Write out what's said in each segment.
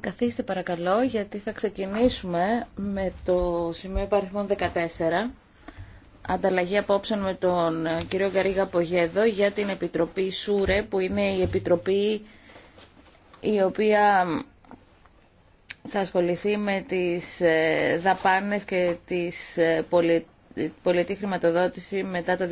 Καθίστε παρακαλώ γιατί θα ξεκινήσουμε με το σημείο υπαριθμών 14 ανταλλαγή απόψεων με τον ε, κύριο Γκαρίγα Πογέδο για την Επιτροπή ΣΟΥΡΕ που είναι η Επιτροπή η οποία θα ασχοληθεί με τις ε, δαπάνες και τις ε, πολιτικές πολιτή χρηματοδότηση μετά το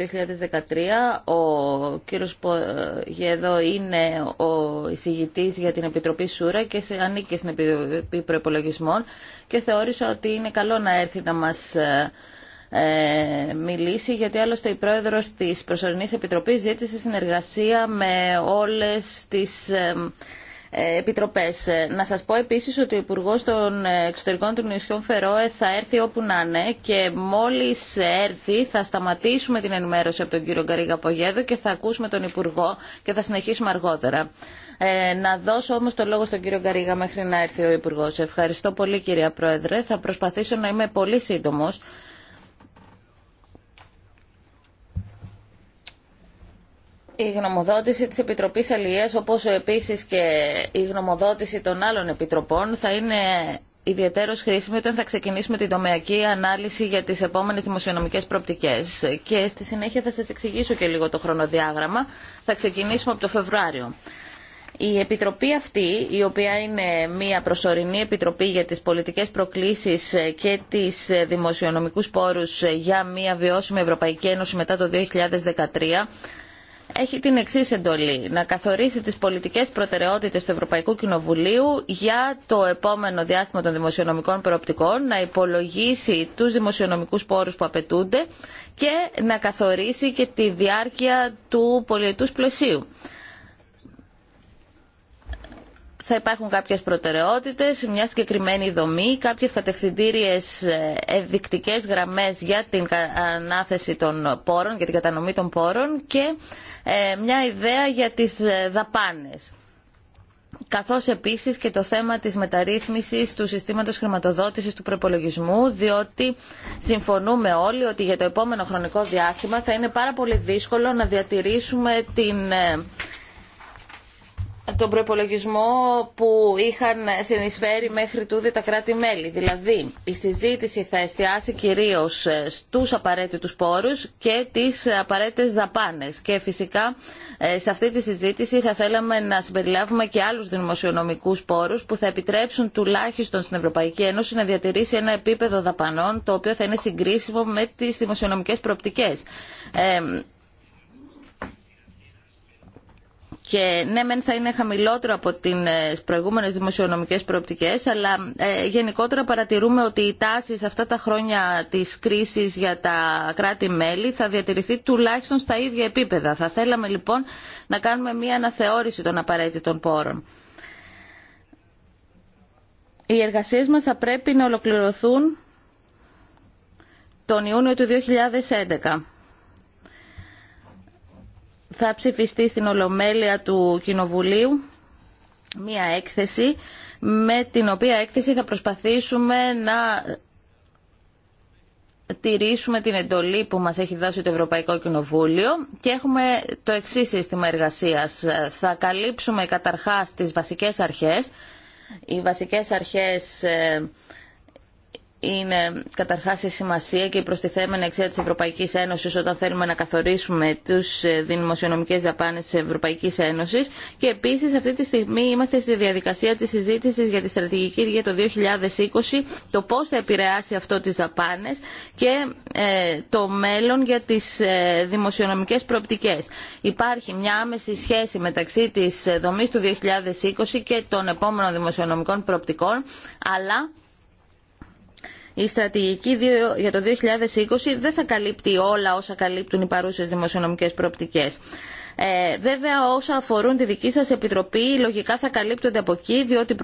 2013. Ο κύριος Πογέδο είναι ο εισηγητή για την Επιτροπή Σούρα και ανήκει στην Επιτροπή Προπολογισμών και θεώρησα ότι είναι καλό να έρθει να μα ε, ε, μιλήσει γιατί άλλωστε η πρόεδρο τη προσωρινής επιτροπής ζήτησε συνεργασία με όλε τι ε, ε, επιτροπές. Να σας πω επίσης ότι ο υπουργό των Εξωτερικών του Νησιών Φερόε θα έρθει όπου να είναι και μόλις έρθει θα σταματήσουμε την ενημέρωση από τον κύριο Γκαρίγα Πογέδο και θα ακούσουμε τον Υπουργό και θα συνεχίσουμε αργότερα. Ε, να δώσω όμως το λόγο στον κύριο Γκαρίγα μέχρι να έρθει ο υπουργό. Ευχαριστώ πολύ κυρία Πρόεδρε. Θα προσπαθήσω να είμαι πολύ σύντομος. Η γνωμοδότηση της Επιτροπής Αλληλείας, όπως επίσης και η γνωμοδότηση των άλλων επιτροπών, θα είναι ιδιαίτερο χρήσιμη όταν θα ξεκινήσουμε την τομεακή ανάλυση για τις επόμενες δημοσιονομικές προπτικές. Και στη συνέχεια θα σας εξηγήσω και λίγο το χρονοδιάγραμμα. Θα ξεκινήσουμε από το Φεβρουάριο. Η Επιτροπή αυτή, η οποία είναι μια προσωρινή Επιτροπή για τις πολιτικές προκλήσεις και τις δημοσιονομικούς πόρους για μια βιώσιμη Ευρωπαϊκή Ένωση μετά το 2013, έχει την εξή εντολή να καθορίσει τις πολιτικές προτεραιότητες του Ευρωπαϊκού Κοινοβουλίου για το επόμενο διάστημα των δημοσιονομικών προοπτικών, να υπολογίσει τους δημοσιονομικούς πόρους που απαιτούνται και να καθορίσει και τη διάρκεια του πολιετούς πλαισίου θα υπάρχουν κάποιες προτεραιότητες, μια συγκεκριμένη δομή, κάποιες κατευθυντήριες ευδικτικέ γραμμές για την ανάθεση των πόρων, και την κατανομή των πόρων και ε, μια ιδέα για τις ε, δαπάνες καθώς επίσης και το θέμα της μεταρρύθμισης του συστήματος χρηματοδότησης του προπολογισμού, διότι συμφωνούμε όλοι ότι για το επόμενο χρονικό διάστημα θα είναι πάρα πολύ δύσκολο να διατηρήσουμε την ε, τον προπολογισμό που είχαν συνεισφέρει μέχρι τούδε τα κράτη-μέλη. Δηλαδή, η συζήτηση θα εστιάσει κυρίως ε, στους απαραίτητου πόρους και τις απαραίτητε δαπάνες. Και φυσικά, ε, σε αυτή τη συζήτηση θα θέλαμε να συμπεριλάβουμε και άλλου δημοσιονομικούς πόρους που θα επιτρέψουν τουλάχιστον στην Ευρωπαϊκή Ένωση να διατηρήσει ένα επίπεδο δαπανών το οποίο θα είναι συγκρίσιμο με τις δημοσιονομικές προοπτικές. Ε, Και ναι, μεν θα είναι χαμηλότερο από τι προηγούμενε δημοσιονομικέ προοπτικέ, αλλά ε, γενικότερα παρατηρούμε ότι η τάση σε αυτά τα χρόνια τη κρίση για τα κράτη-μέλη θα διατηρηθεί τουλάχιστον στα ίδια επίπεδα. Θα θέλαμε λοιπόν να κάνουμε μία αναθεώρηση των απαραίτητων πόρων. Οι εργασίε μα θα πρέπει να ολοκληρωθούν τον Ιούνιο του 2011 θα ψηφιστεί στην Ολομέλεια του Κοινοβουλίου μία έκθεση με την οποία έκθεση θα προσπαθήσουμε να τηρήσουμε την εντολή που μας έχει δώσει το Ευρωπαϊκό Κοινοβούλιο και έχουμε το εξή σύστημα εργασίας. Θα καλύψουμε καταρχάς τις βασικές αρχές. Οι βασικές αρχές ε, είναι καταρχάς η σημασία και η προστιθέμενη αξία τη Ευρωπαϊκή Ένωση, όταν θέλουμε να καθορίσουμε τους ε, δημοσιονομικέ δαπάνε τη Ευρωπαϊκή Ένωση. και επίση, αυτή τη στιγμή είμαστε στη διαδικασία τη συζήτηση για τη στρατηγική για το 2020 το πώ θα επηρεάσει αυτό τι δαπάνε και ε, το μέλλον για τις ε, δημοσιονομικέ προοπτικές. Υπάρχει μια άμεση σχέση μεταξύ τη Δομή του 2020 και των επόμενων δημοσιονομικών προοπτικών αλλά η στρατηγική για το 2020 δεν θα καλύπτει όλα όσα καλύπτουν οι παρούσες δημοσιονομικές προοπτικές. Ε, βέβαια όσα αφορούν τη δική σας επιτροπή λογικά θα καλύπτονται από εκεί διότι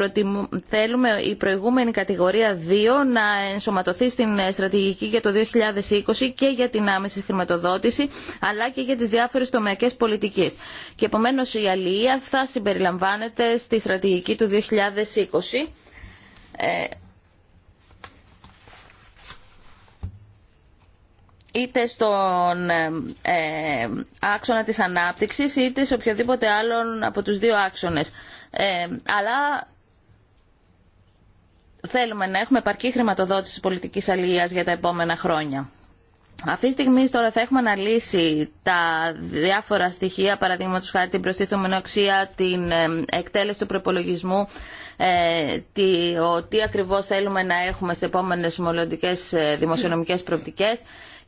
θέλουμε η προηγούμενη κατηγορία 2 να ενσωματωθεί στην ε, στρατηγική για το 2020 και για την άμεση χρηματοδότηση αλλά και για τις διάφορες τομεακές πολιτικές. Και επομένως η αλληλεία θα συμπεριλαμβάνεται στη στρατηγική του 2020. Ε, είτε στον ε, άξονα της ανάπτυξης είτε σε οποιοδήποτε άλλον από τους δύο άξονες. αλλά θέλουμε να έχουμε επαρκή χρηματοδότηση της πολιτικής αλληλείας για τα επόμενα χρόνια. Αυτή τη στιγμή τώρα θα έχουμε αναλύσει τα διάφορα στοιχεία, παραδείγματος χάρη την προστίθωμενη αξία, την εκτέλεση του προπολογισμού, ε, τι, ακριβώς θέλουμε να έχουμε σε επόμενες ε, δημοσιονομικές προοπτικές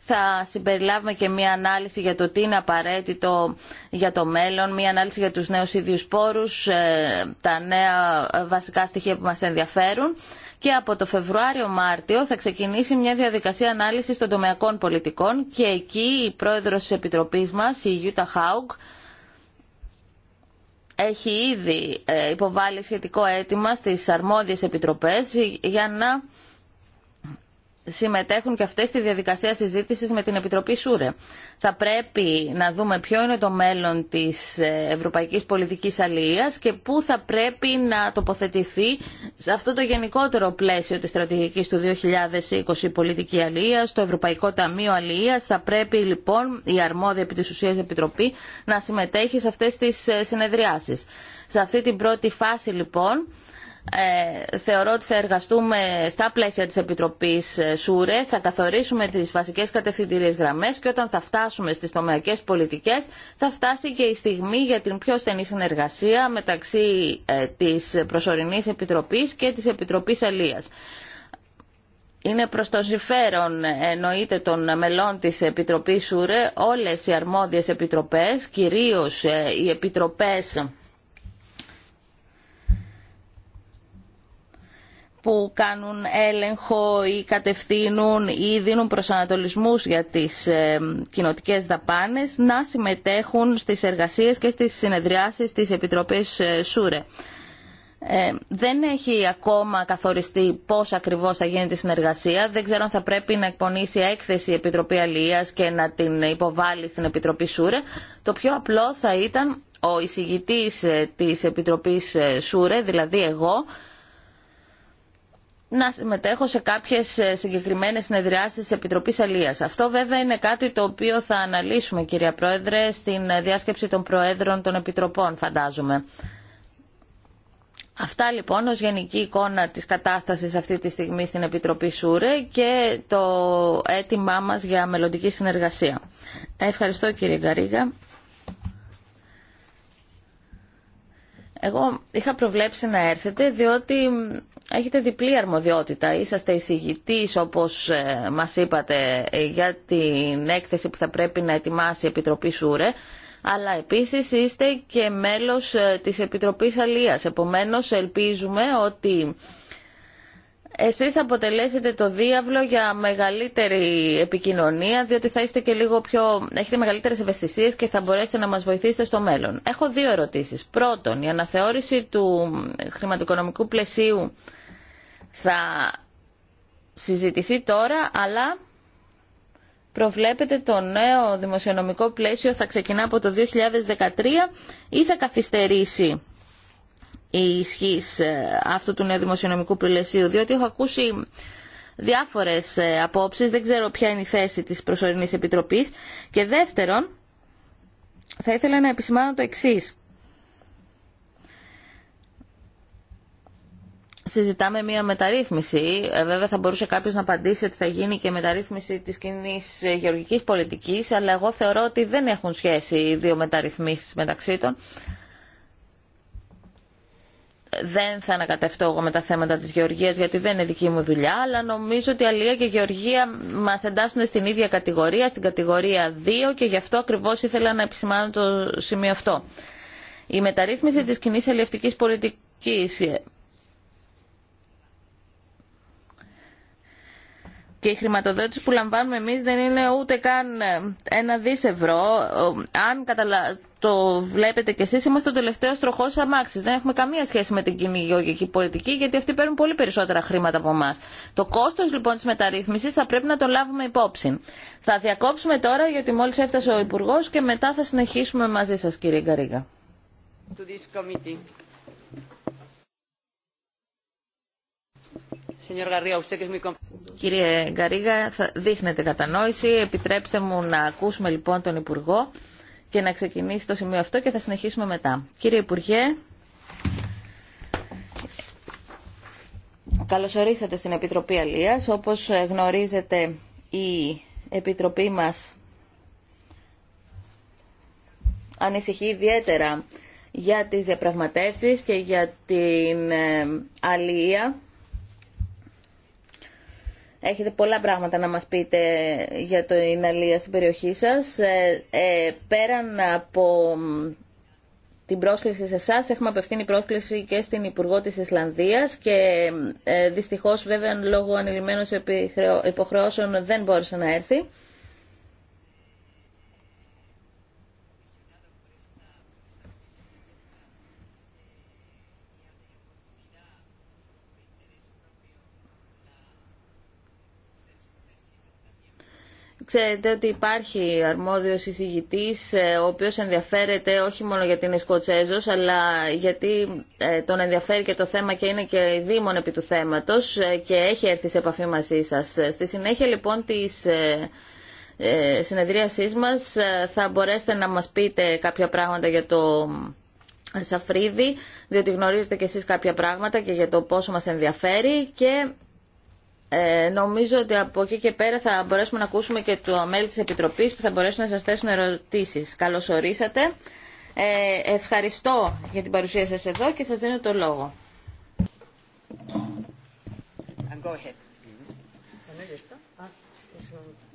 θα συμπεριλάβουμε και μία ανάλυση για το τι είναι απαραίτητο για το μέλλον, μία ανάλυση για τους νέους ίδιους πόρους, ε, τα νέα ε, βασικά στοιχεία που μας ενδιαφέρουν και από το Φεβρουάριο-Μάρτιο θα ξεκινήσει μια διαδικασία ανάλυσης των τομεακών πολιτικών και εκεί η πρόεδρος της Επιτροπής μας, η Γιούτα Χάουγκ, έχει ήδη ε, υποβάλει σχετικό αίτημα στις αρμόδιες επιτροπές για να συμμετέχουν και αυτές στη διαδικασία συζήτησης με την Επιτροπή ΣΟΥΡΕ. Θα πρέπει να δούμε ποιο είναι το μέλλον της ευρωπαϊκής πολιτικής αλληλείας και πού θα πρέπει να τοποθετηθεί σε αυτό το γενικότερο πλαίσιο της στρατηγικής του 2020 πολιτική αλληλεία, το Ευρωπαϊκό Ταμείο Αλληλείας. Θα πρέπει λοιπόν η αρμόδια επί της ουσίας Επιτροπή να συμμετέχει σε αυτές τις συνεδριάσεις. Σε αυτή την πρώτη φάση λοιπόν ε, θεωρώ ότι θα εργαστούμε στα πλαίσια της Επιτροπής ε, ΣΟΥΡΕ, θα καθορίσουμε τις βασικές κατευθυντηρίες γραμμές και όταν θα φτάσουμε στις τομεακές πολιτικές θα φτάσει και η στιγμή για την πιο στενή συνεργασία μεταξύ ε, της προσωρινής Επιτροπής και της Επιτροπής Αλίας. Είναι προ το συμφέρον εννοείται των μελών της Επιτροπής ΣΟΥΡΕ όλες οι αρμόδιες επιτροπές, κυρίως οι επιτροπές που κάνουν έλεγχο ή κατευθύνουν ή δίνουν προσανατολισμούς για τις ε, κοινοτικές δαπάνες να συμμετέχουν στις εργασίες και στις συνεδριάσεις της Επιτροπής ε, ΣΟΥΡΕ. Ε, δεν έχει ακόμα καθοριστεί πώς ακριβώς θα γίνει τη συνεργασία. Δεν ξέρω αν θα πρέπει να εκπονήσει έκθεση η Επιτροπή Αλίας και να την υποβάλει στην Επιτροπή ΣΟΥΡΕ. Το πιο απλό θα ήταν ο εισηγητής της Επιτροπής ΣΟΥΡΕ, δηλαδή εγώ, να συμμετέχω σε κάποιες ε, συγκεκριμένες συνεδριάσεις της Επιτροπής Αλίας. Αυτό βέβαια είναι κάτι το οποίο θα αναλύσουμε κυρία Πρόεδρε στην ε, διάσκεψη των Προέδρων των Επιτροπών φαντάζομαι. Αυτά λοιπόν ως γενική εικόνα της κατάστασης αυτή τη στιγμή στην Επιτροπή ΣΟΥΡΕ και το αίτημά μας για μελλοντική συνεργασία. Ευχαριστώ κύριε Γκαρίγα. Εγώ είχα προβλέψει να έρθετε διότι έχετε διπλή αρμοδιότητα. Είσαστε εισηγητής, όπως ε, μας είπατε, ε, για την έκθεση που θα πρέπει να ετοιμάσει η Επιτροπή ΣΟΥΡΕ, αλλά επίσης είστε και μέλος ε, της Επιτροπής Αλίας. Επομένω, ελπίζουμε ότι εσείς θα αποτελέσετε το διάβλο για μεγαλύτερη επικοινωνία, διότι θα είστε και λίγο πιο... έχετε μεγαλύτερες ευαισθησίες και θα μπορέσετε να μας βοηθήσετε στο μέλλον. Έχω δύο ερωτήσεις. Πρώτον, η αναθεώρηση του χρηματοοικονομικού πλαισίου θα συζητηθεί τώρα, αλλά προβλέπετε το νέο δημοσιονομικό πλαίσιο θα ξεκινά από το 2013 ή θα καθυστερήσει η ισχύ ε, αυτού του νέου δημοσιονομικού πλαισίου, διότι έχω ακούσει διάφορες ε, απόψεις, δεν ξέρω ποια είναι η θέση της προσωρινής επιτροπής και δεύτερον θα ήθελα να επισημάνω το εξής. συζητάμε μια μεταρρύθμιση. Ε, βέβαια θα μπορούσε κάποιος να απαντήσει ότι θα γίνει και μεταρρύθμιση της κοινή ε, γεωργικής πολιτικής, αλλά εγώ θεωρώ ότι δεν έχουν σχέση οι δύο μεταρρυθμίσεις μεταξύ των. Δεν θα ανακατευτώ εγώ με τα θέματα της γεωργίας γιατί δεν είναι δική μου δουλειά, αλλά νομίζω ότι η Αλία και η Γεωργία μας εντάσσουν στην ίδια κατηγορία, στην κατηγορία 2 και γι' αυτό ακριβώς ήθελα να επισημάνω το σημείο αυτό. Η μεταρρύθμιση της κοινή ελευτικής πολιτικής ε, και η χρηματοδότηση που λαμβάνουμε εμείς δεν είναι ούτε καν ε, ένα δις ευρώ. Αν καταλα... το βλέπετε κι εσείς, είμαστε ο τελευταίο τροχός αμάξης. Δεν έχουμε καμία σχέση με την κοινή γεωργική πολιτική, γιατί αυτοί παίρνουν πολύ περισσότερα χρήματα από εμά. Το κόστος λοιπόν της μεταρρύθμισης θα πρέπει να το λάβουμε υπόψη. Θα διακόψουμε τώρα, γιατί μόλις έφτασε ο Υπουργός και μετά θα συνεχίσουμε μαζί σας κύριε Γκαρίγα. Κύριε Γκαρίγα, θα δείχνετε κατανόηση. Επιτρέψτε μου να ακούσουμε λοιπόν τον Υπουργό και να ξεκινήσει το σημείο αυτό και θα συνεχίσουμε μετά. Κύριε Υπουργέ, καλωσορίσατε στην Επιτροπή Αλίας. Όπως ε, γνωρίζετε, η Επιτροπή μας ανησυχεί ιδιαίτερα για τις διαπραγματεύσεις και για την ε, αλία Έχετε πολλά πράγματα να μας πείτε για το Ιναλία στην περιοχή σας. Ε, ε πέραν από την πρόσκληση σε εσά. Έχουμε απευθύνει πρόσκληση και στην Υπουργό τη Ισλανδία και ε, δυστυχώ βέβαια λόγω ανηλυμένων υποχρεώσεων δεν μπόρεσε να έρθει. Ξέρετε ότι υπάρχει αρμόδιος εισηγητής ε, ο οποίος ενδιαφέρεται όχι μόνο γιατί είναι Σκοτσέζος αλλά γιατί ε, τον ενδιαφέρει και το θέμα και είναι και δήμον επί του θέματος ε, και έχει έρθει σε επαφή μαζί σας. Στη συνέχεια λοιπόν της συνεδρίασής μας θα μπορέσετε να μας πείτε κάποια πράγματα για το Σαφρίδι διότι γνωρίζετε και εσείς κάποια πράγματα και για το πόσο μας ενδιαφέρει και ε, νομίζω ότι από εκεί και πέρα θα μπορέσουμε να ακούσουμε και το μέλη της Επιτροπής που θα μπορέσουν να σας θέσουν ερωτήσεις. Καλώς ορίσατε. Ε, ευχαριστώ για την παρουσία σας εδώ και σας δίνω το λόγο.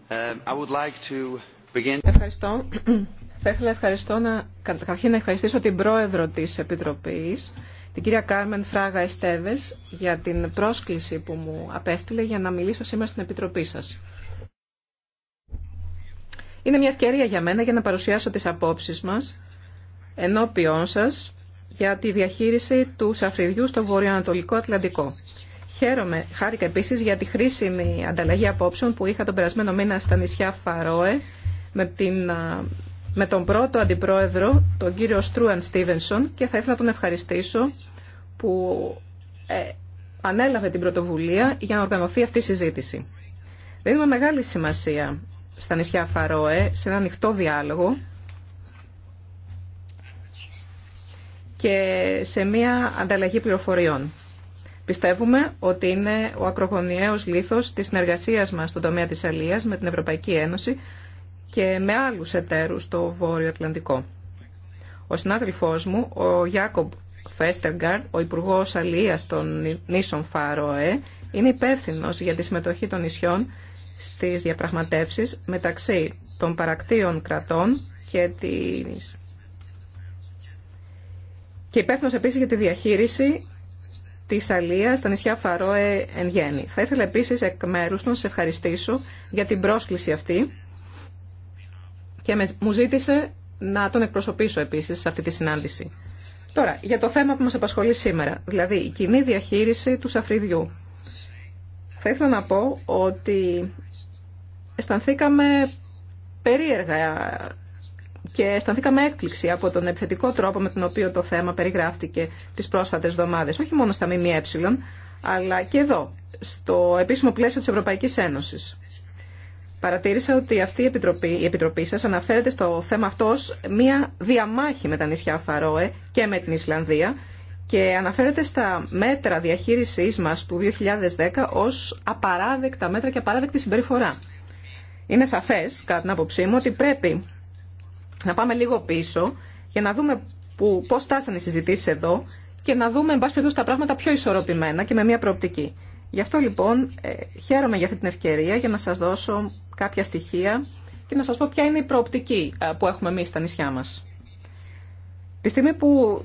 Ε, ευχαριστώ. Θα ήθελα ευχαριστώ να, καταρχήν να ευχαριστήσω την πρόεδρο της Επιτροπής την κυρία Κάρμεν Φράγα Εστέβες για την πρόσκληση που μου απέστειλε για να μιλήσω σήμερα στην Επιτροπή σας. Είναι μια ευκαιρία για μένα για να παρουσιάσω τις απόψεις μας ενώπιόν σας για τη διαχείριση του σαφριδιού στο βορειοανατολικό Ατλαντικό. Χαίρομαι, χάρηκα επίσης για τη χρήσιμη ανταλλαγή απόψεων που είχα τον περασμένο μήνα στα νησιά Φαρόε με την με τον πρώτο αντιπρόεδρο, τον κύριο Στρούαν Στίβενσον και θα ήθελα να τον ευχαριστήσω που ε, ανέλαβε την πρωτοβουλία για να οργανωθεί αυτή η συζήτηση. Δίνουμε μεγάλη σημασία στα νησιά Φαρόε, σε ένα ανοιχτό διάλογο και σε μια ανταλλαγή πληροφοριών. Πιστεύουμε ότι είναι ο ακρογωνιαίος λήθος της συνεργασίας μας στον τομέα της Αλίας με την Ευρωπαϊκή Ένωση και με άλλους εταίρους στο Βόρειο Ατλαντικό. Ο συνάδελφός μου, ο Γιάκομπ Φέστεργαρντ, ο Υπουργό Αλίας των νήσων Φάροε, είναι υπεύθυνο για τη συμμετοχή των νησιών στις διαπραγματεύσεις μεταξύ των παρακτήων κρατών και της... Και υπεύθυνο επίσης για τη διαχείριση της αλίας στα νησιά Φαρόε εν γέννη. Θα ήθελα επίση εκ μέρου να σε ευχαριστήσω για την πρόσκληση αυτή και μου ζήτησε να τον εκπροσωπήσω επίσης σε αυτή τη συνάντηση. Τώρα, για το θέμα που μας απασχολεί σήμερα, δηλαδή η κοινή διαχείριση του σαφριδιού. Θα ήθελα να πω ότι αισθανθήκαμε περίεργα και αισθανθήκαμε έκπληξη από τον επιθετικό τρόπο με τον οποίο το θέμα περιγράφτηκε τις πρόσφατες εβδομάδες, όχι μόνο στα ΜΜΕ, αλλά και εδώ, στο επίσημο πλαίσιο της Ευρωπαϊκής Ένωσης. Παρατήρησα ότι αυτή η επιτροπή, η σας αναφέρεται στο θέμα αυτό ως μία διαμάχη με τα νησιά Φαρόε και με την Ισλανδία και αναφέρεται στα μέτρα διαχείρισής μας του 2010 ως απαράδεκτα μέτρα και απαράδεκτη συμπεριφορά. Είναι σαφές, κατά την άποψή μου, ότι πρέπει να πάμε λίγο πίσω για να δούμε που, πώς στάσανε οι συζητήσεις εδώ και να δούμε, εν πάση περιπτώσει, τα πράγματα πιο ισορροπημένα και με μια προοπτική. Γι' αυτό λοιπόν ε, χαίρομαι για αυτή την ευκαιρία για να σας δώσω κάποια στοιχεία και να σας πω ποια είναι η προοπτική ε, που έχουμε εμείς στα νησιά μας. Τη στιγμή που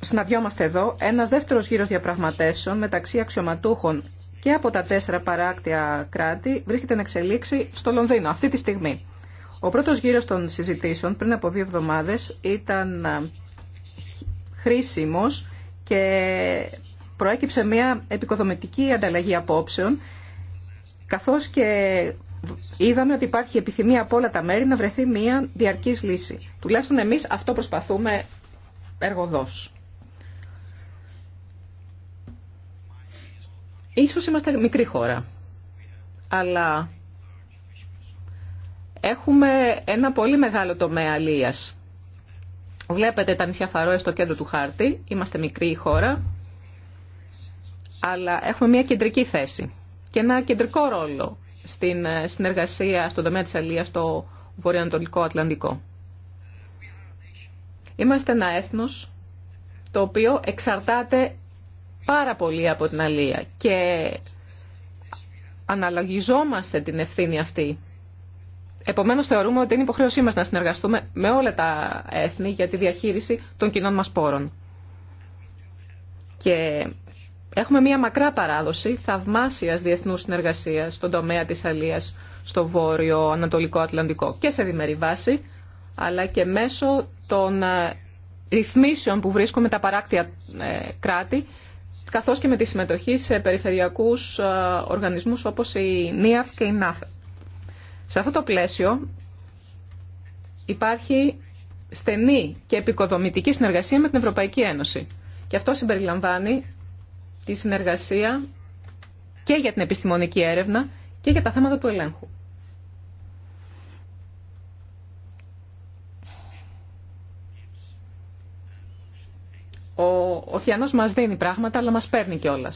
συναντιόμαστε εδώ, ένας δεύτερος γύρος διαπραγματεύσεων μεταξύ αξιωματούχων και από τα τέσσερα παράκτια κράτη βρίσκεται να εξελίξει στο Λονδίνο αυτή τη στιγμή. Ο πρώτος γύρος των συζητήσεων πριν από δύο εβδομάδες ήταν ε, χρήσιμος και προέκυψε μια επικοδομητική ανταλλαγή απόψεων, καθώς και είδαμε ότι υπάρχει επιθυμία από όλα τα μέρη να βρεθεί μια διαρκής λύση. Τουλάχιστον εμείς αυτό προσπαθούμε εργοδός. Ίσως είμαστε μικρή χώρα, αλλά έχουμε ένα πολύ μεγάλο τομέα αλίας. Βλέπετε τα νησιά στο κέντρο του χάρτη. Είμαστε μικρή χώρα, αλλά έχουμε μια κεντρική θέση και ένα κεντρικό ρόλο στην ε, συνεργασία στον τομέα της Αλίας στο βορειοανατολικό Ατλαντικό. Είμαστε ένα έθνος το οποίο εξαρτάται πάρα πολύ από την Αλία και αναλογιζόμαστε την ευθύνη αυτή. Επομένως θεωρούμε ότι είναι υποχρέωσή μας να συνεργαστούμε με όλα τα έθνη για τη διαχείριση των κοινών μας πόρων. Και Έχουμε μια μακρά παράδοση θαυμάσιας διεθνούς συνεργασίας στον τομέα της αλίας στο βόρειο Ανατολικό Ατλαντικό και σε διμερή βάση, αλλά και μέσω των ε, ρυθμίσεων που βρίσκουμε τα παράκτια ε, κράτη, καθώς και με τη συμμετοχή σε περιφερειακούς ε, οργανισμούς όπως η ΝΙΑΦ και η ΝΑΦΕ. Σε αυτό το πλαίσιο υπάρχει στενή και επικοδομητική συνεργασία με την Ευρωπαϊκή Ένωση. Και αυτό συμπεριλαμβάνει τη συνεργασία και για την επιστημονική έρευνα και για τα θέματα του ελέγχου. Ο ωκεανός μας δίνει πράγματα, αλλά μας παίρνει κιόλα.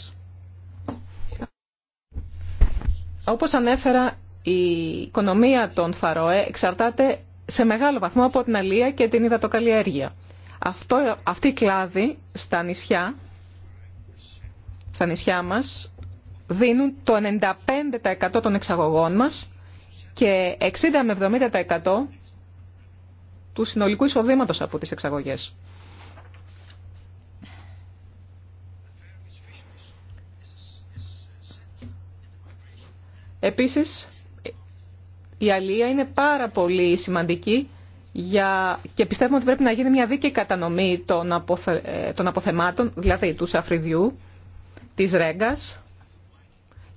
Όπως ανέφερα, η οικονομία των Φαρόε εξαρτάται σε μεγάλο βαθμό από την αλία και την υδατοκαλλιέργεια. Αυτό, αυτή η κλάδη στα νησιά στα νησιά μας δίνουν το 95% των εξαγωγών μας και 60 με 70% του συνολικού εισοδήματος από τις εξαγωγές. Επίσης, η αλία είναι πάρα πολύ σημαντική για... και πιστεύουμε ότι πρέπει να γίνει μια δίκαιη κατανομή των, αποθε... των αποθεμάτων, δηλαδή του σαφριδιού, της Ρέγκας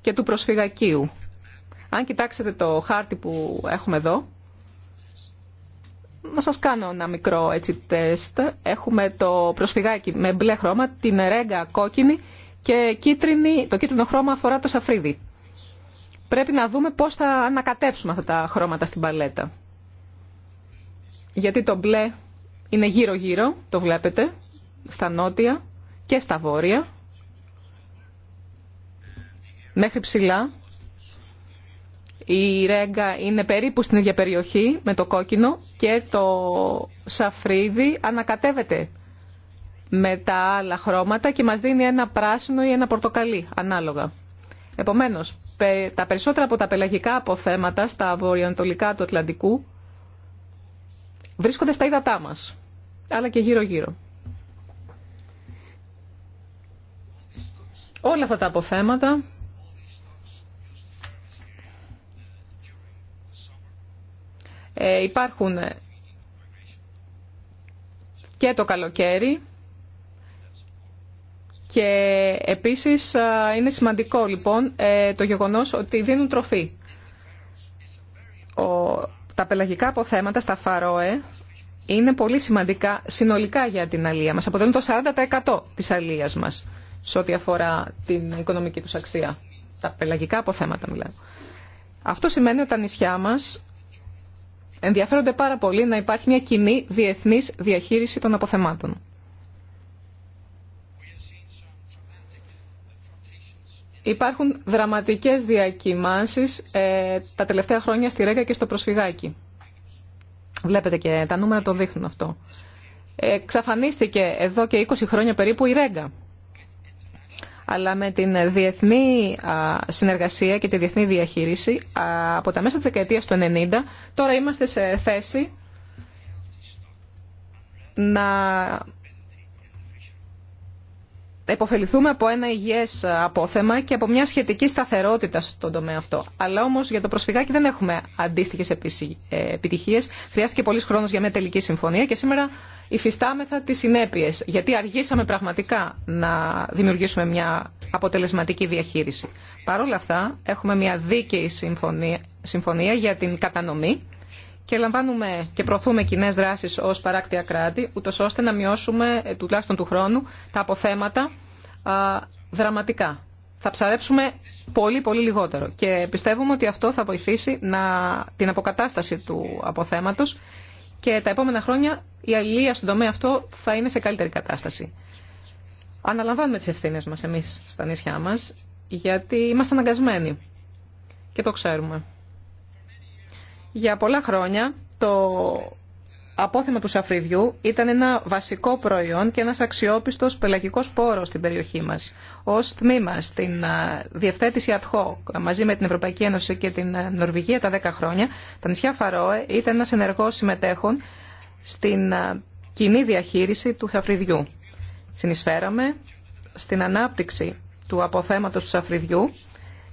και του προσφυγακίου. Αν κοιτάξετε το χάρτη που έχουμε εδώ, να σας κάνω ένα μικρό έτσι τεστ. Έχουμε το προσφυγάκι με μπλε χρώμα, την ρέγγα κόκκινη και κίτρινη, το κίτρινο χρώμα αφορά το σαφρίδι. Πρέπει να δούμε πώς θα ανακατέψουμε αυτά τα χρώματα στην παλέτα. Γιατί το μπλε είναι γύρω-γύρω, το βλέπετε, στα νότια και στα βόρεια μέχρι ψηλά. Η ρέγκα είναι περίπου στην ίδια περιοχή με το κόκκινο και το σαφρίδι ανακατεύεται με τα άλλα χρώματα και μας δίνει ένα πράσινο ή ένα πορτοκαλί ανάλογα. Επομένως, τα περισσότερα από τα πελαγικά αποθέματα στα βορειοανατολικά του Ατλαντικού βρίσκονται στα ύδατά μας, αλλά και γύρω-γύρω. Όλα αυτά τα αποθέματα Ε, υπάρχουν και το καλοκαίρι και επίσης είναι σημαντικό λοιπόν ε, το γεγονός ότι δίνουν τροφή. Τα πελαγικά αποθέματα στα Φαρόε είναι πολύ σημαντικά συνολικά για την αλία μας. Αποτελούν το 40% της αλίας μας σε ό,τι αφορά την οικονομική τους αξία. Τα πελαγικά αποθέματα μιλάω. Αυτό σημαίνει ότι τα νησιά μας ενδιαφέρονται πάρα πολύ να υπάρχει μια κοινή διεθνής διαχείριση των αποθεμάτων. Υπάρχουν δραματικές διακυμάνσεις ε, τα τελευταία χρόνια στη Ρέγα και στο Προσφυγάκι. Βλέπετε και τα νούμερα το δείχνουν αυτό. Ε, Ξαφανίστηκε εδώ και 20 χρόνια περίπου η Ρέγκα αλλά με την διεθνή συνεργασία και τη διεθνή διαχείριση από τα μέσα της δεκαετίας του 90 τώρα είμαστε σε θέση να εποφεληθούμε από ένα υγιές απόθεμα και από μια σχετική σταθερότητα στον τομέα αυτό. Αλλά όμως για το προσφυγάκι δεν έχουμε αντίστοιχες ε, επιτυχίες. Χρειάστηκε πολλής χρόνος για μια τελική συμφωνία και σήμερα υφιστάμεθα τις συνέπειες, γιατί αργήσαμε πραγματικά να δημιουργήσουμε μια αποτελεσματική διαχείριση. Παρ' όλα αυτά, έχουμε μια δίκαιη συμφωνία, συμφωνία για την κατανομή και λαμβάνουμε και προωθούμε κοινέ δράσει ω παράκτια κράτη, ούτω ώστε να μειώσουμε, ε, τουλάχιστον του χρόνου, τα αποθέματα α, δραματικά. Θα ψαρέψουμε πολύ πολύ λιγότερο και πιστεύουμε ότι αυτό θα βοηθήσει να, την αποκατάσταση του αποθέματος και τα επόμενα χρόνια η αλληλεία στον τομέα αυτό θα είναι σε καλύτερη κατάσταση. Αναλαμβάνουμε τις ευθύνες μας εμείς στα νησιά μας, γιατί είμαστε αναγκασμένοι και το ξέρουμε. Για πολλά χρόνια το απόθεμα του σαφριδιού ήταν ένα βασικό προϊόν και ένας αξιόπιστος πελαγικός πόρος στην περιοχή μας. Ως τμήμα στην διευθέτηση ατχό μαζί με την Ευρωπαϊκή Ένωση και την Νορβηγία τα 10 χρόνια, τα νησιά Φαρόε ήταν ένας ενεργός συμμετέχων στην κοινή διαχείριση του σαφριδιού. Συνεισφέραμε στην ανάπτυξη του αποθέματος του σαφριδιού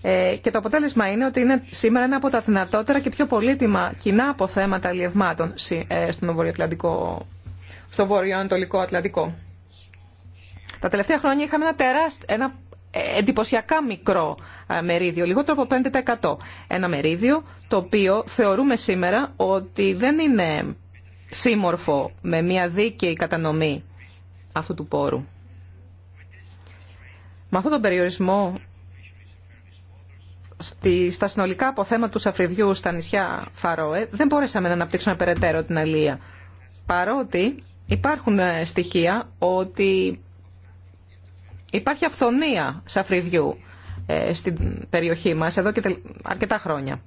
ε, και το αποτέλεσμα είναι ότι είναι σήμερα ένα από τα δυνατότερα και πιο πολύτιμα κοινά αποθέματα αλλιευμάτων στον βορειοατλαντικό, στο βορειοανατολικό Ατλαντικό. Τα τελευταία χρόνια είχαμε ένα, ένα ε, εντυπωσιακά μικρό ε, μερίδιο, λιγότερο από 5%. Ένα μερίδιο το οποίο θεωρούμε σήμερα ότι δεν είναι σύμμορφο με μια δίκαιη κατανομή αυτού του πόρου. Με αυτόν τον περιορισμό στη, στα συνολικά αποθέματα του Σαφριδιού στα νησιά Φαρόε δεν μπόρεσαμε να αναπτύξουμε περαιτέρω την αλληλεία. Παρότι υπάρχουν ε, στοιχεία ότι υπάρχει αυθονία Σαφριδιού ε, στην περιοχή μας εδώ και αρκετά χρόνια.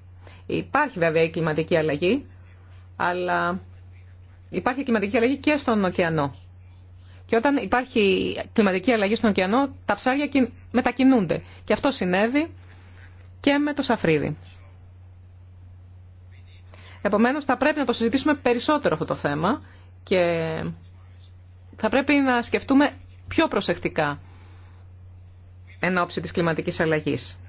Υπάρχει βέβαια η κλιματική αλλαγή, αλλά υπάρχει κλιματική αλλαγή και στον ωκεανό. Και όταν υπάρχει κλιματική αλλαγή στον ωκεανό, τα ψάρια μετακινούνται. Και αυτό συνέβη και με το Σαφρίδι. Επομένως θα πρέπει να το συζητήσουμε περισσότερο αυτό το θέμα και θα πρέπει να σκεφτούμε πιο προσεκτικά εν ώψη της κλιματικής αλλαγής.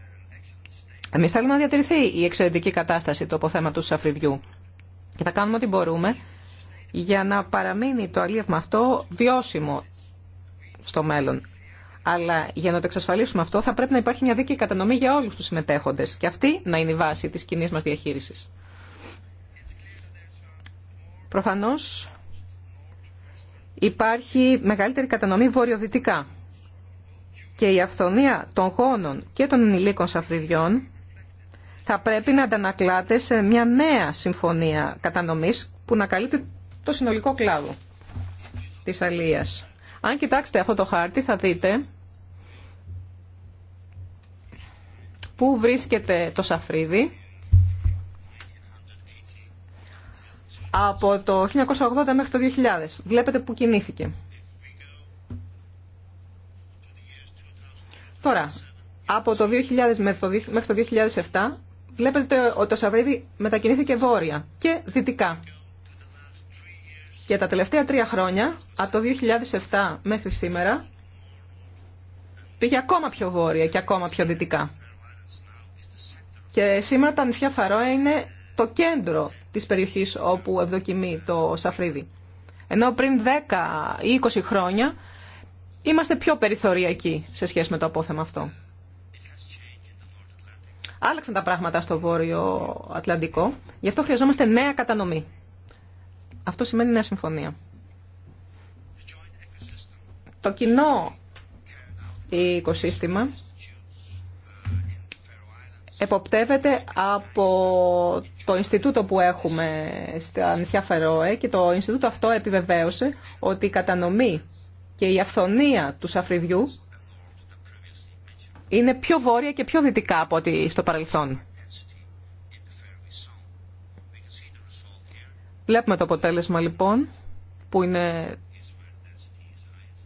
Εμεί θέλουμε να διατηρηθεί η εξαιρετική κατάσταση του αποθέματο του Σαφριδιού και θα κάνουμε ό,τι μπορούμε για να παραμείνει το αλίευμα αυτό βιώσιμο στο μέλλον. Αλλά για να το εξασφαλίσουμε αυτό θα πρέπει να υπάρχει μια δίκαιη κατανομή για όλους τους συμμετέχοντες και αυτή να είναι η βάση της κοινή μας διαχείρισης. Προφανώς υπάρχει μεγαλύτερη κατανομή βορειοδυτικά και η αυθονία των χώνων και των ενηλίκων σαφριδιών θα πρέπει να αντανακλάται σε μια νέα συμφωνία κατανομής που να καλύπτει το συνολικό κλάδο της αλίας. Αν κοιτάξετε αυτό το χάρτη θα δείτε πού βρίσκεται το σαφρίδι από το 1980 μέχρι το 2000. Βλέπετε πού κινήθηκε. Τώρα, από το 2000 μέχρι το 2007, βλέπετε ότι το Σαφρίδι μετακινήθηκε βόρεια και δυτικά για τα τελευταία τρία χρόνια, από το 2007 μέχρι σήμερα, πήγε ακόμα πιο βόρεια και ακόμα πιο δυτικά. Και σήμερα τα νησιά Φαρόε είναι το κέντρο της περιοχής όπου ευδοκιμεί το Σαφρίδι. Ενώ πριν 10 ή 20 χρόνια είμαστε πιο περιθωριακοί σε σχέση με το απόθεμα αυτό. Άλλαξαν τα πράγματα στο Βόρειο Ατλαντικό, γι' αυτό χρειαζόμαστε νέα κατανομή. Αυτό σημαίνει μια συμφωνία. Το κοινό οικοσύστημα εποπτεύεται από το Ινστιτούτο που έχουμε στα νησιά Φερόε και το Ινστιτούτο αυτό επιβεβαίωσε ότι η κατανομή και η αυθονία του σαφριδιού είναι πιο βόρεια και πιο δυτικά από ό,τι στο παρελθόν. Βλέπουμε το αποτέλεσμα λοιπόν που είναι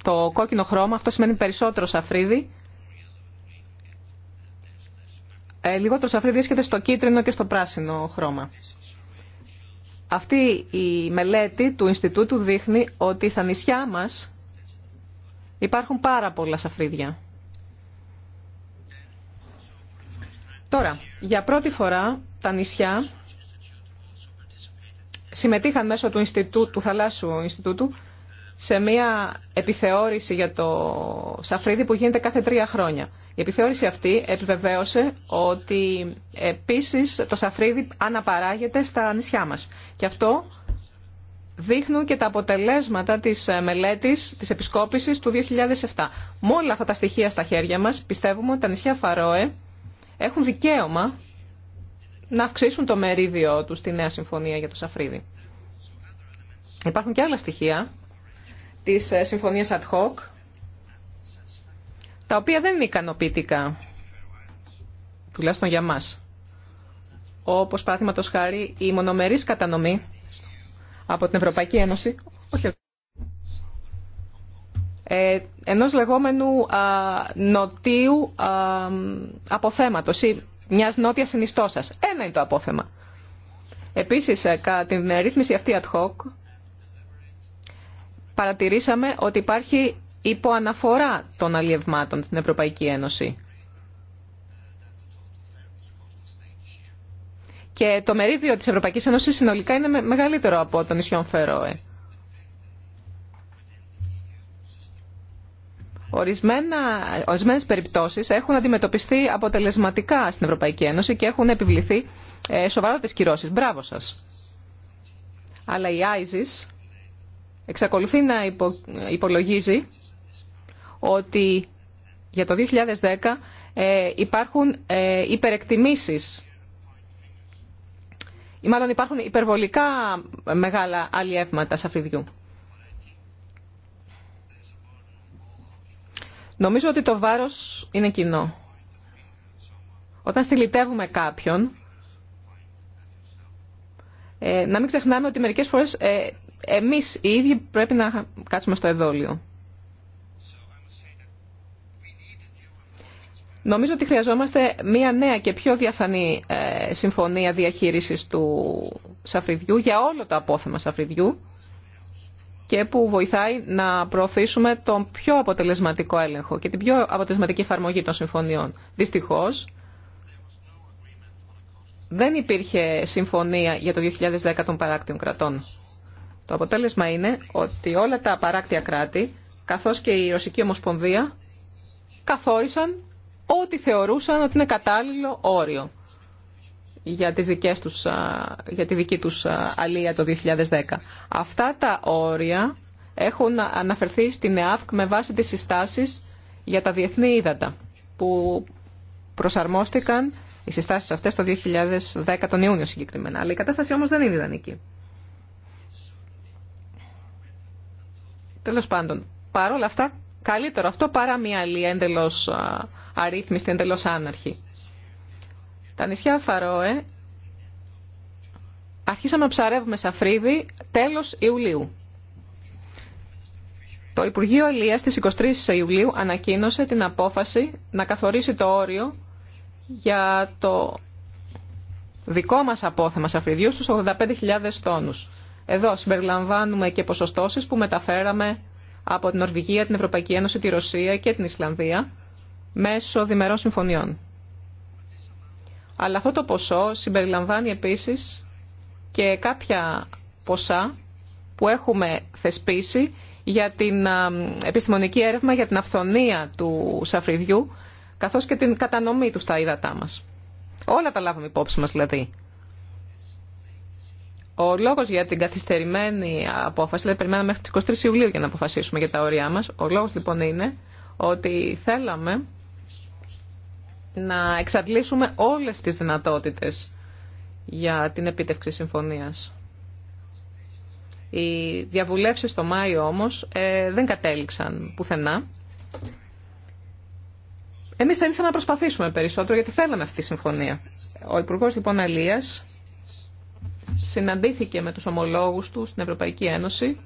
το κόκκινο χρώμα. Αυτό σημαίνει περισσότερο σαφρίδι. Ε, λιγότερο σαφρίδι βρίσκεται στο κίτρινο και στο πράσινο χρώμα. Αυτή η μελέτη του Ινστιτούτου δείχνει ότι στα νησιά μας υπάρχουν πάρα πολλά σαφρίδια. Τώρα, για πρώτη φορά τα νησιά συμμετείχαν μέσω του, Ινστιτού, του Θαλάσσου Ινστιτούτου σε μια επιθεώρηση για το Σαφρίδι που γίνεται κάθε τρία χρόνια. Η επιθεώρηση αυτή επιβεβαίωσε ότι επίσης το Σαφρίδι αναπαράγεται στα νησιά μας. Και αυτό δείχνουν και τα αποτελέσματα της μελέτης της επισκόπησης του 2007. Με όλα αυτά τα στοιχεία στα χέρια μας πιστεύουμε ότι τα νησιά Φαρόε έχουν δικαίωμα να αυξήσουν το μερίδιο του στη νέα συμφωνία για το Σαφρίδι. Υπάρχουν και άλλα στοιχεία της ε, συμφωνίας ad hoc, τα οποία δεν είναι ικανοποιητικά, τουλάχιστον για μας. Όπως το χάρη η μονομερής κατανομή από την Ευρωπαϊκή Ένωση, όχι ε, ενός λεγόμενου νοτίου α, αποθέματος μια νότια συνιστόσα. Ένα είναι το απόθεμα. Επίση, ε, κατά την ρύθμιση αυτή ad hoc, παρατηρήσαμε ότι υπάρχει υποαναφορά των αλλιευμάτων στην Ευρωπαϊκή Ένωση. Και το μερίδιο της Ευρωπαϊκής Ένωσης συνολικά είναι μεγαλύτερο από τον νησιών Φερόε. Ορισμένε περιπτώσει περιπτώσεις έχουν αντιμετωπιστεί αποτελεσματικά στην Ευρωπαϊκή Ένωση και έχουν επιβληθεί ε, κυρώσει κυρώσεις. Μπράβο σας. Αλλά η ISIS εξακολουθεί να υπολογίζει ότι για το 2010 ε, υπάρχουν ε, υπερεκτιμήσεις ή μάλλον υπάρχουν υπερβολικά μεγάλα αλλιεύματα σαφριδιού. Νομίζω ότι το βάρος είναι κοινό. Όταν στυλιτεύουμε κάποιον, ε, να μην ξεχνάμε ότι μερικές φορές ε, εμείς οι ίδιοι πρέπει να κάτσουμε στο εδόλιο. Νομίζω ότι χρειαζόμαστε μία νέα και πιο διαφανή ε, συμφωνία διαχείρισης του σαφριδιού για όλο το απόθεμα σαφριδιού και που βοηθάει να προωθήσουμε τον πιο αποτελεσματικό έλεγχο και την πιο αποτελεσματική εφαρμογή των συμφωνιών. Δυστυχώς, δεν υπήρχε συμφωνία για το 2010 των παράκτιων κρατών. Το αποτέλεσμα είναι ότι όλα τα παράκτια κράτη, καθώς και η Ρωσική Ομοσπονδία, καθόρισαν ό,τι θεωρούσαν ότι είναι κατάλληλο όριο για, τις δικές τους, για τη δική τους αλία το 2010. Αυτά τα όρια έχουν αναφερθεί στην ΕΑΦΚ με βάση τις συστάσεις για τα διεθνή ύδατα που προσαρμόστηκαν οι συστάσεις αυτές το 2010 τον Ιούνιο συγκεκριμένα. Αλλά η κατάσταση όμως δεν είναι ιδανική. Τέλος πάντων, παρόλα αυτά, καλύτερο αυτό παρά μια αλία εντελώς αρρύθμιστη, εντελώς άναρχη. Τα νησιά Φαρόε αρχίσαμε να ψαρεύουμε σαφρίδι τέλος Ιουλίου. Το Υπουργείο Ελίας στις 23 Ιουλίου ανακοίνωσε την απόφαση να καθορίσει το όριο για το δικό μας απόθεμα σαφριδιού στους 85.000 τόνους. Εδώ συμπεριλαμβάνουμε και ποσοστώσεις που μεταφέραμε από την Ορβηγία, την Ευρωπαϊκή Ένωση, τη Ρωσία και την Ισλανδία μέσω διμερών συμφωνιών. Αλλά αυτό το ποσό συμπεριλαμβάνει επίσης και κάποια ποσά που έχουμε θεσπίσει για την επιστημονική έρευνα για την αυθονία του σαφριδιού, καθώς και την κατανομή του στα ύδατά μας. Όλα τα λάβαμε υπόψη μας δηλαδή. Ο λόγος για την καθυστερημένη απόφαση, δεν δηλαδή περιμέναμε μέχρι τις 23 Ιουλίου για να αποφασίσουμε για τα όρια μας, ο λόγος λοιπόν είναι ότι θέλαμε να εξαντλήσουμε όλες τις δυνατότητες για την επίτευξη συμφωνίας. Οι διαβουλεύσεις το Μάιο όμως ε, δεν κατέληξαν πουθενά. Εμείς θέλησαμε να προσπαθήσουμε περισσότερο γιατί θέλαμε αυτή τη συμφωνία. Ο Υπουργός λοιπόν Αλίας συναντήθηκε με τους ομολόγους του στην Ευρωπαϊκή Ένωση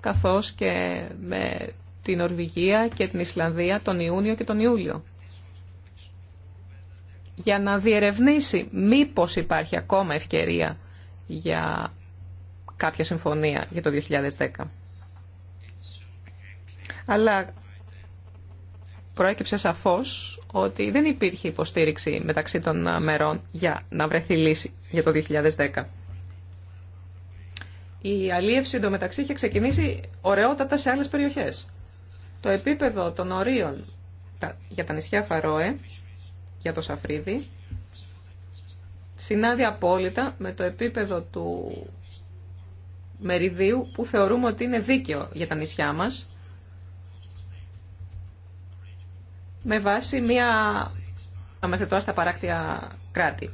καθώς και με την Ορβηγία και την Ισλανδία τον Ιούνιο και τον Ιούλιο για να διερευνήσει μήπως υπάρχει ακόμα ευκαιρία για κάποια συμφωνία για το 2010. Αλλά προέκυψε σαφώς ότι δεν υπήρχε υποστήριξη μεταξύ των μερών για να βρεθεί λύση για το 2010. Η αλίευση εντωμεταξύ είχε ξεκινήσει ωραιότατα σε άλλες περιοχές. Το επίπεδο των ορίων για τα νησιά Φαρόε για το Σαφρίδι συνάδει απόλυτα με το επίπεδο του μεριδίου που θεωρούμε ότι είναι δίκαιο για τα νησιά μας με βάση μία μέχρι τώρα στα παράκτια κράτη.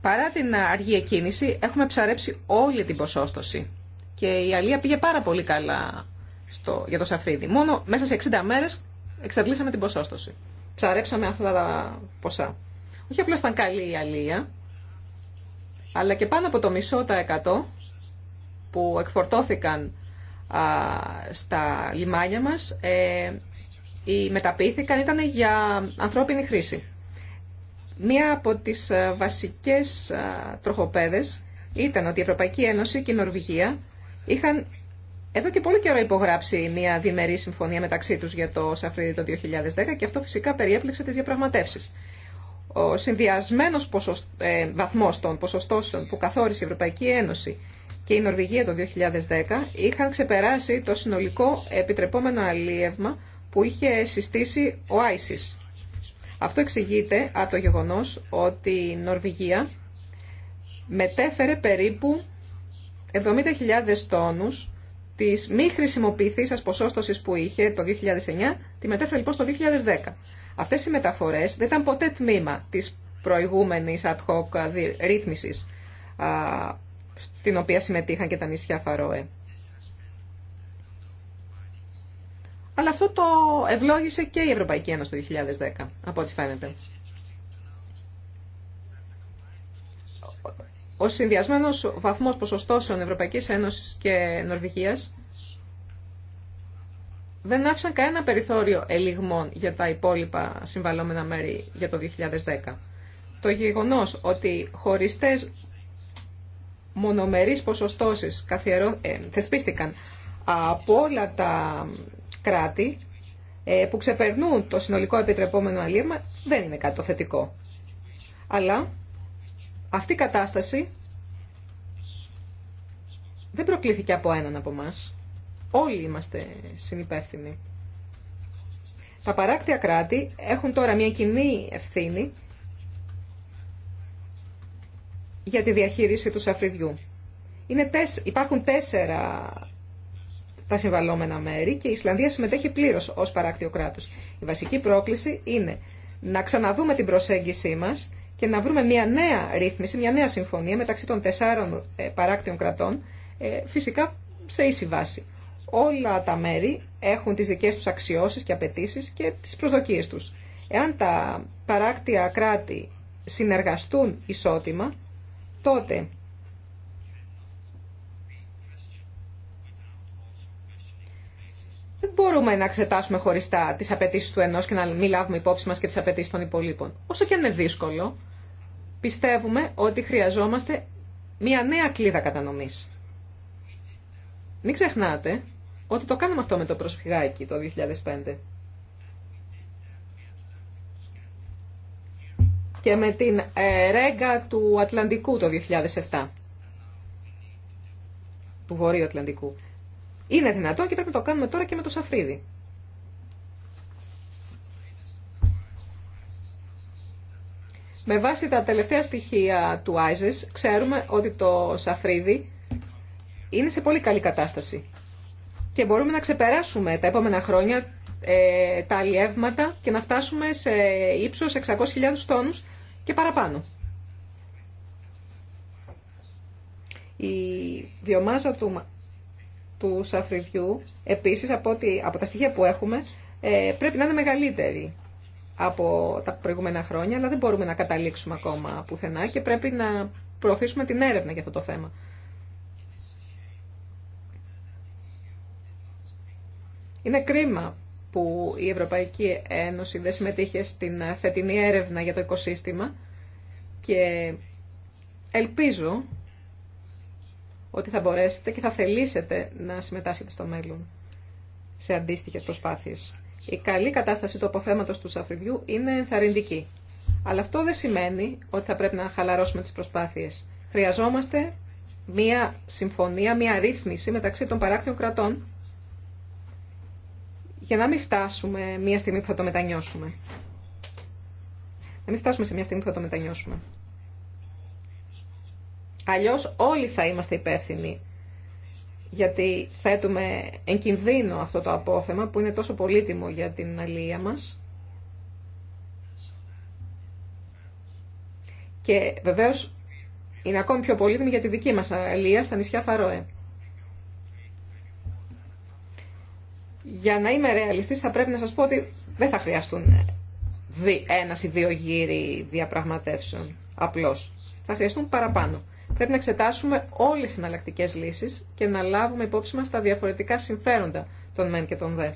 Παρά την αργή εκκίνηση έχουμε ψαρέψει όλη την ποσόστοση και η αλία πήγε πάρα πολύ καλά στο, για το σαφρίδι. Μόνο μέσα σε 60 μέρες εξαντλήσαμε την ποσόστοση ψαρέψαμε αυτά τα ποσά. Όχι απλώς ήταν καλή η αλία, αλλά και πάνω από το μισό τα εκατό που εκφορτώθηκαν στα λιμάνια μας ε, ή μεταποιήθηκαν ήταν για ανθρώπινη χρήση. Μία από τις ε, βασικές τροχοπέδες ήταν ότι η Ευρωπαϊκή Ένωση και η Νορβηγία είχαν εδώ και πολύ καιρό υπογράψει μια διμερή συμφωνία μεταξύ του για το Σαφρίδι το 2010 και αυτό φυσικά περιέπλεξε τις διαπραγματεύσεις. Ο συνδυασμένο ε, βαθμός των ποσοστώσεων που καθόρισε η Ευρωπαϊκή Ένωση και η Νορβηγία το 2010 είχαν ξεπεράσει το συνολικό επιτρεπόμενο αλίευμα που είχε συστήσει ο ISIS. Αυτό εξηγείται από το γεγονός ότι η Νορβηγία μετέφερε περίπου 70.000 τόνους Τη μη χρησιμοποιηθή σα που είχε το 2009, τη μετέφερε λοιπόν στο 2010. Αυτές οι μεταφορές δεν ήταν ποτέ τμήμα τη προηγουμενη ad hoc ρύθμιση στην οποία συμμετείχαν και τα νησιά Φαρόε. Αλλά αυτό το ευλόγησε και η Ευρωπαϊκή Ένωση το 2010, από ό,τι φαίνεται. Ο συνδυασμένο βαθμό ποσοστώσεων Ευρωπαϊκή Ένωση και Νορβηγία δεν άφησαν κανένα περιθώριο ελιγμών για τα υπόλοιπα συμβαλλόμενα μέρη για το 2010. Το γεγονός ότι χωριστές μονομερεί ποσοστώσεις καθιερώ, ε, θεσπίστηκαν από όλα τα κράτη ε, που ξεπερνούν το συνολικό επιτρεπόμενο αλήμα δεν είναι κάτι θετικό. Αλλά αυτή η κατάσταση δεν προκλήθηκε από έναν από εμά. Όλοι είμαστε συνυπεύθυνοι. Τα παράκτια κράτη έχουν τώρα μια κοινή ευθύνη για τη διαχείριση του σαφριδιού. Είναι τεσ... Υπάρχουν τέσσερα τα συμβαλόμενα μέρη και η Ισλανδία συμμετέχει πλήρως ως παράκτιο κράτος. Η βασική πρόκληση είναι να ξαναδούμε την προσέγγιση μας και να βρούμε μια νέα ρύθμιση, μια νέα συμφωνία μεταξύ των τεσσάρων ε, παράκτιων κρατών, ε, φυσικά σε ίση βάση. Όλα τα μέρη έχουν τις δικές τους αξιώσεις και απαιτήσεις και τις προσδοκίες τους. Εάν τα παράκτια κράτη συνεργαστούν ισότιμα, τότε δεν μπορούμε να εξετάσουμε χωριστά τις απαιτήσεις του ενός και να μην λάβουμε υπόψη μας και τις απαιτήσει των υπολείπων. Όσο και αν είναι δύσκολο, πιστεύουμε ότι χρειαζόμαστε μια νέα κλίδα κατανομής. Μην ξεχνάτε ότι το κάναμε αυτό με το προσφυγάκι το 2005. και με την ε, ρέγγα του Ατλαντικού το 2007, του Βορείου Ατλαντικού. Είναι δυνατό και πρέπει να το κάνουμε τώρα και με το Σαφρίδι. Με βάση τα τελευταία στοιχεία του Άιζες, ξέρουμε ότι το σαφρίδι είναι σε πολύ καλή κατάσταση. Και μπορούμε να ξεπεράσουμε τα επόμενα χρόνια ε, τα αλλιεύματα και να φτάσουμε σε ύψος 600.000 τόνους και παραπάνω. Η βιομάζα του, του σαφριδιού, επίσης από, τα στοιχεία που έχουμε, ε, πρέπει να είναι μεγαλύτερη από τα προηγούμενα χρόνια, αλλά δεν μπορούμε να καταλήξουμε ακόμα πουθενά και πρέπει να προωθήσουμε την έρευνα για αυτό το θέμα. Είναι κρίμα που η Ευρωπαϊκή Ένωση δεν συμμετείχε στην φετινή έρευνα για το οικοσύστημα και ελπίζω ότι θα μπορέσετε και θα θελήσετε να συμμετάσχετε στο μέλλον σε αντίστοιχες προσπάθειες. Η καλή κατάσταση του αποθέματος του σαφριδιού είναι ενθαρρυντική. Αλλά αυτό δεν σημαίνει ότι θα πρέπει να χαλαρώσουμε τις προσπάθειες. Χρειαζόμαστε μία συμφωνία, μία ρύθμιση μεταξύ των παράκτιων κρατών για να μην φτάσουμε μία στιγμή που θα το μετανιώσουμε. Να μην φτάσουμε σε μία στιγμή που θα το μετανιώσουμε. Αλλιώς όλοι θα είμαστε υπεύθυνοι γιατί θέτουμε εν κινδύνο αυτό το απόθεμα που είναι τόσο πολύτιμο για την αλληλεία μας. Και βεβαίως είναι ακόμη πιο πολύτιμο για τη δική μας αλληλεία στα νησιά Φαρόε. Για να είμαι ρεαλιστής θα πρέπει να σας πω ότι δεν θα χρειαστούν ένας ή δύο γύροι διαπραγματεύσεων απλώς. Θα χρειαστούν παραπάνω πρέπει να εξετάσουμε όλε τι εναλλακτικέ λύσει και να λάβουμε υπόψη μα τα διαφορετικά συμφέροντα των μεν και των δε.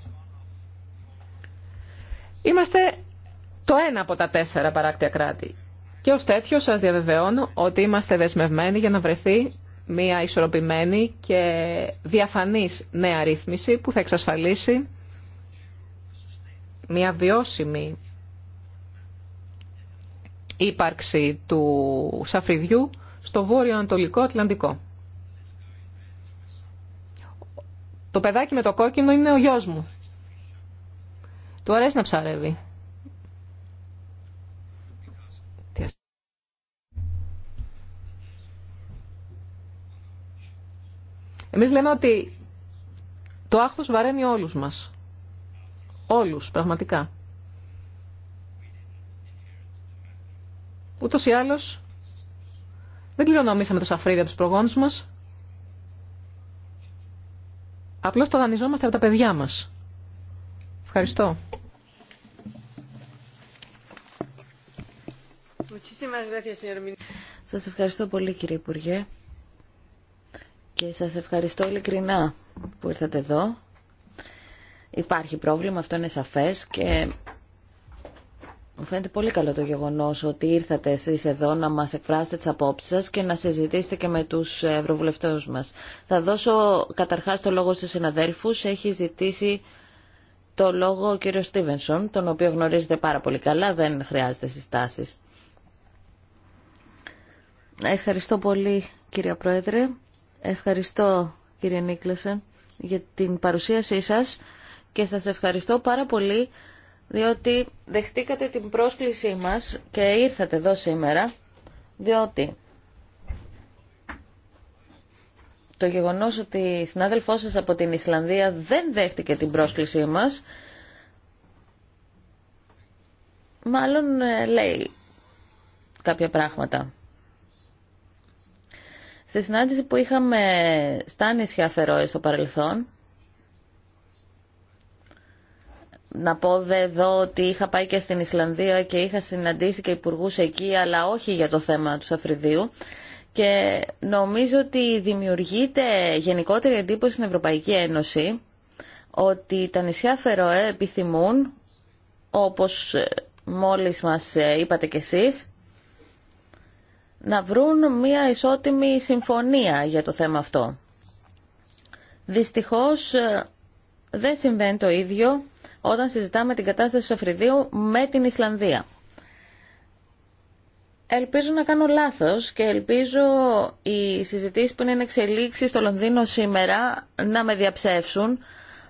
Είμαστε το ένα από τα τέσσερα παράκτια κράτη. Και ω τέτοιο σας διαβεβαιώνω ότι είμαστε δεσμευμένοι για να βρεθεί μια ισορροπημένη και διαφανής νέα ρύθμιση που θα εξασφαλίσει μια βιώσιμη ύπαρξη του σαφριδιού στο βόρειο-ανατολικό Ατλαντικό. Το παιδάκι με το κόκκινο είναι ο γιος μου. Του αρέσει να ψαρεύει. Εμείς λέμε ότι το άχθος βαραίνει όλους μας. Όλους, πραγματικά. Ούτως ή άλλως, δεν κληρονομήσαμε το σαφρίδι από του προγόνου μα. Απλώ το δανειζόμαστε από τα παιδιά μα. Ευχαριστώ. Σας ευχαριστώ πολύ κύριε Υπουργέ και σας ευχαριστώ ειλικρινά που ήρθατε εδώ. Υπάρχει πρόβλημα, αυτό είναι σαφές και μου φαίνεται πολύ καλό το γεγονός ότι ήρθατε εσεί εδώ να μα εκφράσετε τις απόψει σα και να συζητήσετε και με τους ευρωβουλευτέ μας. Θα δώσω καταρχάς το λόγο στους συναδέλφου Έχει ζητήσει το λόγο ο κύριο Στίβενσον, τον οποίο γνωρίζετε πάρα πολύ καλά, δεν χρειάζεται συστάσεις. Ευχαριστώ πολύ κύριε Πρόεδρε. Ευχαριστώ κύριε Νίκλεσεν για την παρουσίασή σας και σας ευχαριστώ πάρα πολύ διότι δεχτήκατε την πρόσκλησή μας και ήρθατε εδώ σήμερα, διότι το γεγονός ότι η συνάδελφό σας από την Ισλανδία δεν δέχτηκε την πρόσκλησή μας, μάλλον ε, λέει κάποια πράγματα. Στη συνάντηση που είχαμε στα νησιά Φερόε στο παρελθόν, να πω δε εδώ ότι είχα πάει και στην Ισλανδία και είχα συναντήσει και υπουργού εκεί, αλλά όχι για το θέμα του Σαφριδίου. Και νομίζω ότι δημιουργείται γενικότερη εντύπωση στην Ευρωπαϊκή Ένωση ότι τα νησιά Φεροέ επιθυμούν, όπως μόλις μας είπατε κι εσείς, να βρουν μια ισότιμη συμφωνία για το θέμα αυτό. Δυστυχώς ε, δεν συμβαίνει το ίδιο όταν συζητάμε την κατάσταση του Αφριδίου με την Ισλανδία. Ελπίζω να κάνω λάθος και ελπίζω οι συζητήσεις που είναι εξελίξει στο Λονδίνο σήμερα να με διαψεύσουν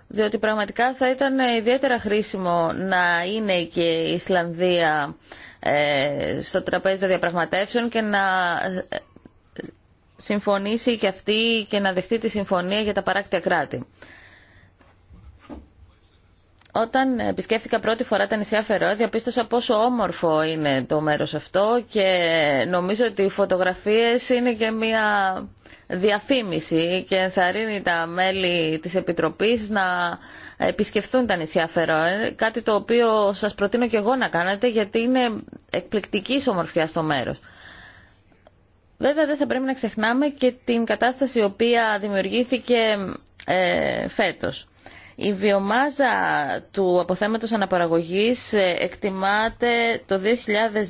διότι πραγματικά θα ήταν ιδιαίτερα χρήσιμο να είναι και η Ισλανδία ε, στο τραπέζι των διαπραγματεύσεων και να ε, συμφωνήσει και αυτή και να δεχτεί τη συμφωνία για τα παράκτια κράτη. Όταν επισκέφθηκα πρώτη φορά τα νησιά Φερό, διαπίστωσα πόσο όμορφο είναι το μέρος αυτό και νομίζω ότι οι φωτογραφίες είναι και μια διαφήμιση και ενθαρρύνει τα μέλη της Επιτροπής να επισκεφθούν τα νησιά Φερό. Ε, κάτι το οποίο σας προτείνω και εγώ να κάνετε γιατί είναι εκπληκτική ομορφιά στο μέρος. Βέβαια δεν θα πρέπει να ξεχνάμε και την κατάσταση η οποία δημιουργήθηκε ε, φέτος. Η βιομάζα του αποθέματος αναπαραγωγής ε, εκτιμάται το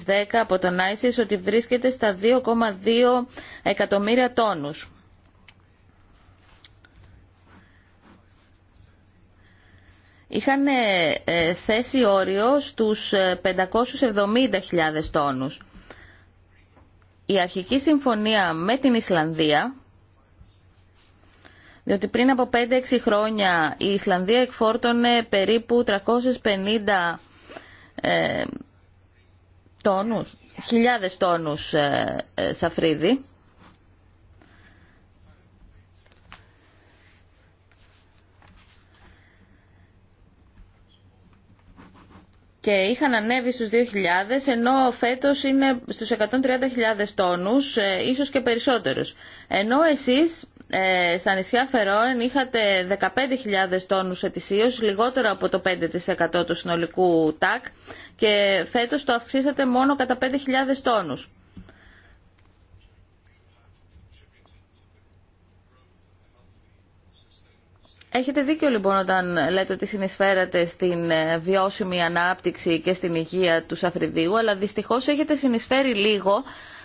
2010 από τον ISIS ότι βρίσκεται στα 2,2 εκατομμύρια τόνους. Είχαν ε, θέσει όριο στους 570.000 ε, τόνους. Η αρχική συμφωνία με την Ισλανδία διότι πριν από 5-6 χρόνια η Ισλανδία εκφόρτωνε περίπου 350 ε, τόνους, χιλιάδες τόνους ε, ε, σαφρίδι. και είχαν ανέβει στους 2.000 ενώ φέτος είναι στους 130.000 τόνους, ε, ίσως και περισσότερους. Ενώ εσείς ε, στα νησιά Φερόεν είχατε 15.000 τόνους ετησίως, λιγότερο από το 5% του συνολικού ΤΑΚ και φέτος το αυξήσατε μόνο κατά 5.000 τόνους. Έχετε δίκιο λοιπόν όταν λέτε ότι συνεισφέρατε στην ε, βιώσιμη ανάπτυξη και στην υγεία του Σαφριδίου, αλλά δυστυχώς έχετε συνεισφέρει λίγο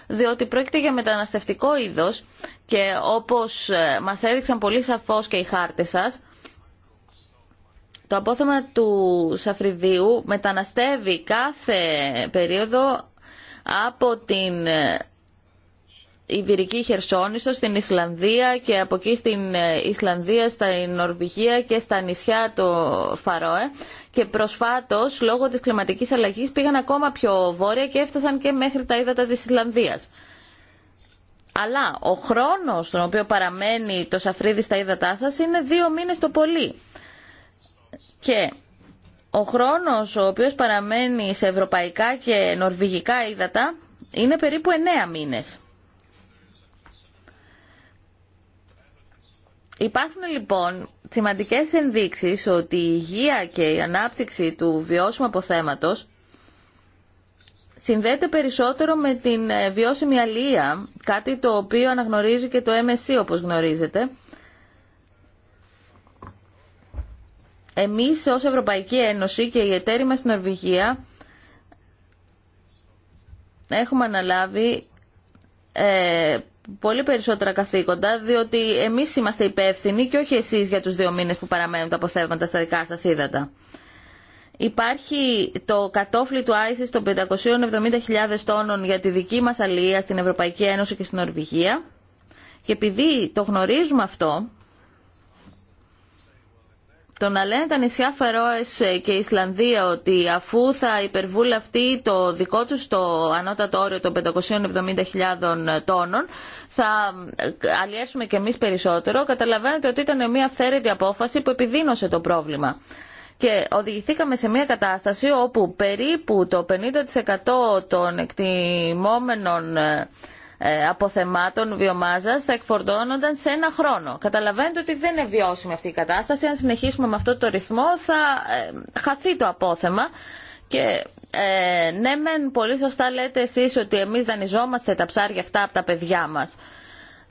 διότι πρόκειται για μεταναστευτικό είδος και όπως ε, μας έδειξαν πολύ σαφώς και οι χάρτες σας, το απόθεμα του Σαφριδίου μεταναστεύει κάθε περίοδο από την ε, Ιβυρική Χερσόνησο, στην Ισλανδία και από εκεί στην ε, Ισλανδία, στα Νορβηγία και στα νησιά το Φαρόε. Και προσφάτω, λόγω της κλιματικής αλλαγής, πήγαν ακόμα πιο βόρεια και έφτασαν και μέχρι τα ύδατα της Ισλανδίας. Αλλά ο χρόνος στον οποίο παραμένει το σαφρίδι στα ύδατά σας είναι δύο μήνες το πολύ. Και ο χρόνος ο οποίος παραμένει σε ευρωπαϊκά και νορβηγικά ύδατα είναι περίπου εννέα μήνες. Υπάρχουν λοιπόν σημαντικές ενδείξεις ότι η υγεία και η ανάπτυξη του βιώσιμου αποθέματος συνδέεται περισσότερο με την ε, βιώσιμη αλία, κάτι το οποίο αναγνωρίζει και το MSC όπως γνωρίζετε. Εμείς ως Ευρωπαϊκή Ένωση και οι εταίροι μας στην Νορβηγία έχουμε αναλάβει ε, πολύ περισσότερα καθήκοντα, διότι εμεί είμαστε υπεύθυνοι και όχι εσεί για του δύο μήνε που παραμένουν τα αποθέματα στα δικά σας ύδατα. Υπάρχει το κατόφλι του ISIS των 570.000 τόνων για τη δική μας αλληλεία στην Ευρωπαϊκή Ένωση και στην Νορβηγία. Και επειδή το γνωρίζουμε αυτό, το να λένε τα νησιά Φερόες και η Ισλανδία ότι αφού θα υπερβούλα αυτή το δικό τους το ανώτατο όριο των 570.000 τόνων θα ε, αλλιεύσουμε και εμείς περισσότερο, καταλαβαίνετε ότι ήταν μια αυθαίρετη απόφαση που επιδίνωσε το πρόβλημα. Και οδηγηθήκαμε σε μια κατάσταση όπου περίπου το 50% των εκτιμόμενων ε, ε, αποθεμάτων βιομάζα θα εκφορτώνονταν σε ένα χρόνο. Καταλαβαίνετε ότι δεν είναι βιώσιμη αυτή η κατάσταση. Αν συνεχίσουμε με αυτό το ρυθμό θα ε, χαθεί το απόθεμα. Και ε, ναι μεν πολύ σωστά λέτε εσείς ότι εμείς δανειζόμαστε τα ψάρια αυτά από τα παιδιά μας.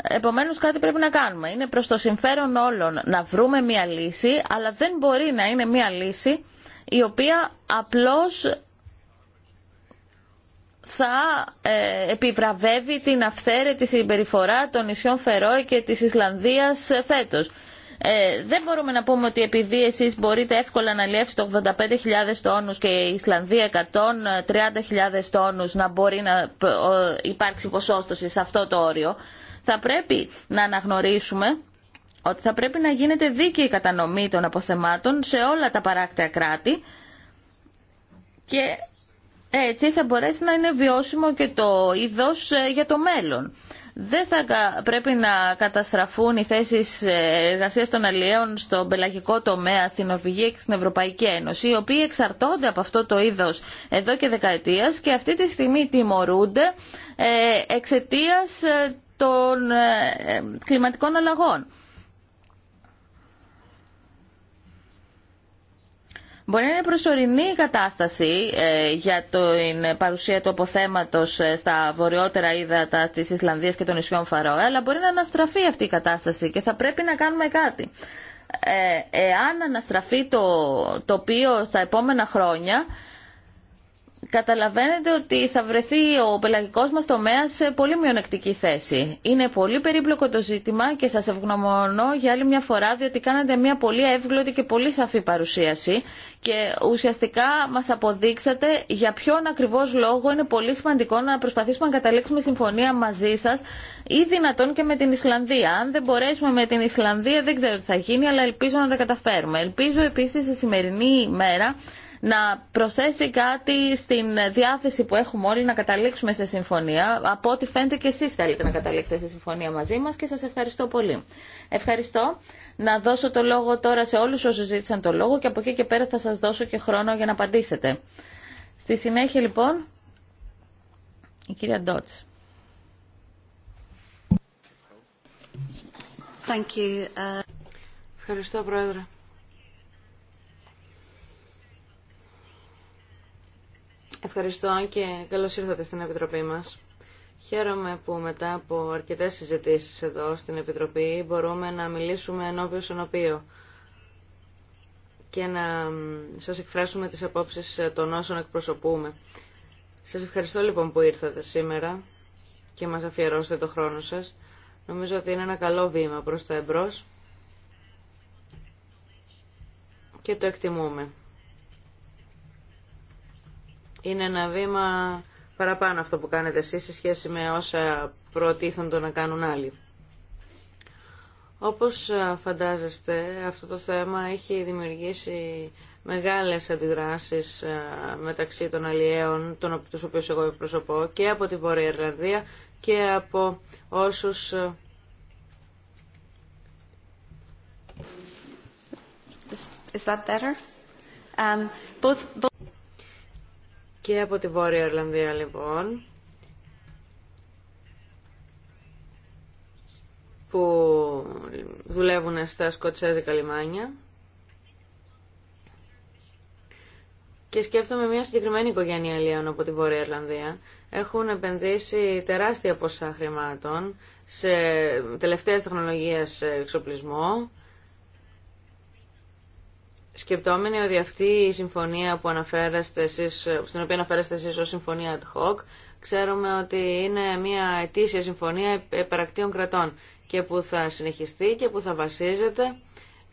Επομένως κάτι πρέπει να κάνουμε. Είναι προς το συμφέρον όλων να βρούμε μια λύση, αλλά δεν μπορεί να είναι μια λύση η οποία απλώς θα ε, επιβραβεύει την αυθαίρετη συμπεριφορά των νησιών Φερόε και της Ισλανδίας φέτος. Ε, δεν μπορούμε να πούμε ότι επειδή εσείς μπορείτε εύκολα να λιεύσετε 85.000 τόνους και η Ισλανδία 130.000 τόνους να μπορεί να υπάρξει ποσόστοση σε αυτό το όριο. Θα πρέπει να αναγνωρίσουμε ότι θα πρέπει να γίνεται δίκαιη κατανομή των αποθεμάτων σε όλα τα παράκτεα κράτη και έτσι θα μπορέσει να είναι βιώσιμο και το είδος ε, για το μέλλον. Δεν θα πρέπει να καταστραφούν οι θέσεις ε, εργασίας των αλλιέων στο πελαγικό τομέα, στην Νορβηγία και στην Ευρωπαϊκή Ένωση, οι οποίοι εξαρτώνται από αυτό το είδος εδώ και δεκαετίας και αυτή τη στιγμή τιμωρούνται ε, εξαιτίας των κλιματικών αλλαγών. Μπορεί να είναι προσωρινή η κατάσταση ε, για την παρουσία του αποθέματος ε, στα βορειότερα ύδατα της Ισλανδίας και των νησιών Φαρόε, αλλά μπορεί να αναστραφεί αυτή η κατάσταση και θα πρέπει να κάνουμε κάτι. Ε, εάν αναστραφεί το τοπίο στα επόμενα χρόνια, καταλαβαίνετε ότι θα βρεθεί ο πελαγικός μας τομέας σε πολύ μειονεκτική θέση. Είναι πολύ περίπλοκο το ζήτημα και σας ευγνωμονώ για άλλη μια φορά διότι κάνατε μια πολύ εύγλωτη και πολύ σαφή παρουσίαση και ουσιαστικά μας αποδείξατε για ποιον ακριβώς λόγο είναι πολύ σημαντικό να προσπαθήσουμε να καταλήξουμε συμφωνία μαζί σας ή δυνατόν και με την Ισλανδία. Αν δεν μπορέσουμε με την Ισλανδία δεν ξέρω τι θα γίνει αλλά ελπίζω να τα καταφέρουμε. Ελπίζω επίσης η σημερινή μέρα να προσθέσει κάτι στην διάθεση που έχουμε όλοι να καταλήξουμε σε συμφωνία. Από ό,τι φαίνεται και εσείς θέλετε να καταλήξετε σε συμφωνία μαζί μας και σας ευχαριστώ πολύ. Ευχαριστώ. Να δώσω το λόγο τώρα σε όλους όσους ζήτησαν το λόγο και από εκεί και πέρα θα σας δώσω και χρόνο για να απαντήσετε. Στη συνέχεια λοιπόν, η κυρία Ντότς. Thank you. Uh, ευχαριστώ, Πρόεδρε. Ευχαριστώ και καλώ ήρθατε στην Επιτροπή μας. Χαίρομαι που μετά από αρκετέ συζητήσει εδώ στην Επιτροπή μπορούμε να μιλήσουμε στον οποίο και να σας εκφράσουμε τις απόψεις ε, των όσων εκπροσωπούμε. Σας ευχαριστώ λοιπόν που ήρθατε σήμερα και μας αφιερώσετε το χρόνο σας. Νομίζω ότι είναι ένα καλό βήμα προς τα εμπρός και το εκτιμούμε είναι ένα βήμα παραπάνω αυτό που κάνετε εσείς σε σχέση με όσα προτίθονται να κάνουν άλλοι. Όπως φαντάζεστε, αυτό το θέμα έχει δημιουργήσει μεγάλες αντιδράσεις μεταξύ των αλλιέων, των, οποίων οποίους εγώ προσωπώ, και από τη Βόρεια Ιρλανδία και από όσους... Is that um, και από τη Βόρεια Ιρλανδία λοιπόν που δουλεύουν στα σκοτσέζικα λιμάνια και σκέφτομαι μια συγκεκριμένη οικογένεια Ελίων από τη Βόρεια Ιρλανδία. Έχουν επενδύσει τεράστια ποσά χρημάτων σε τελευταίες τεχνολογίες ε, εξοπλισμό σκεπτόμενοι ότι αυτή η συμφωνία που αναφέρεστε εσείς, στην οποία αναφέρεστε εσείς ως συμφωνία ad hoc, ξέρουμε ότι είναι μια ετήσια συμφωνία επαρακτήων κρατών και που θα συνεχιστεί και που θα βασίζεται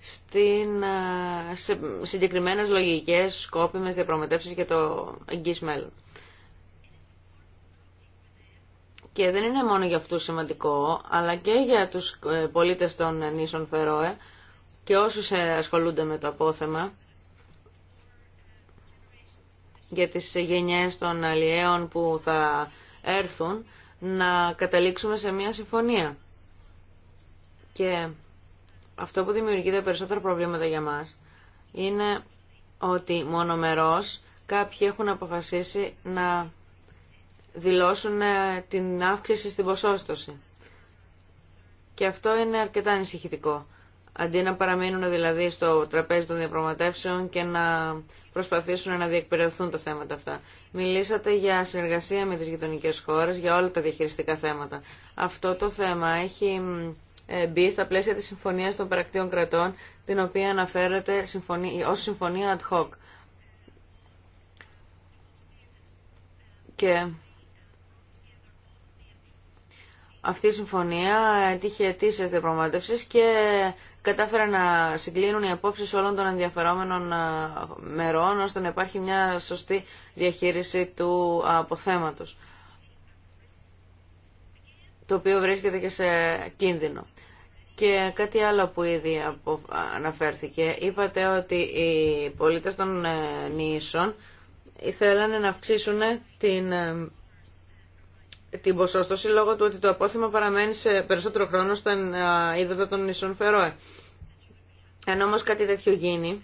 στην, ε, σε συγκεκριμένες λογικές σκόπιμες διαπραγματεύσεις για το εγγύς μέλλον. Και δεν είναι μόνο για αυτούς σημαντικό, αλλά και για τους ε, πολίτες των νήσων Φερόε, και όσους ασχολούνται με το απόθεμα για τις γενιές των αλλιέων που θα έρθουν να καταλήξουμε σε μια συμφωνία. Και αυτό που δημιουργεί τα περισσότερα προβλήματα για μας είναι ότι μονομερός κάποιοι έχουν αποφασίσει να δηλώσουν ε, την αύξηση στην ποσόστοση. Και αυτό είναι αρκετά ανησυχητικό αντί να παραμείνουν δηλαδή στο τραπέζι των διαπραγματεύσεων και να προσπαθήσουν να διεκπαιρεωθούν τα θέματα αυτά. Μιλήσατε για συνεργασία με τις γειτονικέ χώρες, για όλα τα διαχειριστικά θέματα. Αυτό το θέμα έχει ε, μπει στα πλαίσια της Συμφωνίας των Παρακτήων Κρατών, την οποία αναφέρεται ως Συμφωνία Ad Hoc. Και αυτή η συμφωνία τύχε αιτήσεις και κατάφεραν να συγκλίνουν οι απόψεις όλων των ενδιαφερόμενων ε, μερών ώστε να υπάρχει μια σωστή διαχείριση του αποθέματος το οποίο βρίσκεται και σε κίνδυνο. Και κάτι άλλο που ήδη αναφέρθηκε, είπατε ότι οι πολίτες των ε, νήσων ήθελαν να αυξήσουν την ε, την ποσόστοση λόγω του ότι το απόθεμα παραμένει σε περισσότερο χρόνο στα ύδατα των νησών Φερόε. Αν όμως κάτι τέτοιο γίνει,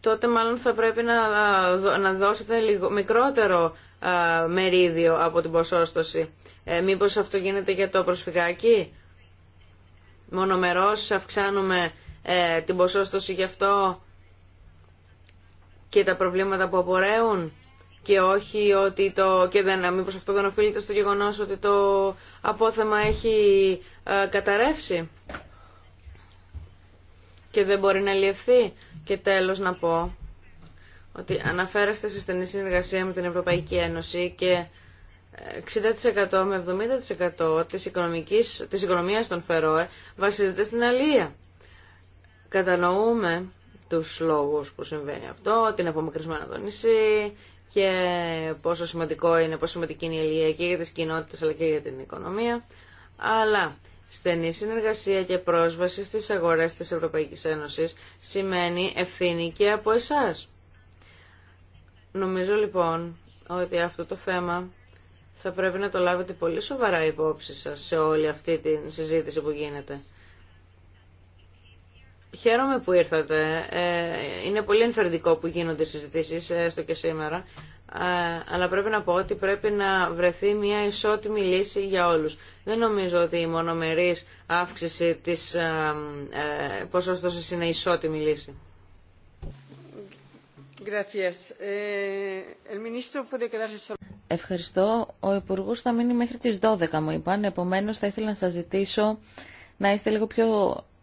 τότε μάλλον θα πρέπει να, να δώσετε λιγο, μικρότερο μερίδιο από την ποσόστοση. Ε, μήπως αυτό γίνεται για το προσφυγάκι. Μονομερός αυξάνουμε ε, την ποσόστοση γι' αυτό και τα προβλήματα που απορρέουν και όχι ότι το. και δεν, μήπως αυτό δεν οφείλεται στο γεγονό ότι το απόθεμα έχει ε, καταρρεύσει και δεν μπορεί να λιευθεί. Και τέλος να πω ότι αναφέρεστε σε στενή συνεργασία με την Ευρωπαϊκή Ένωση και 60% ε, με 70% της, οικονομικής, της οικονομίας των ΦΕΡΟΕ βασίζεται στην αλία. Κατανοούμε τους λόγους που συμβαίνει αυτό, την απομακρυσμένα το νησί, και πόσο σημαντικό είναι, πόσο σημαντική είναι η αλληλεία και για τις κοινότητες αλλά και για την οικονομία. Αλλά στενή συνεργασία και πρόσβαση στις αγορές της Ευρωπαϊκής Ένωσης σημαίνει ευθύνη και από εσάς. Νομίζω λοιπόν ότι αυτό το θέμα θα πρέπει να το λάβετε πολύ σοβαρά υπόψη σας σε όλη αυτή τη συζήτηση που γίνεται. Χαίρομαι που ήρθατε. Ε, είναι πολύ ενθαρρυντικό που γίνονται συζητήσει έστω και σήμερα. Ε, αλλά πρέπει να πω ότι πρέπει να βρεθεί μια ισότιμη λύση για όλους. Δεν νομίζω ότι η μονομερής αύξηση της ε, ποσόστοσης είναι ισότιμη λύση. Ευχαριστώ. Ο Υπουργό θα μείνει μέχρι τις 12 μου είπαν. Επομένως θα ήθελα να σας ζητήσω να είστε λίγο πιο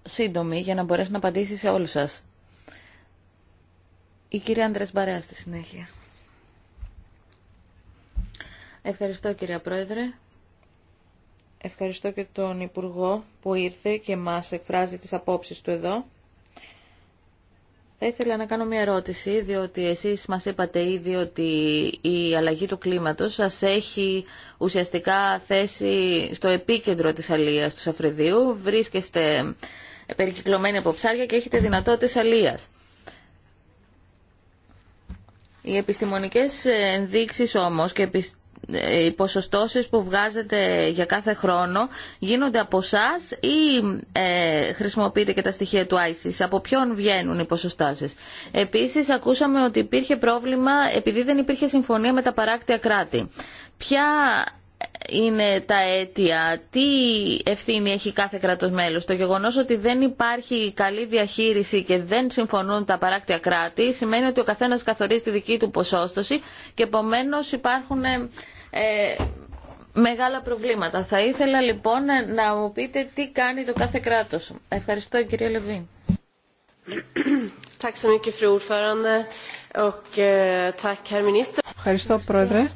σύντομη για να μπορέσει να απαντήσει σε όλους σας. Η κυρία Άντρες Μπαρέα στη συνέχεια. Ευχαριστώ κυρία Πρόεδρε. Ευχαριστώ και τον Υπουργό που ήρθε και μας εκφράζει τις απόψεις του εδώ. Θα ήθελα να κάνω μια ερώτηση, διότι εσείς μας είπατε ήδη ότι η αλλαγή του κλίματος σας έχει ουσιαστικά θέση στο επίκεντρο της αλίας του Σαφριδίου. Βρίσκεστε περικυκλωμένη από ψάρια και έχετε δυνατότητες αλίας. Οι επιστημονικές ενδείξεις όμως και ε, οι ποσοστώσεις που βγάζετε για κάθε χρόνο γίνονται από εσά ή ε, χρησιμοποιείτε και τα στοιχεία του ISIS. Από ποιον βγαίνουν οι ποσοστάσεις. Επίσης ακούσαμε ότι υπήρχε πρόβλημα επειδή δεν υπήρχε συμφωνία με τα παράκτια κράτη. Ποια είναι τα αίτια, τι ευθύνη έχει κάθε κράτος μέλος. Το γεγονός ότι δεν υπάρχει καλή διαχείριση και δεν συμφωνούν τα παράκτια κράτη σημαίνει ότι ο καθένας καθορίζει τη δική του ποσόστοση και επομένω υπάρχουν ε, ε, μεγάλα προβλήματα. Θα ήθελα λοιπόν να μου πείτε τι κάνει το κάθε κράτος. Ευχαριστώ κύριε Λεβίν. Eh, Ευχαριστώ πρόεδρε.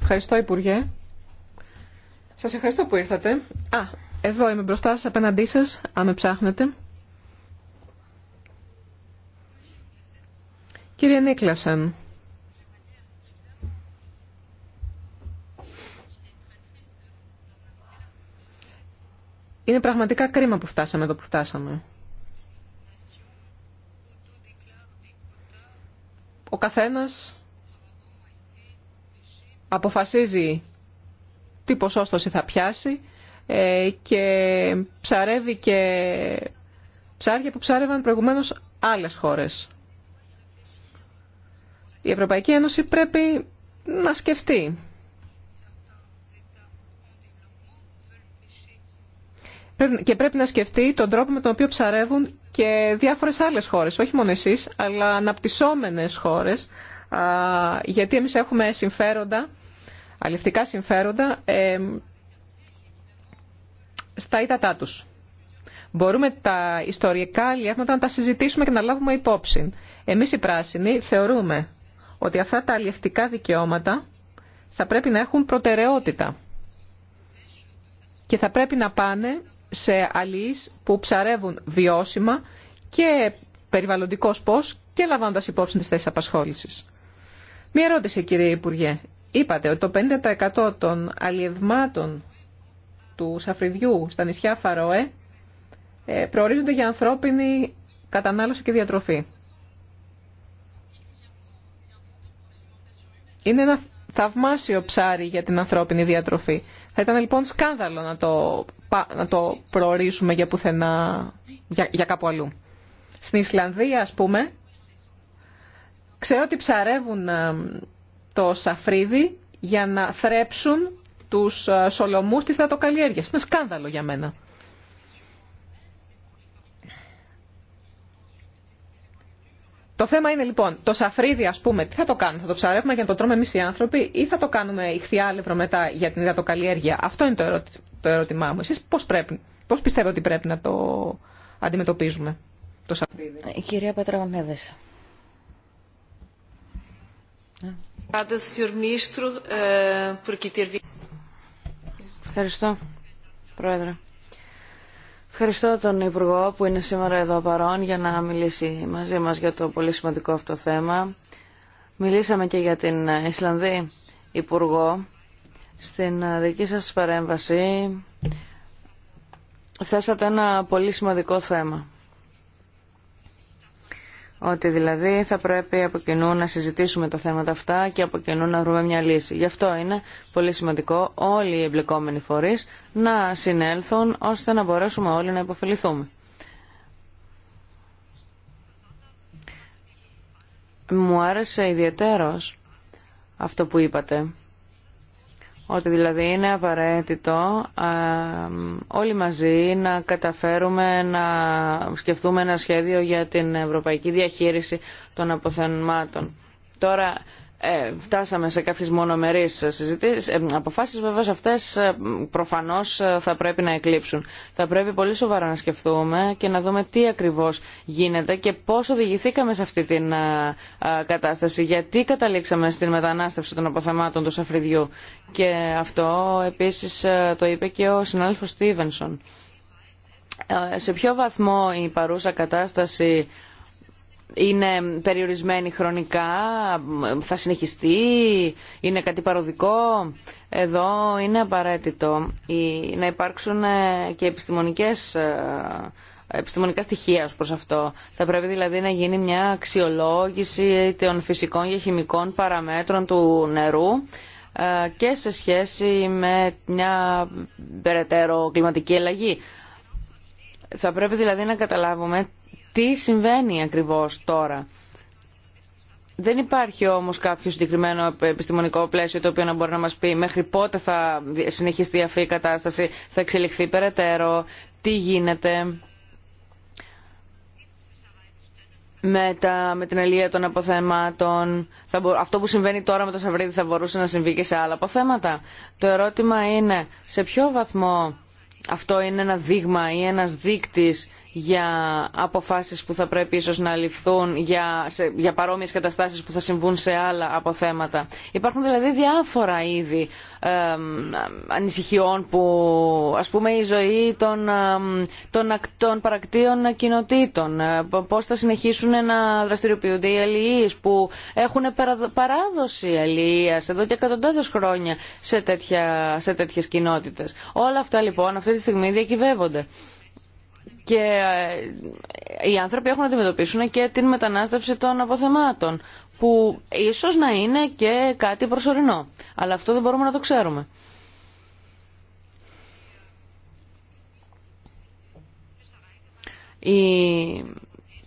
Ευχαριστώ, Υπουργέ. Σα ευχαριστώ που ήρθατε. Α, εδώ είμαι μπροστά σας, απέναντί σα αν με ψάχνετε. Κύριε Νίκλασεν, είναι πραγματικά κρίμα που φτάσαμε εδώ που φτάσαμε. Ο καθένας αποφασίζει τι ποσόστοση θα πιάσει ε, και ψαρεύει και ψάρια που ψάρευαν προηγουμένως άλλες χώρες. Η Ευρωπαϊκή Ένωση πρέπει να σκεφτεί. Και πρέπει να σκεφτεί τον τρόπο με τον οποίο ψαρεύουν και διάφορες άλλες χώρες, όχι μόνο εσείς, αλλά αναπτυσσόμενες χώρες γιατί εμείς έχουμε συμφέροντα, αληφτικά συμφέροντα, ε, στα ύδατά τους. Μπορούμε τα ιστορικά αλλιεύματα να τα συζητήσουμε και να λάβουμε υπόψη. Εμείς οι πράσινοι θεωρούμε ότι αυτά τα αλλιευτικά δικαιώματα θα πρέπει να έχουν προτεραιότητα και θα πρέπει να πάνε σε αλληλείς που ψαρεύουν βιώσιμα και περιβαλλοντικός πώς και λαμβάνοντας υπόψη της απασχόλησης. Μία ερώτηση κύριε Υπουργέ. Είπατε ότι το 50% των αλλιευμάτων του σαφριδιού στα νησιά Φαροέ ε, προορίζονται για ανθρώπινη κατανάλωση και διατροφή. Είναι ένα θαυμάσιο ψάρι για την ανθρώπινη διατροφή. Θα ήταν λοιπόν σκάνδαλο να το, να προορίσουμε για πουθενά, για, για κάπου αλλού. Στην Ισλανδία, ας πούμε, Ξέρω ότι ψαρεύουν ε, το σαφρίδι για να θρέψουν τους ε, σολομούς της δατοκαλλιέργειας. Είναι σκάνδαλο για μένα. Το θέμα είναι λοιπόν, το σαφρίδι ας πούμε, τι θα το κάνουμε, θα το ψαρεύουμε για να το τρώμε εμείς οι άνθρωποι ή θα το κάνουμε ηχθιάλευρο μετά για την υδατοκαλλιέργεια. Αυτό είναι το, το ερώτημά μου. Εσείς πώς, πρέπει, πώς πιστεύω ότι πρέπει να το αντιμετωπίζουμε το σαφρίδι. Η ε, κυρία Πατραγωνέβες. Eh, Ευχαριστώ, Πρόεδρε. Ευχαριστώ τον Υπουργό που είναι σήμερα εδώ παρόν για να μιλήσει μαζί μας για το πολύ σημαντικό αυτό θέμα. Μιλήσαμε και για την Ισλανδή Υπουργό. Στην δική σας παρέμβαση θέσατε ένα πολύ σημαντικό θέμα. Ότι δηλαδή θα πρέπει από κοινού να συζητήσουμε τα θέματα αυτά και από κοινού να βρούμε μια λύση. Γι' αυτό είναι πολύ σημαντικό όλοι οι εμπλεκόμενοι φορείς να συνέλθουν ώστε να μπορέσουμε όλοι να υποφεληθούμε. Μου άρεσε ιδιαίτερος αυτό που είπατε ότι δηλαδή είναι απαραίτητο όλοι μαζί να καταφέρουμε να σκεφτούμε ένα σχέδιο για την ευρωπαϊκή διαχείριση των αποθεμάτων. Τώρα ε, φτάσαμε σε κάποιες μονομερείς συζητήσεις. Ε, αποφάσεις βέβαια αυτές ε, προφανώς ε, θα πρέπει να εκλείψουν. Θα πρέπει πολύ σοβαρά να σκεφτούμε και να δούμε τι ακριβώς γίνεται και πώς οδηγηθήκαμε σε αυτή την κατάσταση. Γιατί καταλήξαμε στην μετανάστευση των αποθεμάτων του Σαφριδιού. Και αυτό επίσης το είπε και ο συνάδελφος Στίβενσον. σε ποιο βαθμό η παρούσα κατάσταση είναι περιορισμένη χρονικά, θα συνεχιστεί, είναι κάτι παροδικό. Εδώ είναι απαραίτητο να υπάρξουν ε, και επιστημονικές ε, επιστημονικά στοιχεία ως προς αυτό. Θα πρέπει δηλαδή να γίνει μια αξιολόγηση των φυσικών και χημικών παραμέτρων του νερού ε, και σε σχέση με μια περαιτέρω κλιματική ελλαγή. Θα πρέπει δηλαδή να καταλάβουμε τι συμβαίνει ακριβώς τώρα. Δεν υπάρχει όμως κάποιο συγκεκριμένο επιστημονικό πλαίσιο το οποίο να μπορεί να μας πει μέχρι πότε θα συνεχιστεί αυτή η κατάσταση, θα εξελιχθεί περαιτέρω, τι γίνεται με, τα, με την αλληλεία των αποθεμάτων. Θα αυτό που συμβαίνει τώρα με το Σαβρίδι θα μπορούσε να συμβεί και σε άλλα αποθέματα. Το ερώτημα είναι σε ποιο βαθμό αυτό είναι ένα δείγμα ή ένας δείκτης για αποφάσεις που θα πρέπει ίσως να ληφθούν για, σε, για παρόμοιες καταστάσεις που θα συμβούν σε άλλα αποθέματα. Υπάρχουν δηλαδή διάφορα είδη ανησυχιών που ας πούμε η ζωή των, των, των παρακτήων κοινοτήτων, ε, πώς θα συνεχίσουν να δραστηριοποιούνται οι αλληλείς που έχουν παράδοση αλληλείας εδώ και εκατοντάδες χρόνια σε, τέτοια, σε τέτοιες κοινότητες. Όλα αυτά λοιπόν αυτή τη στιγμή διακυβεύονται. Και ε, οι άνθρωποι έχουν να αντιμετωπίσουν και την μετανάστευση των αποθεμάτων, που ίσως να είναι και κάτι προσωρινό. Αλλά αυτό δεν μπορούμε να το ξέρουμε. Η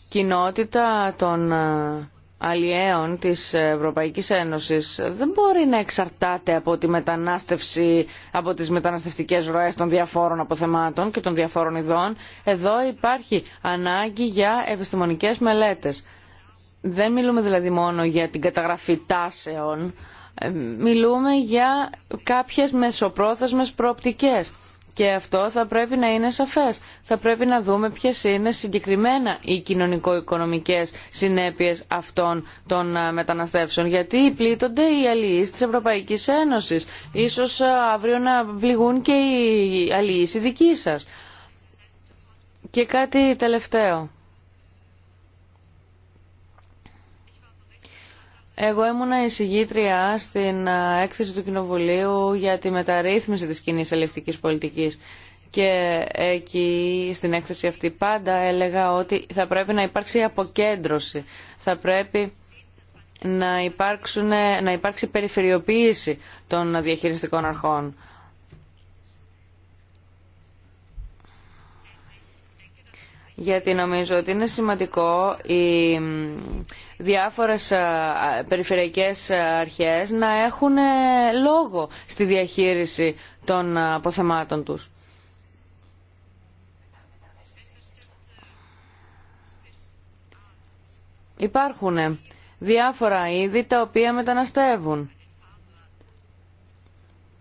κοινότητα των ε, αλλιέων της Ευρωπαϊκής Ένωσης δεν μπορεί να εξαρτάται από τη μετανάστευση, από τις μεταναστευτικές ροές των διαφόρων αποθεμάτων και των διαφόρων ειδών. Εδώ υπάρχει ανάγκη για επιστημονικές μελέτες. Δεν μιλούμε δηλαδή μόνο για την καταγραφή τάσεων, ε, μιλούμε για κάποιες μεσοπρόθεσμες προοπτικές. Και αυτό θα πρέπει να είναι σαφές. Θα πρέπει να δούμε ποιες είναι συγκεκριμένα οι κοινωνικο-οικονομικές συνέπειες αυτών των ε, μεταναστεύσεων. Γιατί πλήττονται οι αλληλείς της Ευρωπαϊκής Ένωσης. Ίσως ε, αύριο να πληγούν και οι αλληλείς οι δικοί σας. Και κάτι τελευταίο. Εγώ ήμουνα εισηγήτρια στην έκθεση του Κοινοβουλίου για τη μεταρρύθμιση της κοινή ελευτικής πολιτικής και εκεί στην έκθεση αυτή πάντα έλεγα ότι θα πρέπει να υπάρξει αποκέντρωση, θα πρέπει να, να υπάρξει περιφερειοποίηση των διαχειριστικών αρχών. γιατί νομίζω ότι είναι σημαντικό οι διάφορες περιφερειακές αρχές να έχουν ε, λόγο στη διαχείριση των αποθεμάτων τους. Υπάρχουν ε, διάφορα είδη τα οποία μεταναστεύουν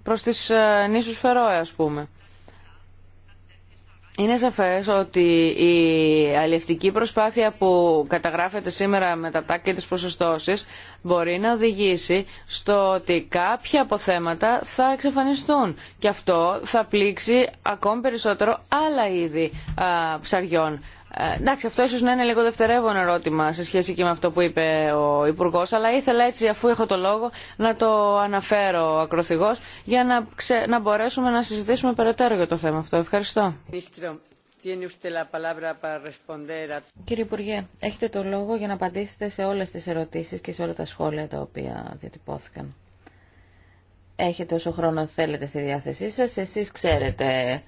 προς τις ε, νήσους Φερόε ας πούμε. Είναι σαφές ότι η αλληλευτική προσπάθεια που καταγράφεται σήμερα με τα τάκια της προσωστώσης μπορεί να οδηγήσει στο ότι κάποια αποθέματα θα εξαφανιστούν και αυτό θα πλήξει ακόμη περισσότερο άλλα είδη α, ψαριών. Ε, εντάξει, αυτό ίσω να είναι λίγο δευτερεύον ερώτημα σε σχέση και με αυτό που είπε ο Υπουργό, αλλά ήθελα έτσι, αφού έχω το λόγο, να το αναφέρω ακροθυγώς για να, να μπορέσουμε να συζητήσουμε περαιτέρω για το θέμα αυτό. Ευχαριστώ. Κύριε Υπουργέ, έχετε το λόγο για να απαντήσετε σε όλες τις ερωτήσεις και σε όλα τα σχόλια τα οποία διατυπώθηκαν. Έχετε όσο χρόνο θέλετε στη διάθεσή σας. Εσείς ξέρετε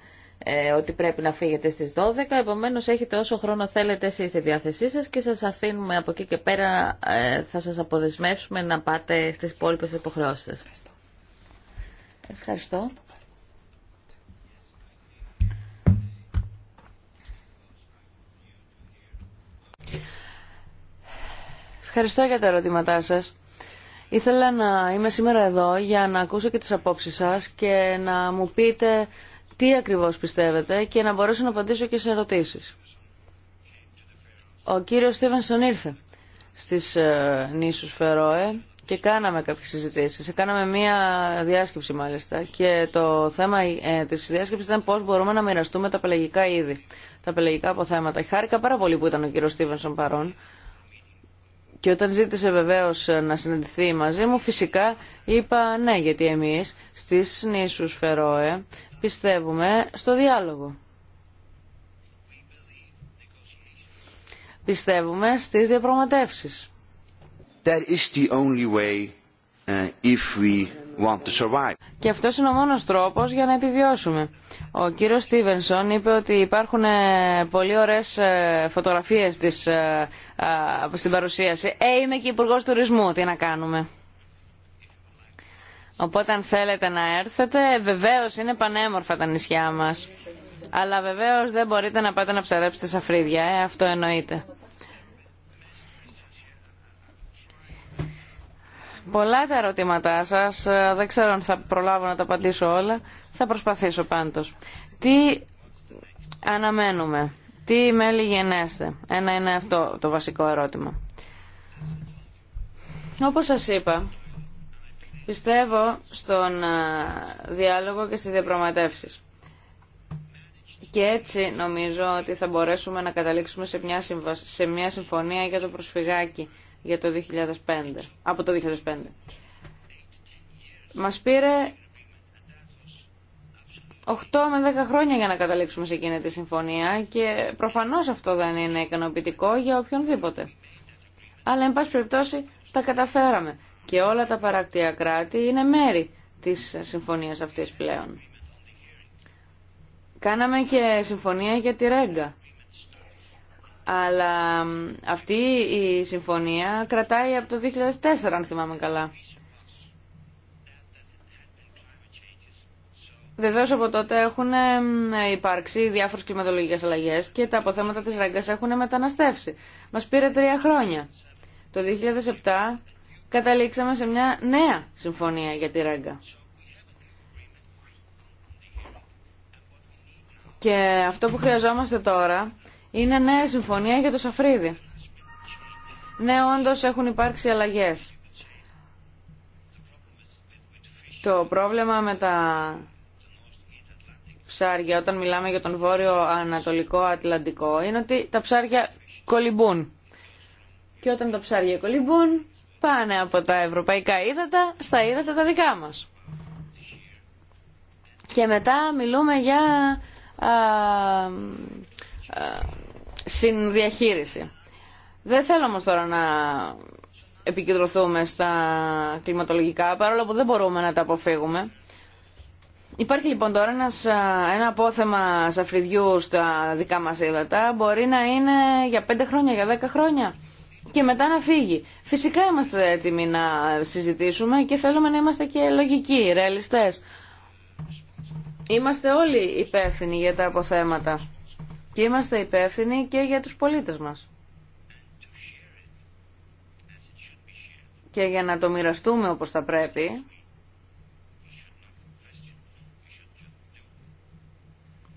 ε, ότι πρέπει να φύγετε στις 12, επομένως έχετε όσο χρόνο θέλετε εσείς στη διάθεσή σας και σας αφήνουμε από εκεί και πέρα, ε, θα σας αποδεσμεύσουμε να πάτε στις υπόλοιπε υποχρεώσεις σας. Ευχαριστώ. Ευχαριστώ. για τα ερωτήματά σας. Ήθελα να είμαι σήμερα εδώ για να ακούσω και τις απόψεις σας και να μου πείτε τι ακριβώς πιστεύετε και να μπορέσω να απαντήσω και σε ερωτήσεις. Ο κύριος Στίβενσον ήρθε στις ε, νήσους Φερόε και κάναμε κάποιες συζητήσεις. Κάναμε μία διάσκεψη μάλιστα και το θέμα ε, της διάσκεψης ήταν πώς μπορούμε να μοιραστούμε τα πελαγικά είδη, τα πελαγικά αποθέματα. Χάρηκα πάρα πολύ που ήταν ο κύριος Στίβενσον παρόν και όταν ζήτησε βεβαίω να συναντηθεί μαζί μου, φυσικά είπα ναι, γιατί εμείς στις νήσους Φερόε πιστεύουμε στο διάλογο. Πιστεύουμε στις διαπραγματεύσει. Και αυτό είναι ο μόνος τρόπος για να επιβιώσουμε. Ο κύριος Στίβενσον είπε ότι υπάρχουν ε, πολύ ωραίες ε, φωτογραφίες της, ε, στην παρουσίαση. Ε, είμαι και υπουργό τουρισμού, τι να κάνουμε. Οπότε αν θέλετε να έρθετε, βεβαίως είναι πανέμορφα τα νησιά μας. Αλλά βεβαίως δεν μπορείτε να πάτε να ψαρέψετε σαφρίδια, ε, αυτό εννοείται. Πολλά τα ερωτήματά σας, ε, δεν ξέρω αν θα προλάβω να τα απαντήσω όλα, θα προσπαθήσω πάντως. Τι αναμένουμε, τι μέλη γενέστε, ένα είναι αυτό το βασικό ερώτημα. Όπως σας είπα, πιστεύω στον ε, διάλογο και στις διαπραγματεύσεις. Και έτσι νομίζω ότι θα μπορέσουμε να καταλήξουμε μια, σε μια συμφωνία για το προσφυγάκι για το 2005, από το 2005. Μας πήρε 8 με 10 χρόνια για να καταλήξουμε σε εκείνη τη συμφωνία και προφανώς αυτό δεν είναι ικανοποιητικό για οποιονδήποτε. Αλλά, εν πάση περιπτώσει, τα καταφέραμε και όλα τα παράκτια κράτη είναι μέρη της συμφωνίας αυτής πλέον. Κάναμε και συμφωνία για τη Ρέγκα. Αλλά αυτή η συμφωνία κρατάει από το 2004, αν θυμάμαι καλά. Βεβαίως από τότε έχουν υπάρξει διάφορες κλιματολογικές αλλαγές και τα αποθέματα της ράγκας έχουν μεταναστεύσει. Μας πήρε τρία χρόνια. Το 2007 καταλήξαμε σε μια νέα συμφωνία για τη ράγκα. Και αυτό που χρειαζόμαστε τώρα είναι νέα συμφωνία για το Σαφρίδι. Ναι, όντως έχουν υπάρξει αλλαγές. Το πρόβλημα με τα ψάρια όταν μιλάμε για τον βόρειο ανατολικό Ατλαντικό είναι ότι τα ψάρια κολυμπούν. Και όταν τα ψάρια κολυμπούν πάνε από τα ευρωπαϊκά ύδατα στα ύδατα τα δικά μας. Και μετά μιλούμε για συνδιαχείριση. Δεν θέλω όμως τώρα να επικεντρωθούμε στα κλιματολογικά, παρόλο που δεν μπορούμε να τα αποφύγουμε. Υπάρχει λοιπόν τώρα ένα απόθεμα σαφριδιού στα δικά μας ύδατα, μπορεί να είναι για 5 χρόνια, για 10 χρόνια και μετά να φύγει. Φυσικά είμαστε έτοιμοι να συζητήσουμε και θέλουμε να είμαστε και λογικοί, ρεαλιστές. Είμαστε όλοι υπεύθυνοι για τα αποθέματα. Και είμαστε υπεύθυνοι και για τους πολίτες μας. Και για να το μοιραστούμε όπως θα πρέπει,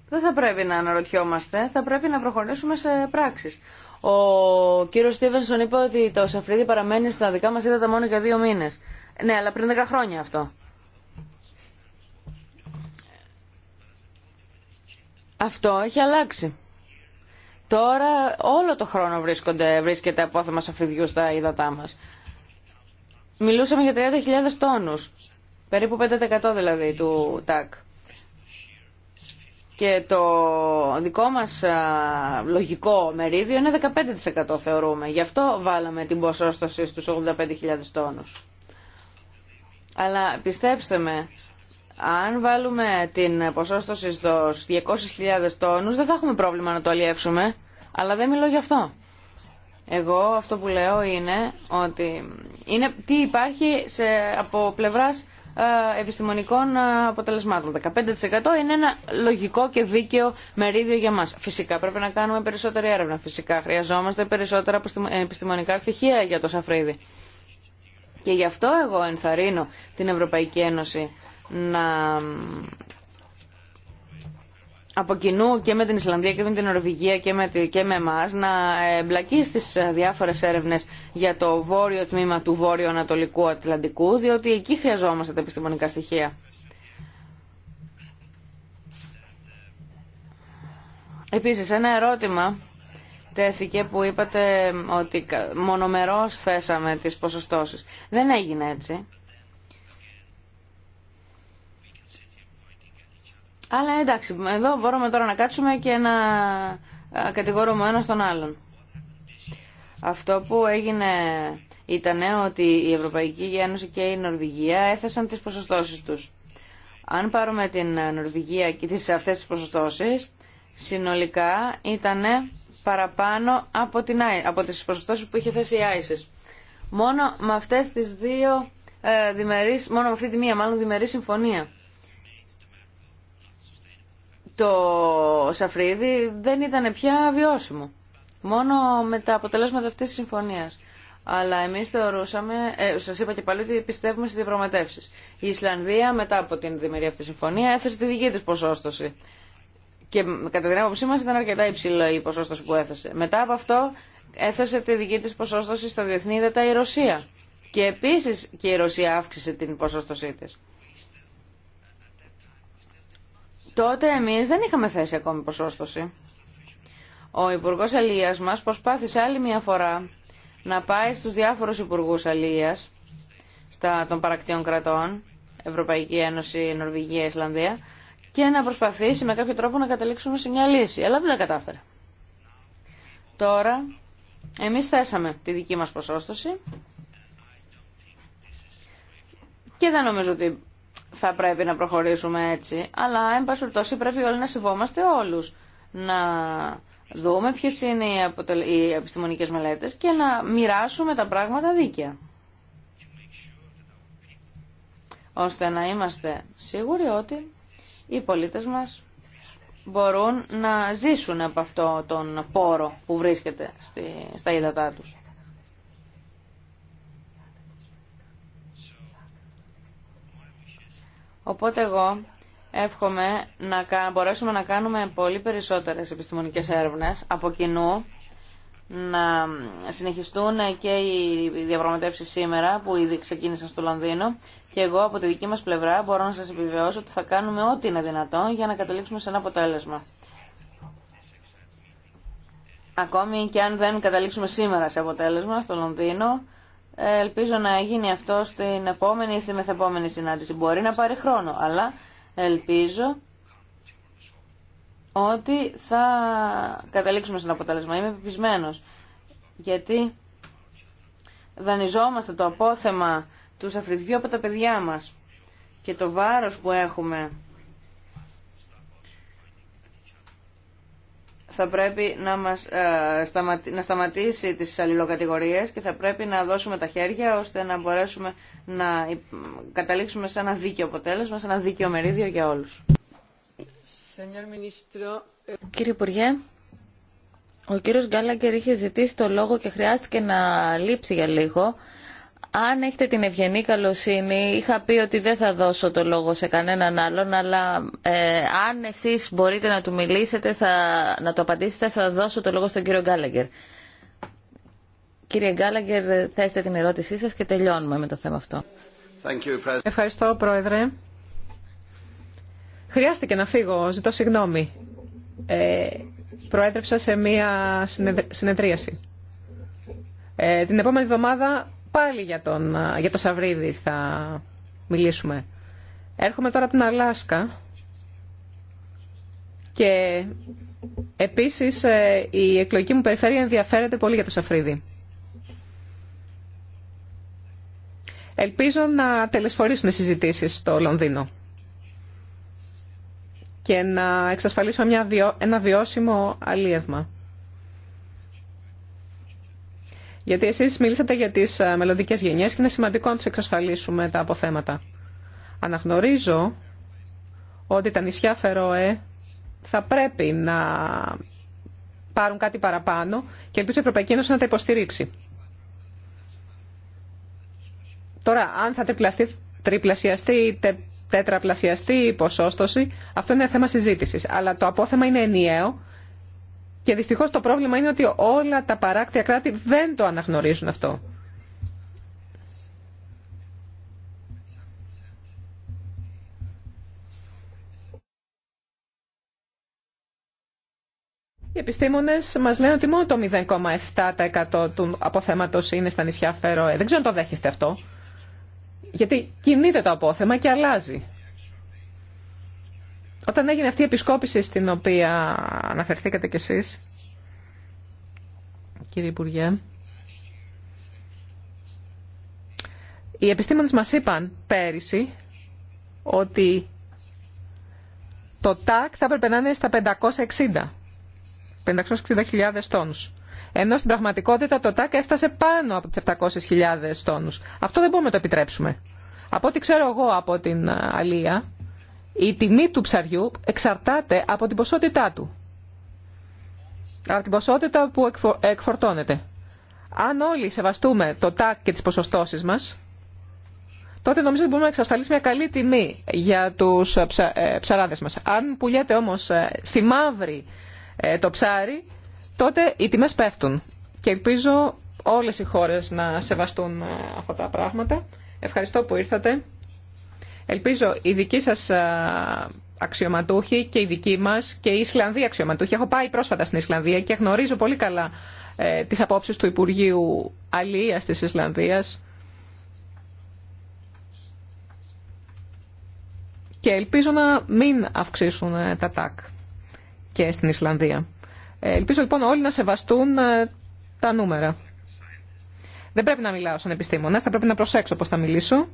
δεν θα πρέπει να αναρωτιόμαστε, θα πρέπει να προχωρήσουμε σε πράξεις. Ο κύριος Στίβενσον είπε ότι το Σαφρίδι παραμένει στα δικά μας είδατα μόνο για δύο μήνες. Ναι, αλλά πριν δέκα χρόνια αυτό. Αυτό έχει αλλάξει. Τώρα όλο το χρόνο βρίσκονται, βρίσκεται απόθεμα σαφριδιού στα ύδατά μας. Μιλούσαμε για 30.000 τόνους, περίπου 5% δηλαδή του ΤΑΚ. Και το δικό μας λογικό μερίδιο είναι 15% θεωρούμε. Γι' αυτό βάλαμε την ποσόστοση στους 85.000 τόνους. Αλλά πιστέψτε με, αν βάλουμε την ποσόστοση στους 200.000 τόνους δεν θα έχουμε πρόβλημα να το αλλιεύσουμε, αλλά δεν μιλώ γι' αυτό. Εγώ αυτό που λέω είναι ότι είναι τι υπάρχει σε, από πλευράς ε, επιστημονικών ε, αποτελεσμάτων. 15% είναι ένα λογικό και δίκαιο μερίδιο για μας. Φυσικά πρέπει να κάνουμε περισσότερη έρευνα. Φυσικά χρειαζόμαστε περισσότερα ε, επιστημονικά στοιχεία για το σαφρίδι. Και γι' αυτό εγώ ενθαρρύνω την Ευρωπαϊκή Ένωση να από κοινού και με την Ισλανδία και με την Νορβηγία και με, και εμάς να εμπλακεί στις διάφορες έρευνες για το βόρειο τμήμα του βόρειο-ανατολικού Ατλαντικού, διότι εκεί χρειαζόμαστε τα επιστημονικά στοιχεία. Επίσης, ένα ερώτημα τέθηκε που είπατε ότι μονομερώς θέσαμε τις ποσοστώσεις. Δεν έγινε έτσι. Αλλά εντάξει, εδώ μπορούμε τώρα να κάτσουμε και να κατηγορούμε ένα τον άλλον. Αυτό που έγινε ήταν ότι η Ευρωπαϊκή Ένωση και η Νορβηγία έθεσαν τις ποσοστώσεις τους. Αν πάρουμε την Νορβηγία και τις αυτές τις ποσοστώσεις, συνολικά ήταν παραπάνω από, την, από τις ποσοστώσεις που είχε θέσει η ISIS. Μόνο με αυτές τις δύο ε, μόνο με αυτή τη μία μάλλον διμερή συμφωνία το Σαφρίδι δεν ήταν πια βιώσιμο. Μόνο με τα αποτελέσματα αυτής της συμφωνίας. Αλλά εμείς θεωρούσαμε, ε, σα είπα και πάλι ότι πιστεύουμε στις διαπραγματεύσει. Η Ισλανδία μετά από την διμερή αυτή συμφωνία έθεσε τη δική της ποσόστοση. Και κατά την άποψή μας ήταν αρκετά υψηλό η ποσόστοση που έθεσε. Μετά από αυτό έθεσε τη δική της ποσόστοση στα διεθνή ύδατα η Ρωσία. Και επίσης και η Ρωσία αύξησε την ποσόστοσή της. Τότε εμεί δεν είχαμε θέσει ακόμη ποσόστοση. Ο υπουργό Αλία μα προσπάθησε άλλη μια φορά να πάει στους διάφορους υπουργού Αλίας στα, των παρακτήων κρατών, Ευρωπαϊκή Ένωση, Νορβηγία, Ισλανδία και να προσπαθήσει με κάποιο τρόπο να καταλήξουμε σε μια λύση. Αλλά δεν κατάφερε. Τώρα εμείς θέσαμε τη δική μας ποσόστοση και δεν νομίζω ότι θα πρέπει να προχωρήσουμε έτσι, αλλά εν πάση πρέπει όλοι να σεβόμαστε όλους. Να δούμε ποιε είναι οι, επιστημονικές μελέτες και να μοιράσουμε τα πράγματα δίκαια. Ώστε να είμαστε σίγουροι ότι οι πολίτες μας μπορούν να ζήσουν από αυτό τον πόρο που βρίσκεται στη... στα ύδατά τους. Οπότε εγώ εύχομαι να μπορέσουμε να κάνουμε πολύ περισσότερες επιστημονικές έρευνες από κοινού, να συνεχιστούν και οι διαπραγματεύσεις σήμερα που ήδη ξεκίνησαν στο Λονδίνο και εγώ από τη δική μας πλευρά μπορώ να σας επιβεβαιώσω ότι θα κάνουμε ό,τι είναι δυνατόν για να καταλήξουμε σε ένα αποτέλεσμα. Ακόμη και αν δεν καταλήξουμε σήμερα σε αποτέλεσμα στο Λονδίνο, Ελπίζω να γίνει αυτό στην επόμενη ή στη μεθεπόμενη συνάντηση. Μπορεί να πάρει χρόνο, αλλά ελπίζω ότι θα καταλήξουμε σε ένα αποτέλεσμα. Είμαι επιπισμένο. γιατί δανειζόμαστε το απόθεμα του σαφριδιού από τα παιδιά μας και το βάρος που έχουμε θα πρέπει να, μας, ε, να σταματήσει τις αλληλοκατηγορίες και θα πρέπει να δώσουμε τα χέρια ώστε να μπορέσουμε να καταλήξουμε σε ένα δίκαιο αποτέλεσμα, σε ένα δίκαιο μερίδιο για όλους. Ε, Κύριε Υπουργέ, ο κύριος Γκάλαγκερ είχε ζητήσει το λόγο και χρειάστηκε να λείψει για λίγο. Αν έχετε την ευγενή καλοσύνη, είχα πει ότι δεν θα δώσω το λόγο σε κανέναν άλλον, αλλά ε, αν εσείς μπορείτε να του μιλήσετε, θα, να το απαντήσετε, θα δώσω το λόγο στον κύριο Γκάλαγκερ. Κύριε Γκάλαγκερ, θέστε την ερώτησή σας και τελειώνουμε με το θέμα αυτό. Ευχαριστώ, Πρόεδρε. Χρειάστηκε να φύγω, ζητώ συγγνώμη. Ε, σε μία συνεδρίαση. Ε, την επόμενη εβδομάδα πάλι για, τον, για το Σαβρίδι θα μιλήσουμε. Έρχομαι τώρα από την Αλάσκα και επίσης ε, η εκλογική μου περιφέρεια ενδιαφέρεται πολύ για το Σαφρίδι. Ελπίζω να τελεσφορήσουν οι συζητήσεις στο Λονδίνο και να εξασφαλίσω μια, ένα βιώσιμο αλίευμα. Γιατί εσείς μιλήσατε για τις ε, μελλοντικέ γενιές και είναι σημαντικό να τους εξασφαλίσουμε τα αποθέματα. Αναγνωρίζω ότι τα νησιά Φερόε θα πρέπει να πάρουν κάτι παραπάνω και ελπίζω η Ευρωπαϊκή Ένωση να τα υποστηρίξει. Τώρα, αν θα τριπλασιαστεί ή τέτραπλασιαστεί η ποσόστοση, αυτό είναι θέμα συζήτησης. Αλλά το απόθεμα είναι ενιαίο και δυστυχώ το πρόβλημα είναι ότι όλα τα παράκτια κράτη δεν το αναγνωρίζουν αυτό. Οι επιστήμονες μας λένε ότι μόνο το 0,7% του αποθέματο είναι στα νησιά Φερόε. Δεν ξέρω αν το δέχεστε αυτό. Γιατί κινείται το απόθεμα και αλλάζει. Όταν έγινε αυτή η επισκόπηση στην οποία αναφερθήκατε κι εσείς, κύριε Υπουργέ, οι επιστήμονες μας είπαν πέρυσι ότι το ΤΑΚ θα έπρεπε να είναι στα 560, 560.000 τόνους. Ενώ στην πραγματικότητα το ΤΑΚ έφτασε πάνω από τις 700.000 τόνους. Αυτό δεν μπορούμε να το επιτρέψουμε. Από ό,τι ξέρω εγώ από την ε, Αλία, η τιμή του ψαριού εξαρτάται από την ποσότητά του. Από την ποσότητα που εκφορτώνεται. Αν όλοι σεβαστούμε το τάκ και τις ποσοστώσεις μας, τότε νομίζω ότι μπορούμε να εξασφαλίσουμε μια καλή τιμή για τους ε, ε, ψαράδες μας. Αν πουλιέται όμως ε, στη μαύρη το ψάρι, τότε οι τιμές πέφτουν. Και ελπίζω όλες οι χώρες να σεβαστούν αυτά τα πράγματα. Ευχαριστώ που ήρθατε. Ελπίζω οι δικοί σας αξιωματούχοι και οι δικοί μας και οι Ισλανδοί αξιωματούχοι. Έχω πάει πρόσφατα στην Ισλανδία και γνωρίζω πολύ καλά ε, τις απόψεις του Υπουργείου Αλίας της Ισλανδίας. Και ελπίζω να μην αυξήσουν ε, τα τάκ και στην Ισλανδία. Ε, ελπίζω λοιπόν όλοι να σεβαστούν ε, τα νούμερα. Δεν πρέπει να μιλάω σαν επιστήμονας, θα πρέπει να προσέξω πώ θα μιλήσω.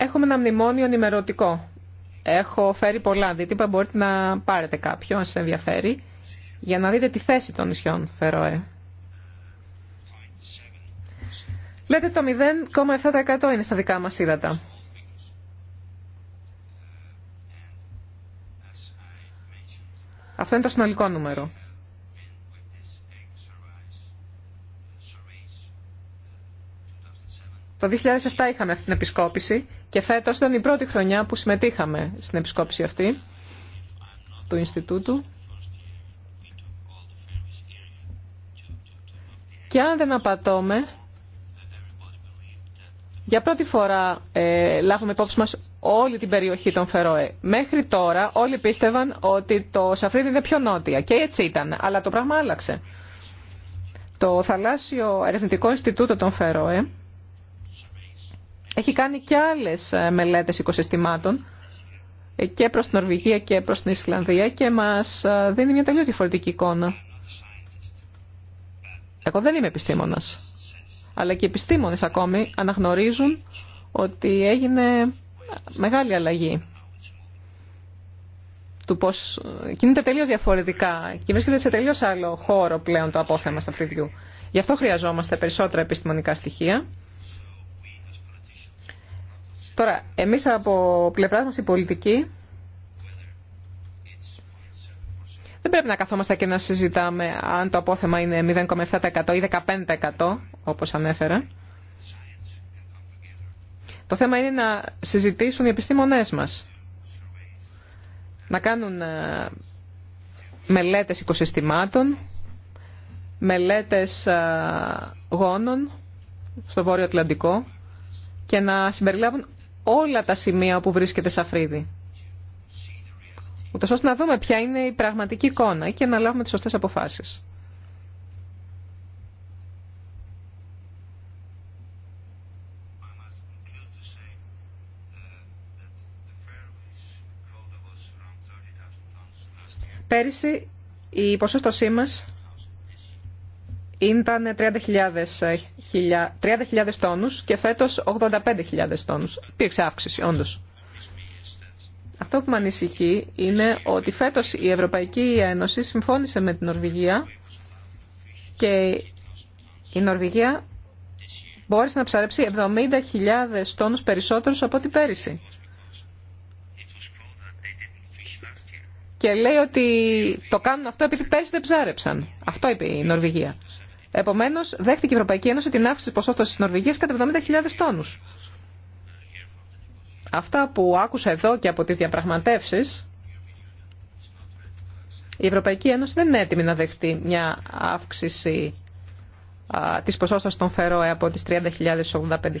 Έχουμε ένα μνημόνιο ενημερωτικό. Έχω φέρει πολλά αντίτυπα. μπορείτε να πάρετε κάποιο, αν σας ενδιαφέρει, για να δείτε τη θέση των νησιών Φερόε. Λέτε το 0,7% είναι στα δικά μας ύδατα. Αυτό είναι το συνολικό νούμερο. Το 2007 είχαμε αυτή την επισκόπηση και φέτος ήταν η πρώτη χρονιά που συμμετείχαμε στην επισκόπηση αυτή του Ινστιτούτου. Και αν δεν απατώμε, για πρώτη φορά ε, λάβουμε υπόψη μας όλη την περιοχή των Φερόε. Μέχρι τώρα όλοι πίστευαν ότι το Σαφρίδι είναι πιο νότια και έτσι ήταν, αλλά το πράγμα άλλαξε. Το Θαλάσσιο Ερευνητικό Ινστιτούτο των Φερόε έχει κάνει και άλλες ε, μελέτες οικοσυστημάτων ε, και προς την Νορβηγία και προς την Ισλανδία και μας ε, δίνει μια τελείως διαφορετική εικόνα. Εγώ δεν είμαι επιστήμονας, αλλά και οι επιστήμονες ακόμη αναγνωρίζουν ότι έγινε μεγάλη αλλαγή του πώς κινείται τελείως διαφορετικά και βρίσκεται σε τελείως άλλο χώρο πλέον το απόθεμα στα φρυδιού. Γι' αυτό χρειαζόμαστε περισσότερα επιστημονικά στοιχεία. Τώρα, εμείς από πλευράς μας οι πολιτικοί δεν πρέπει να καθόμαστε και να συζητάμε αν το απόθεμα είναι 0,7% ή 15% όπως ανέφερα. Το θέμα είναι να συζητήσουν οι επιστήμονές μας. Να κάνουν ε, μελέτες οικοσυστημάτων, μελέτες ε, γόνων στο Βόρειο Ατλαντικό και να συμπεριλάβουν όλα τα σημεία όπου βρίσκεται σαφρίδι. Ούτως ώστε να δούμε ποια είναι η πραγματική εικόνα και να λάβουμε τις σωστές αποφάσεις. Πέρυσι η ποσόστοσή μας ήταν 30.000 τόνους και φέτος 85.000 τόνους. Υπήρξε αύξηση, όντως. Αυτό που με ανησυχεί είναι ότι φέτος η Ευρωπαϊκή Ένωση συμφώνησε με την Νορβηγία και η Νορβηγία μπόρεσε να ψαρέψει 70.000 τόνους περισσότερους από την πέρυσι. Και λέει ότι το κάνουν αυτό επειδή πέρυσι δεν ψάρεψαν. Αυτό είπε η Νορβηγία. Επομένω, δέχτηκε η Ευρωπαϊκή Ένωση την αύξηση τη ποσότητα τη Νορβηγία κατά 70.000 τόνου. Αυτά που άκουσα εδώ και από τι διαπραγματεύσει, η Ευρωπαϊκή Ένωση δεν είναι έτοιμη να δεχτεί μια αύξηση τη της ποσότητας των Φερόε από τις 30.000 στις 85.000.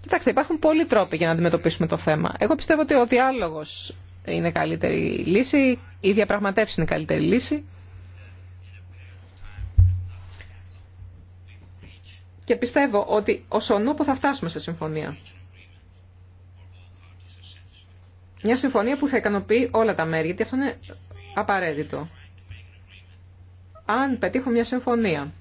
Κοιτάξτε, υπάρχουν πολλοί τρόποι για να αντιμετωπίσουμε το θέμα. Εγώ πιστεύω ότι ο διάλογος είναι καλύτερη λύση, η διαπραγματεύση είναι καλύτερη λύση. Και πιστεύω ότι ως πού θα φτάσουμε σε συμφωνία. Μια συμφωνία που θα ικανοποιεί όλα τα μέρη, γιατί αυτό είναι απαραίτητο. Αν πετύχω μια συμφωνία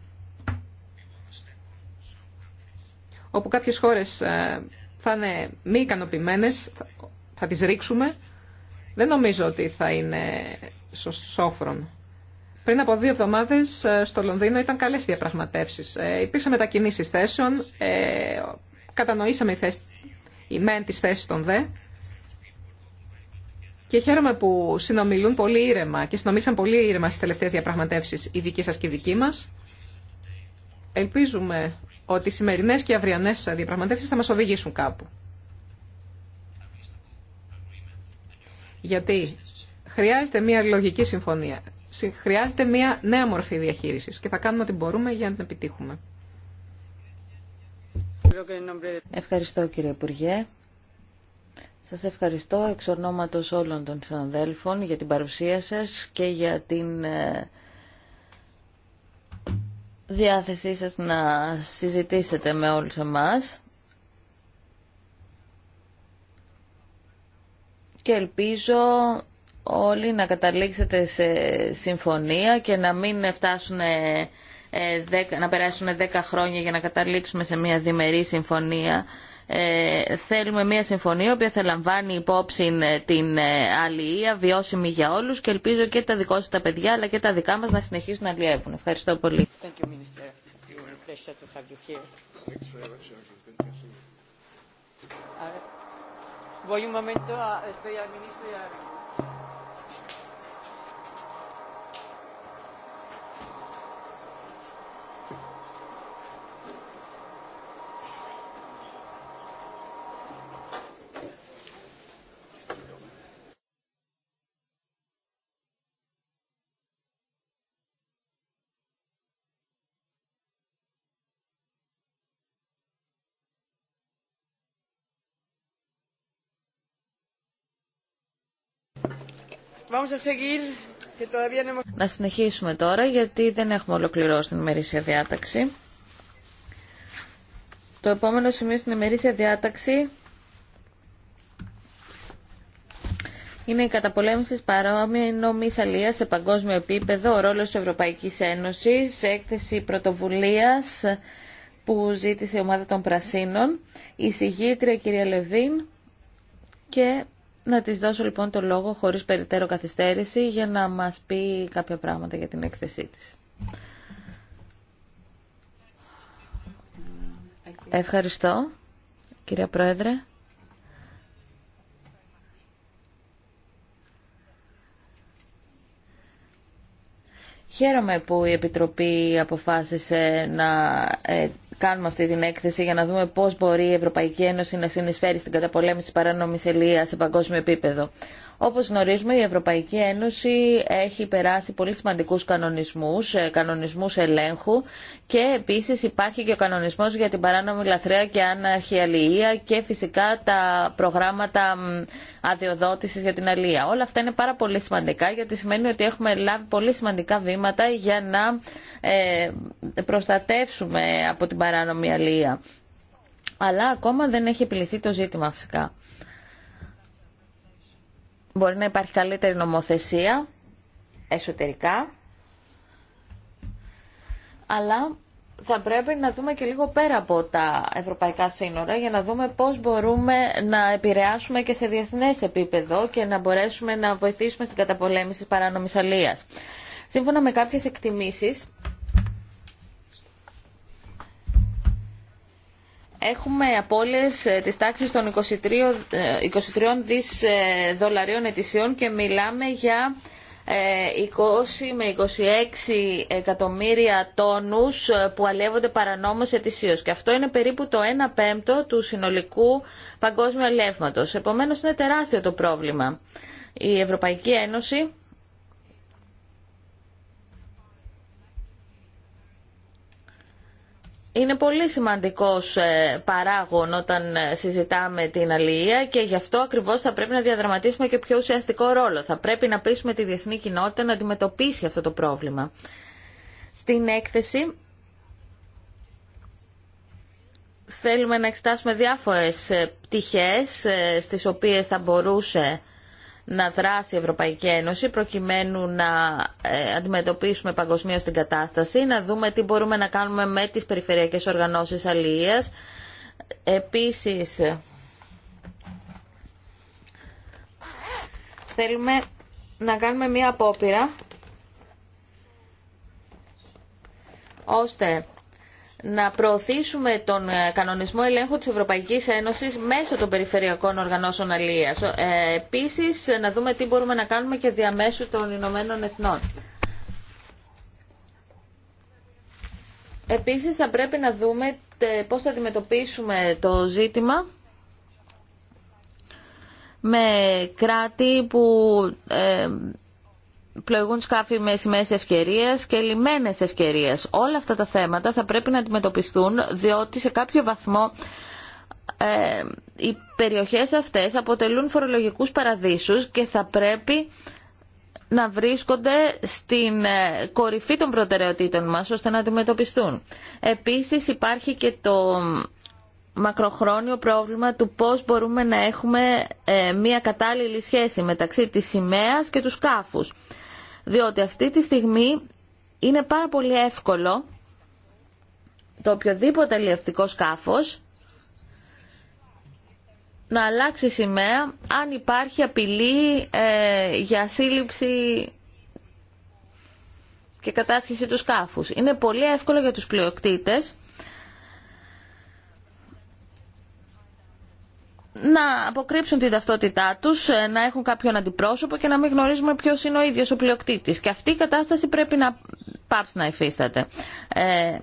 όπου κάποιες χώρες ε, θα είναι μη ικανοποιημένε, θα τις ρίξουμε δεν νομίζω ότι θα είναι σόφρον. Πριν από δύο εβδομάδε ε, στο Λονδίνο ήταν καλέ διαπραγματεύσει. Ε, υπήρξαν μετακινήσει θέσεων, ε, κατανοήσαμε η μεν τη θέση των δε. Και χαίρομαι που συνομιλούν πολύ ήρεμα και συνομίλησαν πολύ ήρεμα στι τελευταίε διαπραγματεύσει η δική σα και οι δική μα. Ελπίζουμε ότι οι σημερινέ και αυριανέ διαπραγματεύσει θα μα οδηγήσουν κάπου. Γιατί χρειάζεται μια λογική συμφωνία. Χρειάζεται μια νέα μορφή διαχείρισης και θα κάνουμε ό,τι μπορούμε για να την επιτύχουμε. Ευχαριστώ κύριε Υπουργέ. Σας ευχαριστώ εξ ονόματος όλων των συναδέλφων για την παρουσία σας και για την ε, διάθεσή σας να συζητήσετε με όλους εμάς. και ελπίζω όλοι να καταλήξετε σε συμφωνία και να μην φτάσουν ε, να περάσουν 10 χρόνια για να καταλήξουμε σε μια διμερή συμφωνία. Ε, θέλουμε μια συμφωνία που θα λαμβάνει υπόψη ε, την ε, αλληλεία, βιώσιμη για όλους και ελπίζω και τα δικό σας τα παιδιά αλλά και τα δικά μας να συνεχίσουν να αλληλεύουν. Ευχαριστώ πολύ. you, Voy un momento a despedir al ministro y a la ministra. Να συνεχίσουμε τώρα γιατί δεν έχουμε ολοκληρώσει την ημερήσια διάταξη. Το επόμενο σημείο στην ημερήσια διάταξη είναι η καταπολέμηση τη παρόμοιη σε παγκόσμιο επίπεδο, ο ρόλο τη Ευρωπαϊκή Ένωση, έκθεση πρωτοβουλίας που ζήτησε η ομάδα των Πρασίνων, η συγγήτρια κυρία Λεβίν και να της δώσω λοιπόν το λόγο χωρίς περιττέρω καθυστέρηση για να μας πει κάποια πράγματα για την έκθεσή της. Ευχαριστώ, κυρία Πρόεδρε. Χαίρομαι που η Επιτροπή αποφάσισε να ε, κάνουμε αυτή την έκθεση για να δούμε πώς μπορεί η Ευρωπαϊκή Ένωση να συνεισφέρει στην καταπολέμηση παράνομης ελίας σε παγκόσμιο επίπεδο. Όπως γνωρίζουμε η Ευρωπαϊκή Ένωση έχει περάσει πολύ σημαντικούς κανονισμούς, ε, κανονισμούς ελέγχου και επίσης υπάρχει και ο κανονισμός για την παράνομη λαθρέα και άναρχη αλληλεία και φυσικά τα προγράμματα αδειοδότησης για την αλληλεία. Όλα αυτά είναι πάρα πολύ σημαντικά γιατί σημαίνει ότι έχουμε λάβει πολύ σημαντικά βήματα για να ε, προστατεύσουμε από την παράνομη αλληλεία. Αλλά ακόμα δεν έχει επιληθεί το ζήτημα φυσικά. Μπορεί να υπάρχει καλύτερη νομοθεσία εσωτερικά, αλλά θα πρέπει να δούμε και λίγο πέρα από τα ευρωπαϊκά σύνορα για να δούμε πώς μπορούμε να επηρεάσουμε και σε διεθνές επίπεδο και να μπορέσουμε να βοηθήσουμε στην καταπολέμηση της παράνομης Σύμφωνα με κάποιες εκτιμήσεις, Έχουμε απώλειες ε, της τάξης των 23, 23 ε, δις ε, δολαρίων ετησιών και μιλάμε για 20 με 26 εκατομμύρια τόνους που αλλιεύονται παρανόμως ετησίως. Και αυτό είναι περίπου το 1 πέμπτο του συνολικού παγκόσμιου αλεύματος. Επομένως είναι τεράστιο το πρόβλημα. Η Ευρωπαϊκή Ένωση είναι πολύ σημαντικός ε, παράγων όταν ε, συζητάμε την αλληλεία και γι' αυτό ακριβώς θα πρέπει να διαδραματίσουμε και πιο ουσιαστικό ρόλο. Θα πρέπει να πείσουμε τη διεθνή κοινότητα να αντιμετωπίσει αυτό το πρόβλημα. Στην έκθεση θέλουμε να εξετάσουμε διάφορες ε, πτυχές στις οποίες θα μπορούσε να δράσει η Ευρωπαϊκή Ένωση προκειμένου να ε, αντιμετωπίσουμε παγκοσμίως την κατάσταση, να δούμε τι μπορούμε να κάνουμε με τις περιφερειακές οργανώσεις αλληλείας. Επίσης, θέλουμε να κάνουμε μία απόπειρα ώστε να προωθήσουμε τον ε, κανονισμό ελέγχου της Ευρωπαϊκής Ένωσης μέσω των περιφερειακών οργανώσεων αλληλείας. Ε, επίσης, να δούμε τι μπορούμε να κάνουμε και διαμέσου των Ηνωμένων Εθνών. Επίσης, θα πρέπει να δούμε πώς θα αντιμετωπίσουμε το ζήτημα με κράτη που ε, πλοηγούν σκάφη με σημαίες ευκαιρίες και λιμένες ευκαιρίες. Όλα αυτά τα θέματα θα πρέπει να αντιμετωπιστούν διότι σε κάποιο βαθμό ε, οι περιοχές αυτές αποτελούν φορολογικούς παραδείσους και θα πρέπει να βρίσκονται στην ε, κορυφή των προτεραιοτήτων μας ώστε να αντιμετωπιστούν. Επίσης υπάρχει και το μακροχρόνιο πρόβλημα του πώς μπορούμε να έχουμε ε, μια κατάλληλη σχέση μεταξύ της σημαία και του σκάφους. Διότι αυτή τη στιγμή είναι πάρα πολύ εύκολο το οποιοδήποτε λιευτικό σκάφος να αλλάξει σημαία αν υπάρχει απειλή ε, για σύλληψη και κατάσχεση του σκάφους. Είναι πολύ εύκολο για τους πλειοκτήτες να αποκρύψουν την ταυτότητά του, ε, να έχουν κάποιον αντιπρόσωπο και να μην γνωρίζουμε ποιο είναι ο ίδιος ο πλειοκτήτη. Και αυτή η κατάσταση πρέπει να πάψει να υφίσταται. Ε,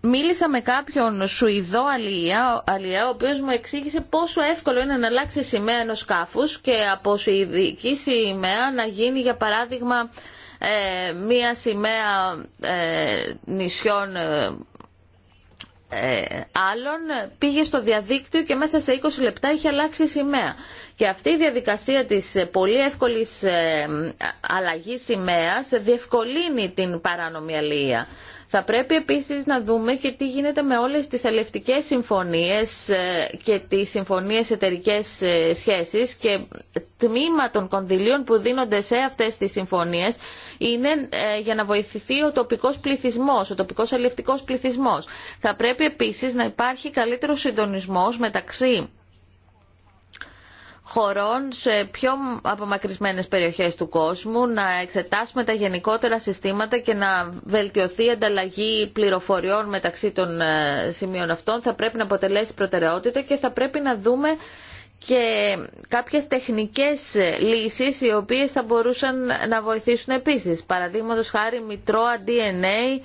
μίλησα με κάποιον Σουηδό Αλία, ο οποίος μου εξήγησε πόσο εύκολο είναι να αλλάξει σημαία ενό σκάφου και από Σουηδική σημαία να γίνει για παράδειγμα ε, μία σημαία ε, νησιών ε, άλλων πήγε στο διαδίκτυο και μέσα σε 20 λεπτά είχε αλλάξει σημαία. Και αυτή η διαδικασία της ε, πολύ εύκολης ε, αλλαγής σημαίας διευκολύνει την παράνομη θα πρέπει επίσης να δούμε και τι γίνεται με όλες τις αλληλευτικές συμφωνίες ε, και τις συμφωνίες εταιρικέ ε, σχέσεις και τμήμα των κονδυλίων που δίνονται σε αυτές τις συμφωνίες είναι ε, για να βοηθηθεί ο τοπικός πληθυσμός, ο τοπικός αλληλευτικός πληθυσμός. Θα πρέπει επίσης να υπάρχει καλύτερο συντονισμός μεταξύ χωρών σε πιο απομακρυσμένες περιοχές του κόσμου, να εξετάσουμε τα γενικότερα συστήματα και να βελτιωθεί η ανταλλαγή πληροφοριών μεταξύ των ε, σημείων αυτών. Θα πρέπει να αποτελέσει προτεραιότητα και θα πρέπει να δούμε και κάποιες τεχνικές λύσεις οι οποίες θα μπορούσαν να βοηθήσουν επίσης. Παραδείγματος χάρη μητρώα DNA,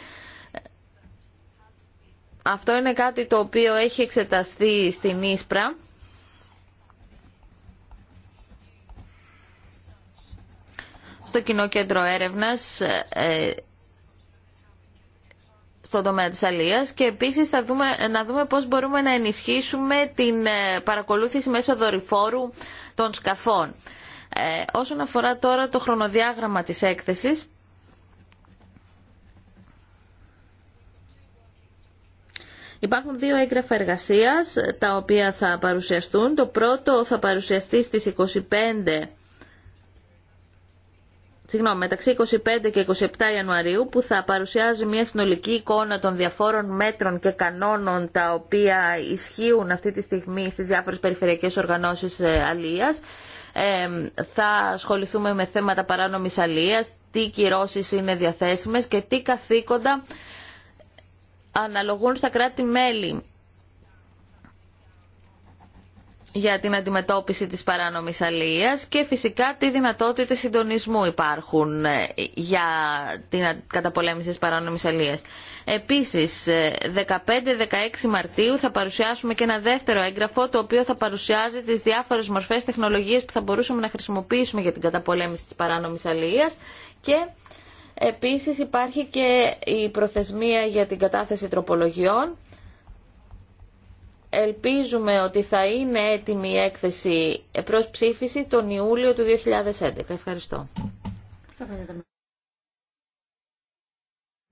αυτό είναι κάτι το οποίο έχει εξεταστεί στην Ίσπρα στο Κοινό Κέντρο Έρευνας ε, ε, στον τομέα της αλίας και επίσης θα δούμε, να δούμε πώς μπορούμε να ενισχύσουμε την ε, παρακολούθηση μέσω δορυφόρου των σκαφών. όσον αφορά τώρα το χρονοδιάγραμμα της έκθεσης, Υπάρχουν δύο έγγραφα εργασίας τα οποία θα παρουσιαστούν. Το πρώτο θα παρουσιαστεί στις 25 συγγνώμη, μεταξύ 25 και 27 Ιανουαρίου που θα παρουσιάζει μια συνολική εικόνα των διαφόρων μέτρων και κανόνων τα οποία ισχύουν αυτή τη στιγμή στις διάφορες περιφερειακές οργανώσεις ε, αλίας. Ε, θα ασχοληθούμε με θέματα παράνομης αλίας, τι κυρώσεις είναι διαθέσιμες και τι καθήκοντα αναλογούν στα κράτη-μέλη για την αντιμετώπιση της παράνομης αλίας και φυσικά τι δυνατότητες συντονισμού υπάρχουν ε, για την καταπολέμηση της παράνομης αλίας. Επίσης, 15-16 ε, Μαρτίου θα παρουσιάσουμε και ένα δεύτερο έγγραφο το οποίο θα παρουσιάζει τις διάφορες μορφές τεχνολογίες που θα μπορούσαμε να χρησιμοποιήσουμε για την καταπολέμηση της παράνομης αλίας και επίσης υπάρχει και η προθεσμία για την κατάθεση τροπολογιών ελπίζουμε ότι θα είναι έτοιμη η έκθεση προς ψήφιση τον Ιούλιο του 2011. Ευχαριστώ.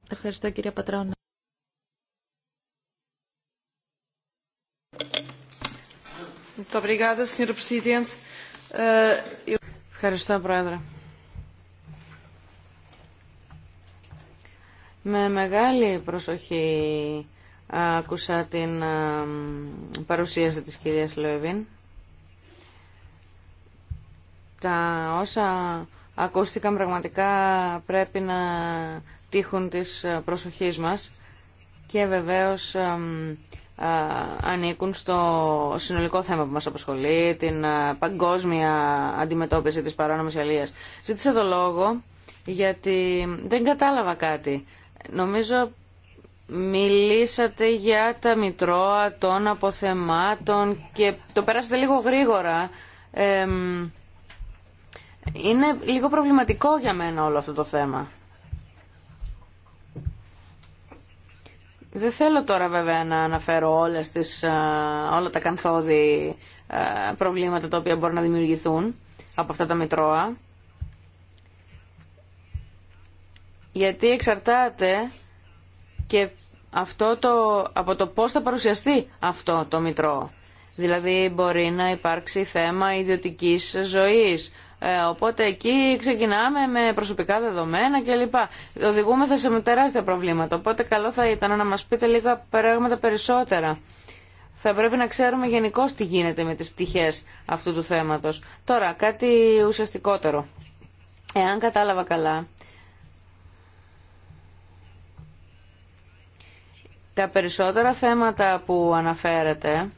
Ευχαριστώ κυρία Πατράωνα. Ευχαριστώ, Πρόεδρε. Με μεγάλη προσοχή Άκουσα την ε, παρουσίαση της κυρίας Λόεβιν. Τα όσα ακούστηκαν πραγματικά πρέπει να τύχουν της προσοχής μας και βεβαίως ε, ανήκουν στο συνολικό θέμα που μας απασχολεί, την ε, παγκόσμια αντιμετώπιση της παράνομης αλίας. Ζήτησα το λόγο γιατί δεν κατάλαβα κάτι. Νομίζω Μιλήσατε για τα μητρώα των αποθεμάτων και το πέρασατε λίγο γρήγορα. είναι λίγο προβληματικό για μένα όλο αυτό το θέμα. Δεν θέλω τώρα βέβαια να αναφέρω όλες τις, όλα τα κανθόδη προβλήματα τα οποία μπορούν να δημιουργηθούν από αυτά τα μητρώα. Γιατί εξαρτάται και αυτό το, από το πώς θα παρουσιαστεί αυτό το μητρό. Δηλαδή μπορεί να υπάρξει θέμα ιδιωτικής ζωής. Ε, οπότε εκεί ξεκινάμε με προσωπικά δεδομένα κλπ. Οδηγούμεθα σε τεράστια προβλήματα. Οπότε καλό θα ήταν να μας πείτε λίγα πράγματα περισσότερα. Θα πρέπει να ξέρουμε γενικώ τι γίνεται με τις πτυχές αυτού του θέματος. Τώρα, κάτι ουσιαστικότερο. Εάν κατάλαβα καλά, Τα περισσότερα θέματα που αναφέρετε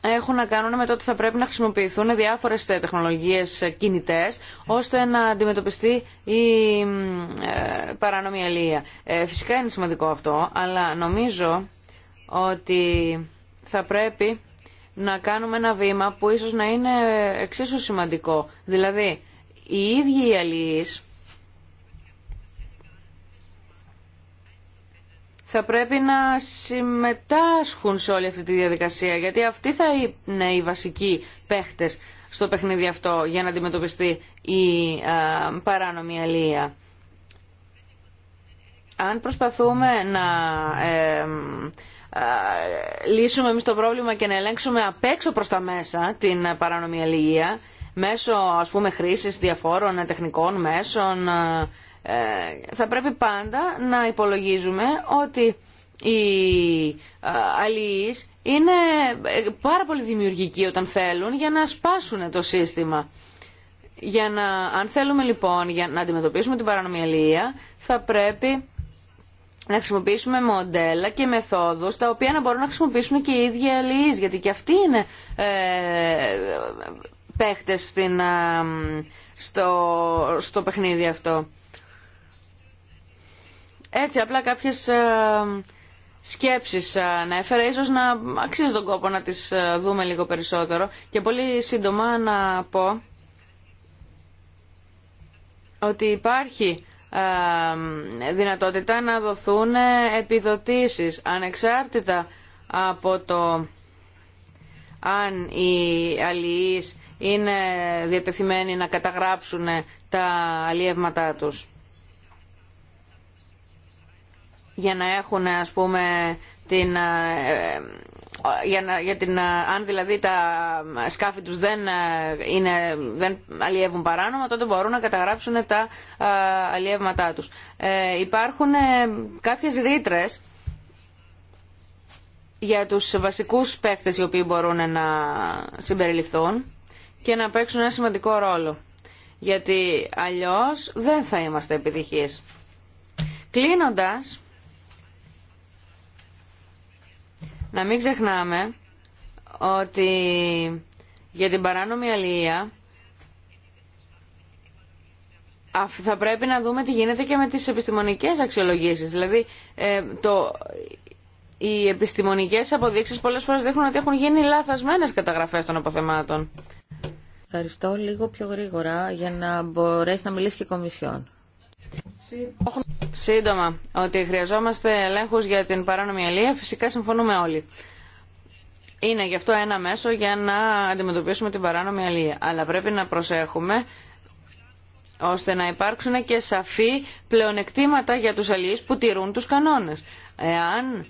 έχουν να κάνουν με το ότι θα πρέπει να χρησιμοποιηθούν διάφορες τεχνολογίες κινητές ώστε να αντιμετωπιστεί η ε, παράνομη αλληλεία. Ε, φυσικά είναι σημαντικό αυτό, αλλά νομίζω ότι θα πρέπει να κάνουμε ένα βήμα που ίσως να είναι εξίσου σημαντικό. Δηλαδή, οι ίδιοι οι αλληλείς θα πρέπει να συμμετάσχουν σε όλη αυτή τη διαδικασία, γιατί αυτοί θα είναι οι βασικοί παίχτες στο παιχνίδι αυτό για να αντιμετωπιστεί η α, παράνομη αλληλεία. Αν προσπαθούμε να λύσουμε εμείς το πρόβλημα και να ελέγξουμε απ' έξω προς τα μέσα την παράνομη αλληλεία, μέσω ας πούμε χρήσης διαφόρων τεχνικών μέσων ε, ε, θα πρέπει πάντα να υπολογίζουμε ότι οι ε, αλληλείς είναι πάρα πολύ δημιουργικοί όταν θέλουν για να σπάσουν το σύστημα. Για να, αν θέλουμε λοιπόν για να αντιμετωπίσουμε την παρανομιαλία θα πρέπει να χρησιμοποιήσουμε μοντέλα και μεθόδους τα οποία να μπορούν να χρησιμοποιήσουν και οι ίδιοι αλληλείς γιατί και αυτοί είναι παίχτες στο, στο παιχνίδι αυτό. Έτσι, απλά κάποιες σκέψεις να έφερα, ίσως να αξίζει τον κόπο να τις δούμε λίγο περισσότερο και πολύ σύντομα να πω ότι υπάρχει δυνατότητα να δοθούν ε, επιδοτήσεις ανεξάρτητα από το αν οι αλληλείς είναι διατεθειμένοι να καταγράψουν τα αλλιεύματά τους για να έχουν ας πούμε την, ε, ε, για, να, για την, ε, αν δηλαδή τα σκάφη τους δεν, είναι, δεν αλλιεύουν παράνομα, τότε μπορούν να καταγράψουν τα αλλιεύματά τους. Ε, υπάρχουν κάποιες ρήτρε για τους βασικούς παίκτες οι οποίοι μπορούν να συμπεριληφθούν και να παίξουν ένα σημαντικό ρόλο. Γιατί αλλιώς δεν θα είμαστε επιτυχείς. Κλείνοντας, να μην ξεχνάμε ότι για την παράνομη αλληλεία θα πρέπει να δούμε τι γίνεται και με τις επιστημονικές αξιολογήσεις. Δηλαδή, ε, οι επιστημονικές αποδείξεις πολλές φορές δείχνουν ότι έχουν γίνει λαθασμένες καταγραφές των αποθεμάτων. Ευχαριστώ λίγο πιο γρήγορα για να μπορέσει να μιλήσει και η Κομισιόν. Σύντομα, ότι χρειαζόμαστε ελέγχους για την παράνομη αλία, φυσικά συμφωνούμε όλοι. Είναι γι' αυτό ένα μέσο για να αντιμετωπίσουμε την παράνομη αλία. Αλλά πρέπει να προσέχουμε ώστε να υπάρξουν και σαφή πλεονεκτήματα για τους αλληλείς που τηρούν τους κανόνες. Εάν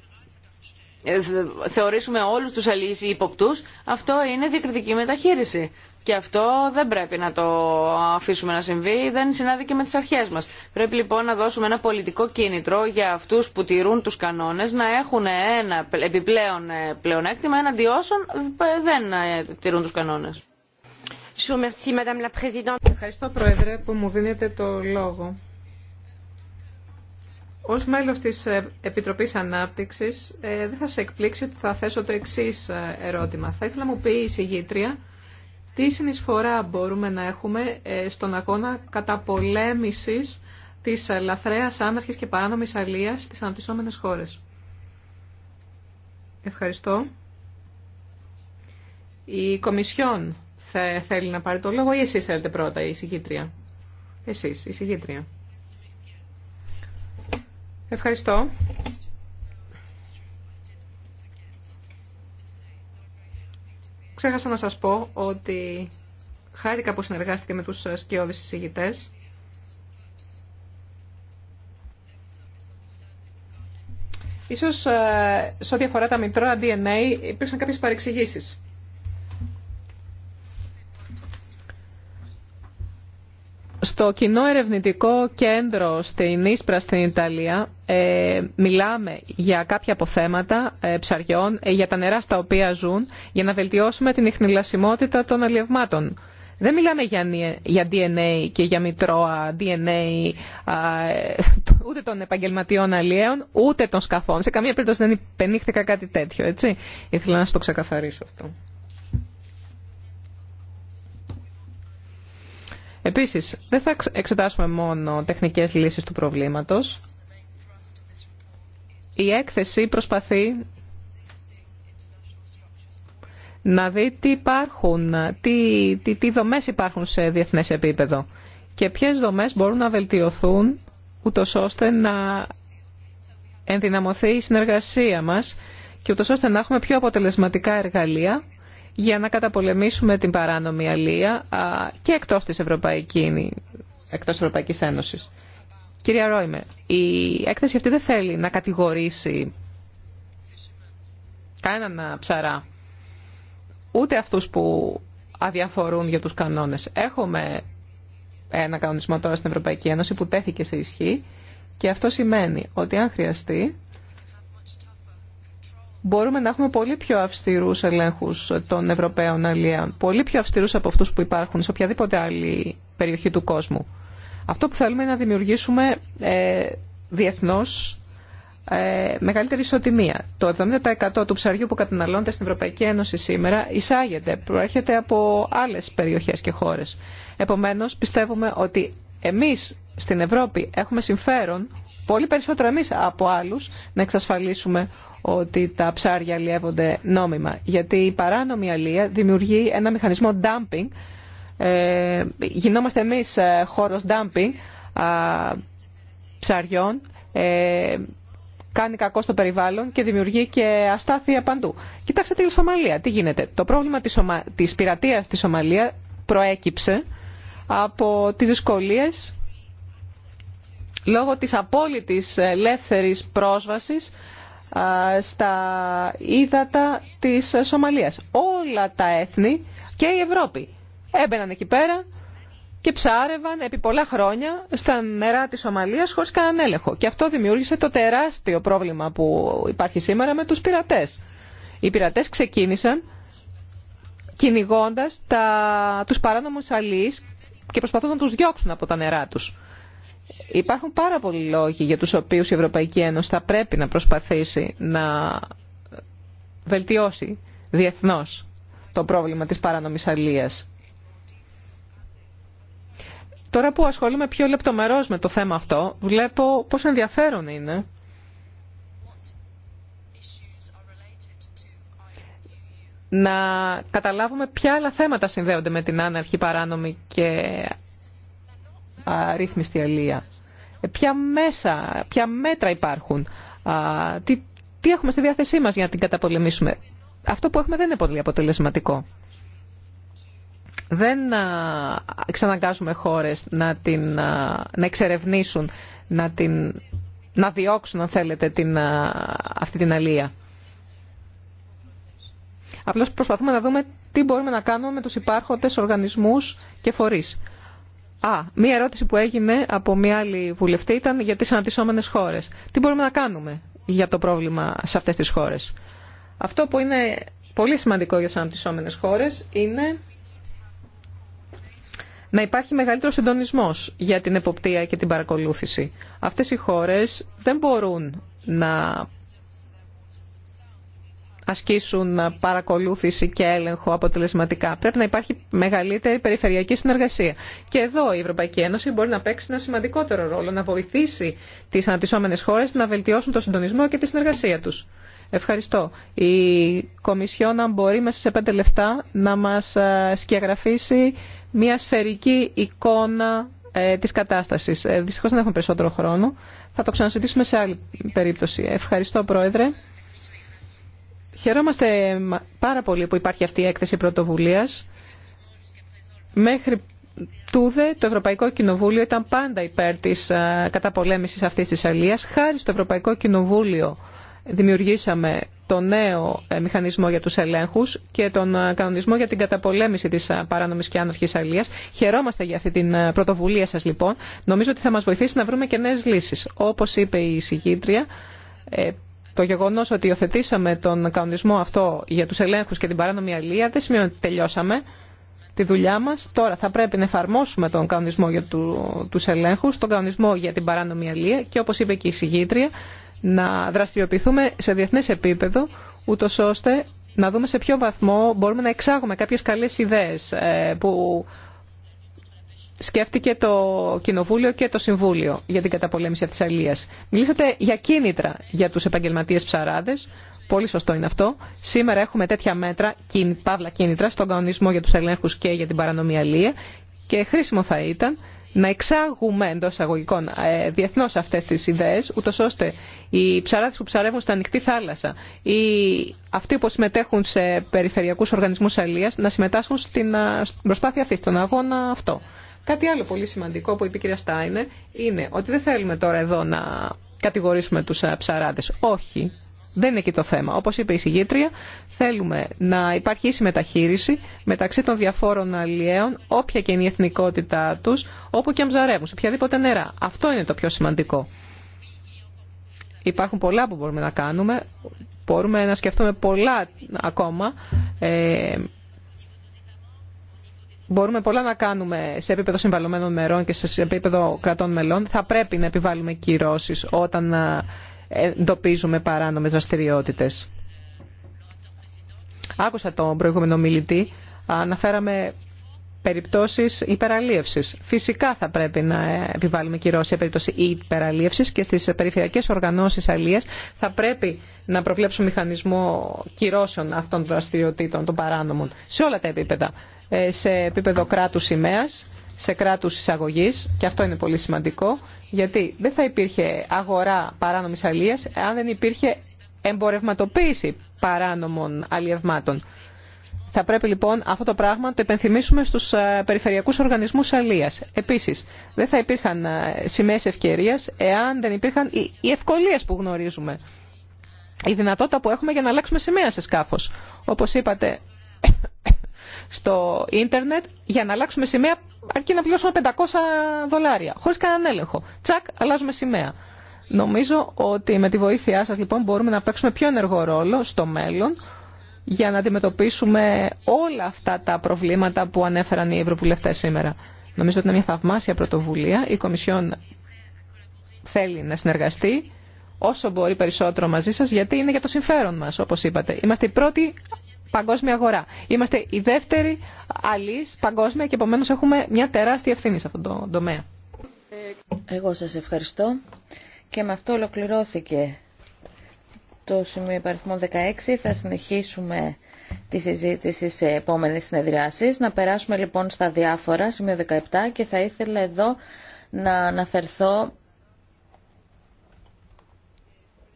ε, θεωρήσουμε όλους τους αλληλείς υποπτούς, αυτό είναι διεκριτική μεταχείριση. Και αυτό δεν πρέπει να το αφήσουμε να συμβεί, δεν συνάδει και με τις αρχές μας. Πρέπει λοιπόν να δώσουμε ένα πολιτικό κίνητρο για αυτούς που τηρούν τους κανόνες να έχουν ένα επιπλέον ε, πλεονέκτημα έναντι όσων ε, δεν ε, τηρούν τους κανόνες. Ευχαριστώ Πρόεδρε που μου δίνετε το λόγο. Ω μέλος της επιτροπή ανάπτυξη δεν θα σε εκπλήξει ότι θα θέσω το εξή ερώτημα. Θα ήθελα να μου πει η συγγήτρια τι συνεισφορά μπορούμε να έχουμε ε, στον αγώνα καταπολέμησης της λαθρέας άναρχης και παράνομης αλίας στις αναπτυσσόμενες χώρες. Ευχαριστώ. Η Κομισιόν θα θέλει να πάρει το λόγο ή εσείς θέλετε πρώτα, η συγκήτρια. Εσείς, η συγκήτρια. Ευχαριστώ. Ξέχασα να σας πω ότι χάρηκα που συνεργάστηκε με τους σκιώδεις εισηγητές. Ίσως ε, σε ό,τι αφορά τα μητρώα DNA υπήρξαν κάποιες παρεξηγήσεις. Στο κοινό ερευνητικό κέντρο στην Ίσπρα στην Ιταλία ε, μιλάμε για κάποια αποθέματα ε, ψαριών, ε, για τα νερά στα οποία ζουν, για να βελτιώσουμε την ιχνηλασιμότητα των αλλιευμάτων. Δεν μιλάμε για, για DNA και για μητρώα, DNA ε, ούτε των επαγγελματιών αλλιέων, ούτε των σκαφών. Σε καμία περίπτωση δεν υπενήχθηκα κάτι τέτοιο, έτσι. Ήθελα να σας το ξεκαθαρίσω αυτό. Επίσης, δεν θα εξετάσουμε μόνο τεχνικές λύσεις του προβλήματος. Η έκθεση προσπαθεί να δει τι, υπάρχουν, τι, τι, δομές υπάρχουν σε διεθνές επίπεδο και ποιες δομές μπορούν να βελτιωθούν ούτως ώστε να ενδυναμωθεί η συνεργασία μας και ούτως ώστε να έχουμε πιο αποτελεσματικά εργαλεία για να καταπολεμήσουμε την παράνομη αλία και εκτός της Ευρωπαϊκής, εκτός Ευρωπαϊκής Ένωσης. Κυρία Ρόιμε, η έκθεση αυτή δεν θέλει να κατηγορήσει κανέναν ψαρά, ούτε αυτούς που αδιαφορούν για τους κανόνες. Έχουμε ένα κανονισμό τώρα στην Ευρωπαϊκή Ένωση που τέθηκε σε ισχύ και αυτό σημαίνει ότι αν χρειαστεί μπορούμε να έχουμε πολύ πιο αυστηρού ελέγχους των Ευρωπαίων αλλιέων, πολύ πιο αυστηρού από αυτού που υπάρχουν σε οποιαδήποτε άλλη περιοχή του κόσμου. Αυτό που θέλουμε είναι να δημιουργήσουμε ε, διεθνώς ε, μεγαλύτερη ισοτιμία. Το 70% του ψαριού που καταναλώνεται στην Ευρωπαϊκή Ένωση σήμερα εισάγεται, προέρχεται από άλλε περιοχέ και χώρε. Επομένω, πιστεύουμε ότι εμεί στην Ευρώπη έχουμε συμφέρον, πολύ περισσότερο εμεί από άλλου, να εξασφαλίσουμε ότι τα ψάρια αλλιεύονται νόμιμα. Γιατί η παράνομη αλλία δημιουργεί ένα μηχανισμό dumping. Ε, γινόμαστε εμείς ε, χώρος dumping ψαριών. Ε, κάνει κακό στο περιβάλλον και δημιουργεί και αστάθεια παντού. Κοιτάξτε τη Σομαλία, τι γίνεται. Το πρόβλημα της, Σομα... της πειρατείας στη Σομαλία προέκυψε από τις δυσκολίες λόγω της απόλυτης ελεύθερης πρόσβασης στα ύδατα της Σομαλίας. Όλα τα έθνη και η Ευρώπη έμπαιναν εκεί πέρα και ψάρευαν επί πολλά χρόνια στα νερά της Σομαλίας χωρίς κανέναν έλεγχο. Και αυτό δημιούργησε το τεράστιο πρόβλημα που υπάρχει σήμερα με τους πειρατές. Οι πειρατές ξεκίνησαν κυνηγώντα τους παράνομους αλείς και προσπαθούν να τους διώξουν από τα νερά τους. Υπάρχουν πάρα πολλοί λόγοι για τους οποίους η Ευρωπαϊκή Ένωση θα πρέπει να προσπαθήσει να βελτιώσει διεθνώς το πρόβλημα της παράνομης αλίας. Τώρα που ασχολούμαι πιο λεπτομερώς με το θέμα αυτό, βλέπω πόσο ενδιαφέρον είναι να καταλάβουμε ποια άλλα θέματα συνδέονται με την άναρχη παράνομη και ρύθμιστη αλεία ε, Ποια μέσα, ποια μέτρα υπάρχουν, τι, τι έχουμε στη διάθεσή μας για να την καταπολεμήσουμε. Αυτό που έχουμε δεν είναι πολύ αποτελεσματικό. Δεν ξαναγκάζουμε χώρες να, την, να εξερευνήσουν, να, την, να διώξουν, αν θέλετε, την, αυτή την αλεία Απλώς προσπαθούμε να δούμε τι μπορούμε να κάνουμε με τους υπάρχοντες οργανισμούς και φορείς. Α, μία ερώτηση που έγινε από μία άλλη βουλευτή ήταν για τις αναπτυσσόμενες χώρες. Τι μπορούμε να κάνουμε για το πρόβλημα σε αυτές τις χώρες. Αυτό που είναι πολύ σημαντικό για τις αναπτυσσόμενες χώρες είναι να υπάρχει μεγαλύτερο συντονισμός για την εποπτεία και την παρακολούθηση. Αυτές οι χώρες δεν μπορούν να ασκήσουν παρακολούθηση και έλεγχο αποτελεσματικά. Πρέπει να υπάρχει μεγαλύτερη περιφερειακή συνεργασία. Και εδώ η Ευρωπαϊκή Ένωση μπορεί να παίξει ένα σημαντικότερο ρόλο, να βοηθήσει τι αναπτυσσόμενε χώρε να βελτιώσουν τον συντονισμό και τη συνεργασία του. Ευχαριστώ. Η Κομισιόνα μπορεί μέσα σε πέντε λεπτά να μα ε, σκιαγραφίσει μια σφαιρική εικόνα ε, της κατάστασης. Ε, Δυστυχώ δεν έχουμε περισσότερο χρόνο. Θα το ξαναζητήσουμε σε άλλη περίπτωση. Ευχαριστώ, Πρόεδρε. Χαιρόμαστε πάρα πολύ που υπάρχει αυτή η έκθεση πρωτοβουλίας. Μέχρι τούδε το Ευρωπαϊκό Κοινοβούλιο ήταν πάντα υπέρ της καταπολέμησης αυτής της αλληλεία. Χάρη στο Ευρωπαϊκό Κοινοβούλιο δημιουργήσαμε το νέο ε, μηχανισμό για τους ελέγχους και τον κανονισμό για την καταπολέμηση της παράνομης και άνορχη αλίας. Χαιρόμαστε για αυτή την πρωτοβουλία σας λοιπόν. Νομίζω ότι θα μας βοηθήσει να βρούμε και νέες λύσεις. Όπως είπε η συγγήτρια, ε, το γεγονό ότι υιοθετήσαμε τον κανονισμό αυτό για του ελέγχου και την παράνομη αλληλεία δεν σημαίνει ότι τελειώσαμε τη δουλειά μα. Τώρα θα πρέπει να εφαρμόσουμε τον κανονισμό για του ελέγχου, τον κανονισμό για την παράνομη αλληλεία και όπω είπε και η συγγήτρια, να δραστηριοποιηθούμε σε διεθνέ επίπεδο, ούτω ώστε να δούμε σε ποιο βαθμό μπορούμε να εξάγουμε κάποιε καλέ ιδέε ε, που σκέφτηκε το Κοινοβούλιο και το Συμβούλιο για την καταπολέμηση της αλίας. Μιλήσατε για κίνητρα για τους επαγγελματίες ψαράδες. Πολύ σωστό είναι αυτό. Σήμερα έχουμε τέτοια μέτρα, παύλα κίνητρα, στον κανονισμό για τους ελέγχους και για την παρανομή και χρήσιμο θα ήταν να εξάγουμε εντό αγωγικών ε, διεθνώ αυτέ τι ιδέε, ούτω ώστε οι ψαράδε που ψαρεύουν στα ανοιχτή θάλασσα ή αυτοί που συμμετέχουν σε περιφερειακού οργανισμού να συμμετάσχουν στην, ε, στην προσπάθεια αυτή, στον αγώνα αυτό. Κάτι άλλο πολύ σημαντικό που είπε η κυρία Στάινε είναι ότι δεν θέλουμε τώρα εδώ να κατηγορήσουμε τους ε, ψαράδες. Όχι, δεν είναι εκεί το θέμα. Όπως είπε η συγγήτρια, θέλουμε να υπάρχει ίση μεταχείριση μεταξύ των διαφόρων αλλιέων, όποια και είναι η εθνικότητά τους, όπου και αν ψαρεύουν, σε οποιαδήποτε νερά. Αυτό είναι το πιο σημαντικό. Υπάρχουν πολλά που μπορούμε να κάνουμε. Μπορούμε να σκεφτούμε πολλά ακόμα. Ε, Μπορούμε πολλά να κάνουμε σε επίπεδο συμβαλωμένων μερών και σε επίπεδο κρατών μελών. Θα πρέπει να επιβάλλουμε κυρώσει όταν ε, εντοπίζουμε παράνομε δραστηριότητε. Άκουσα τον προηγούμενο μιλητή. Αναφέραμε περιπτώσεις υπεραλίευση. Φυσικά θα πρέπει να ε, επιβάλλουμε κυρώσει σε περίπτωση υπεραλίευση και στι περιφερειακές οργανώσεις αλίας θα πρέπει να προβλέψουμε μηχανισμό κυρώσεων αυτών των δραστηριοτήτων, των παράνομων, σε όλα τα επίπεδα. Ε, σε επίπεδο κράτους σημαίας, σε κράτους εισαγωγής και αυτό είναι πολύ σημαντικό γιατί δεν θα υπήρχε αγορά παράνομης αλίας αν δεν υπήρχε εμπορευματοποίηση παράνομων αλλιευμάτων. Θα πρέπει λοιπόν αυτό το πράγμα να το επενθυμίσουμε στους ε, περιφερειακούς οργανισμούς αλίας. Επίσης, δεν θα υπήρχαν ε, σημαίες ευκαιρία εάν δεν υπήρχαν οι ευκολίες που γνωρίζουμε. Η δυνατότητα που έχουμε για να αλλάξουμε σημαία σε σκάφος. Όπως είπατε, στο ίντερνετ για να αλλάξουμε σημαία αρκεί να πληρώσουμε 500 δολάρια, χωρίς κανέναν έλεγχο. Τσακ, αλλάζουμε σημαία. Νομίζω ότι με τη βοήθειά σας λοιπόν μπορούμε να παίξουμε πιο ενεργό ρόλο στο μέλλον για να αντιμετωπίσουμε όλα αυτά τα προβλήματα που ανέφεραν οι Ευρωβουλευτές σήμερα. Νομίζω ότι είναι μια θαυμάσια πρωτοβουλία. Η Κομισιόν θέλει να συνεργαστεί όσο μπορεί περισσότερο μαζί σας, γιατί είναι για το συμφέρον μας, όπως είπατε. Είμαστε οι πρώτοι παγκόσμια αγορά. Είμαστε η δεύτερη αλή παγκόσμια και επομένω έχουμε μια τεράστια ευθύνη σε αυτό το τομέα. Εγώ σας ευχαριστώ και με αυτό ολοκληρώθηκε το σημείο υπαριθμό 16. Θα συνεχίσουμε τη συζήτηση σε επόμενες συνεδριάσεις. Να περάσουμε λοιπόν στα διάφορα, σημείο 17 και θα ήθελα εδώ να αναφερθώ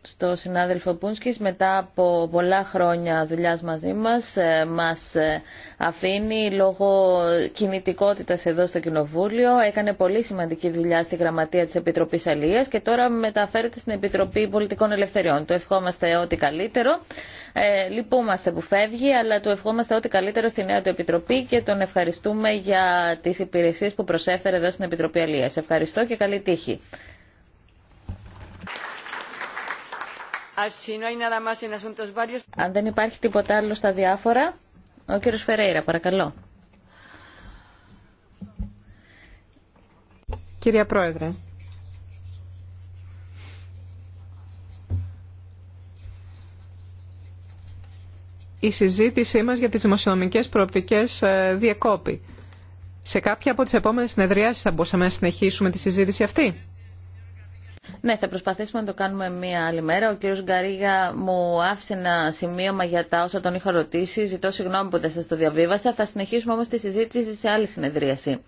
στο συνάδελφο Πούνσκης μετά από πολλά χρόνια δουλειάς μαζί μας ε, μας ε, αφήνει λόγω κινητικότητας εδώ στο Κοινοβούλιο έκανε πολύ σημαντική δουλειά στη γραμματεία της Επιτροπής Αλίας και τώρα μεταφέρεται στην Επιτροπή Πολιτικών Ελευθεριών του ευχόμαστε ό,τι καλύτερο ε, λυπούμαστε που φεύγει αλλά του ευχόμαστε ό,τι καλύτερο στη νέα του Επιτροπή και τον ευχαριστούμε για τις υπηρεσίες που προσέφερε εδώ στην Επιτροπή Αλίας ευχαριστώ και καλή τύχη Αν δεν υπάρχει τίποτα άλλο στα διάφορα, ο κύριος Φερέιρα, παρακαλώ. Κυρία Πρόεδρε. Η συζήτησή μας για τις δημοσιονομικές προοπτικές ε, διεκόπη. Σε κάποια από τις επόμενες συνεδριάσεις θα μπορούσαμε να συνεχίσουμε τη συζήτηση αυτή. Ναι, θα προσπαθήσουμε να το κάνουμε μία άλλη μέρα. Ο κύριο Γκαρίγα μου άφησε ένα σημείωμα για τα όσα τον είχα ρωτήσει. Ζητώ συγγνώμη που δεν σα το διαβίβασα. Θα συνεχίσουμε όμω τη συζήτηση σε άλλη συνεδρίαση.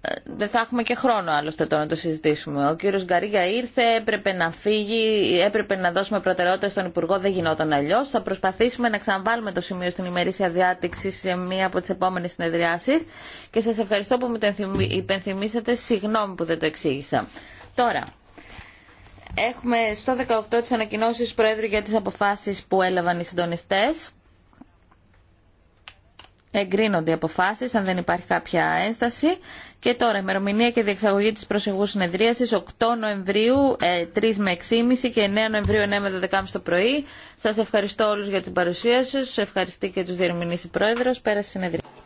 Ε, δεν θα έχουμε και χρόνο άλλωστε τώρα να το συζητήσουμε. Ο κύριο Γκαρίγια ήρθε, έπρεπε να φύγει, έπρεπε να δώσουμε προτεραιότητα στον Υπουργό, δεν γινόταν αλλιώ. Θα προσπαθήσουμε να ξαναβάλουμε το σημείο στην ημερήσια διάτυξη σε μία από τι επόμενε συνεδριάσει και σα ευχαριστώ που μου το υπενθυμίσατε. Συγγνώμη που δεν το εξήγησα. Τώρα, έχουμε στο 18 τις ανακοινώσεις Προέδρου για τις αποφάσεις που έλαβαν οι συντονιστές. Εγκρίνονται οι αποφάσεις, αν δεν υπάρχει κάποια ένσταση. Και τώρα, ημερομηνία και διεξαγωγή της προσεγού συνεδρίασης 8 Νοεμβρίου 3 ε, με 6.30 και 9 Νοεμβρίου 9 με 12.30 το πρωί. Σας ευχαριστώ όλους για την παρουσία σας. Ευχαριστώ και τους διερμηνείς Πρόεδρος. Πέρασε συνεδρία.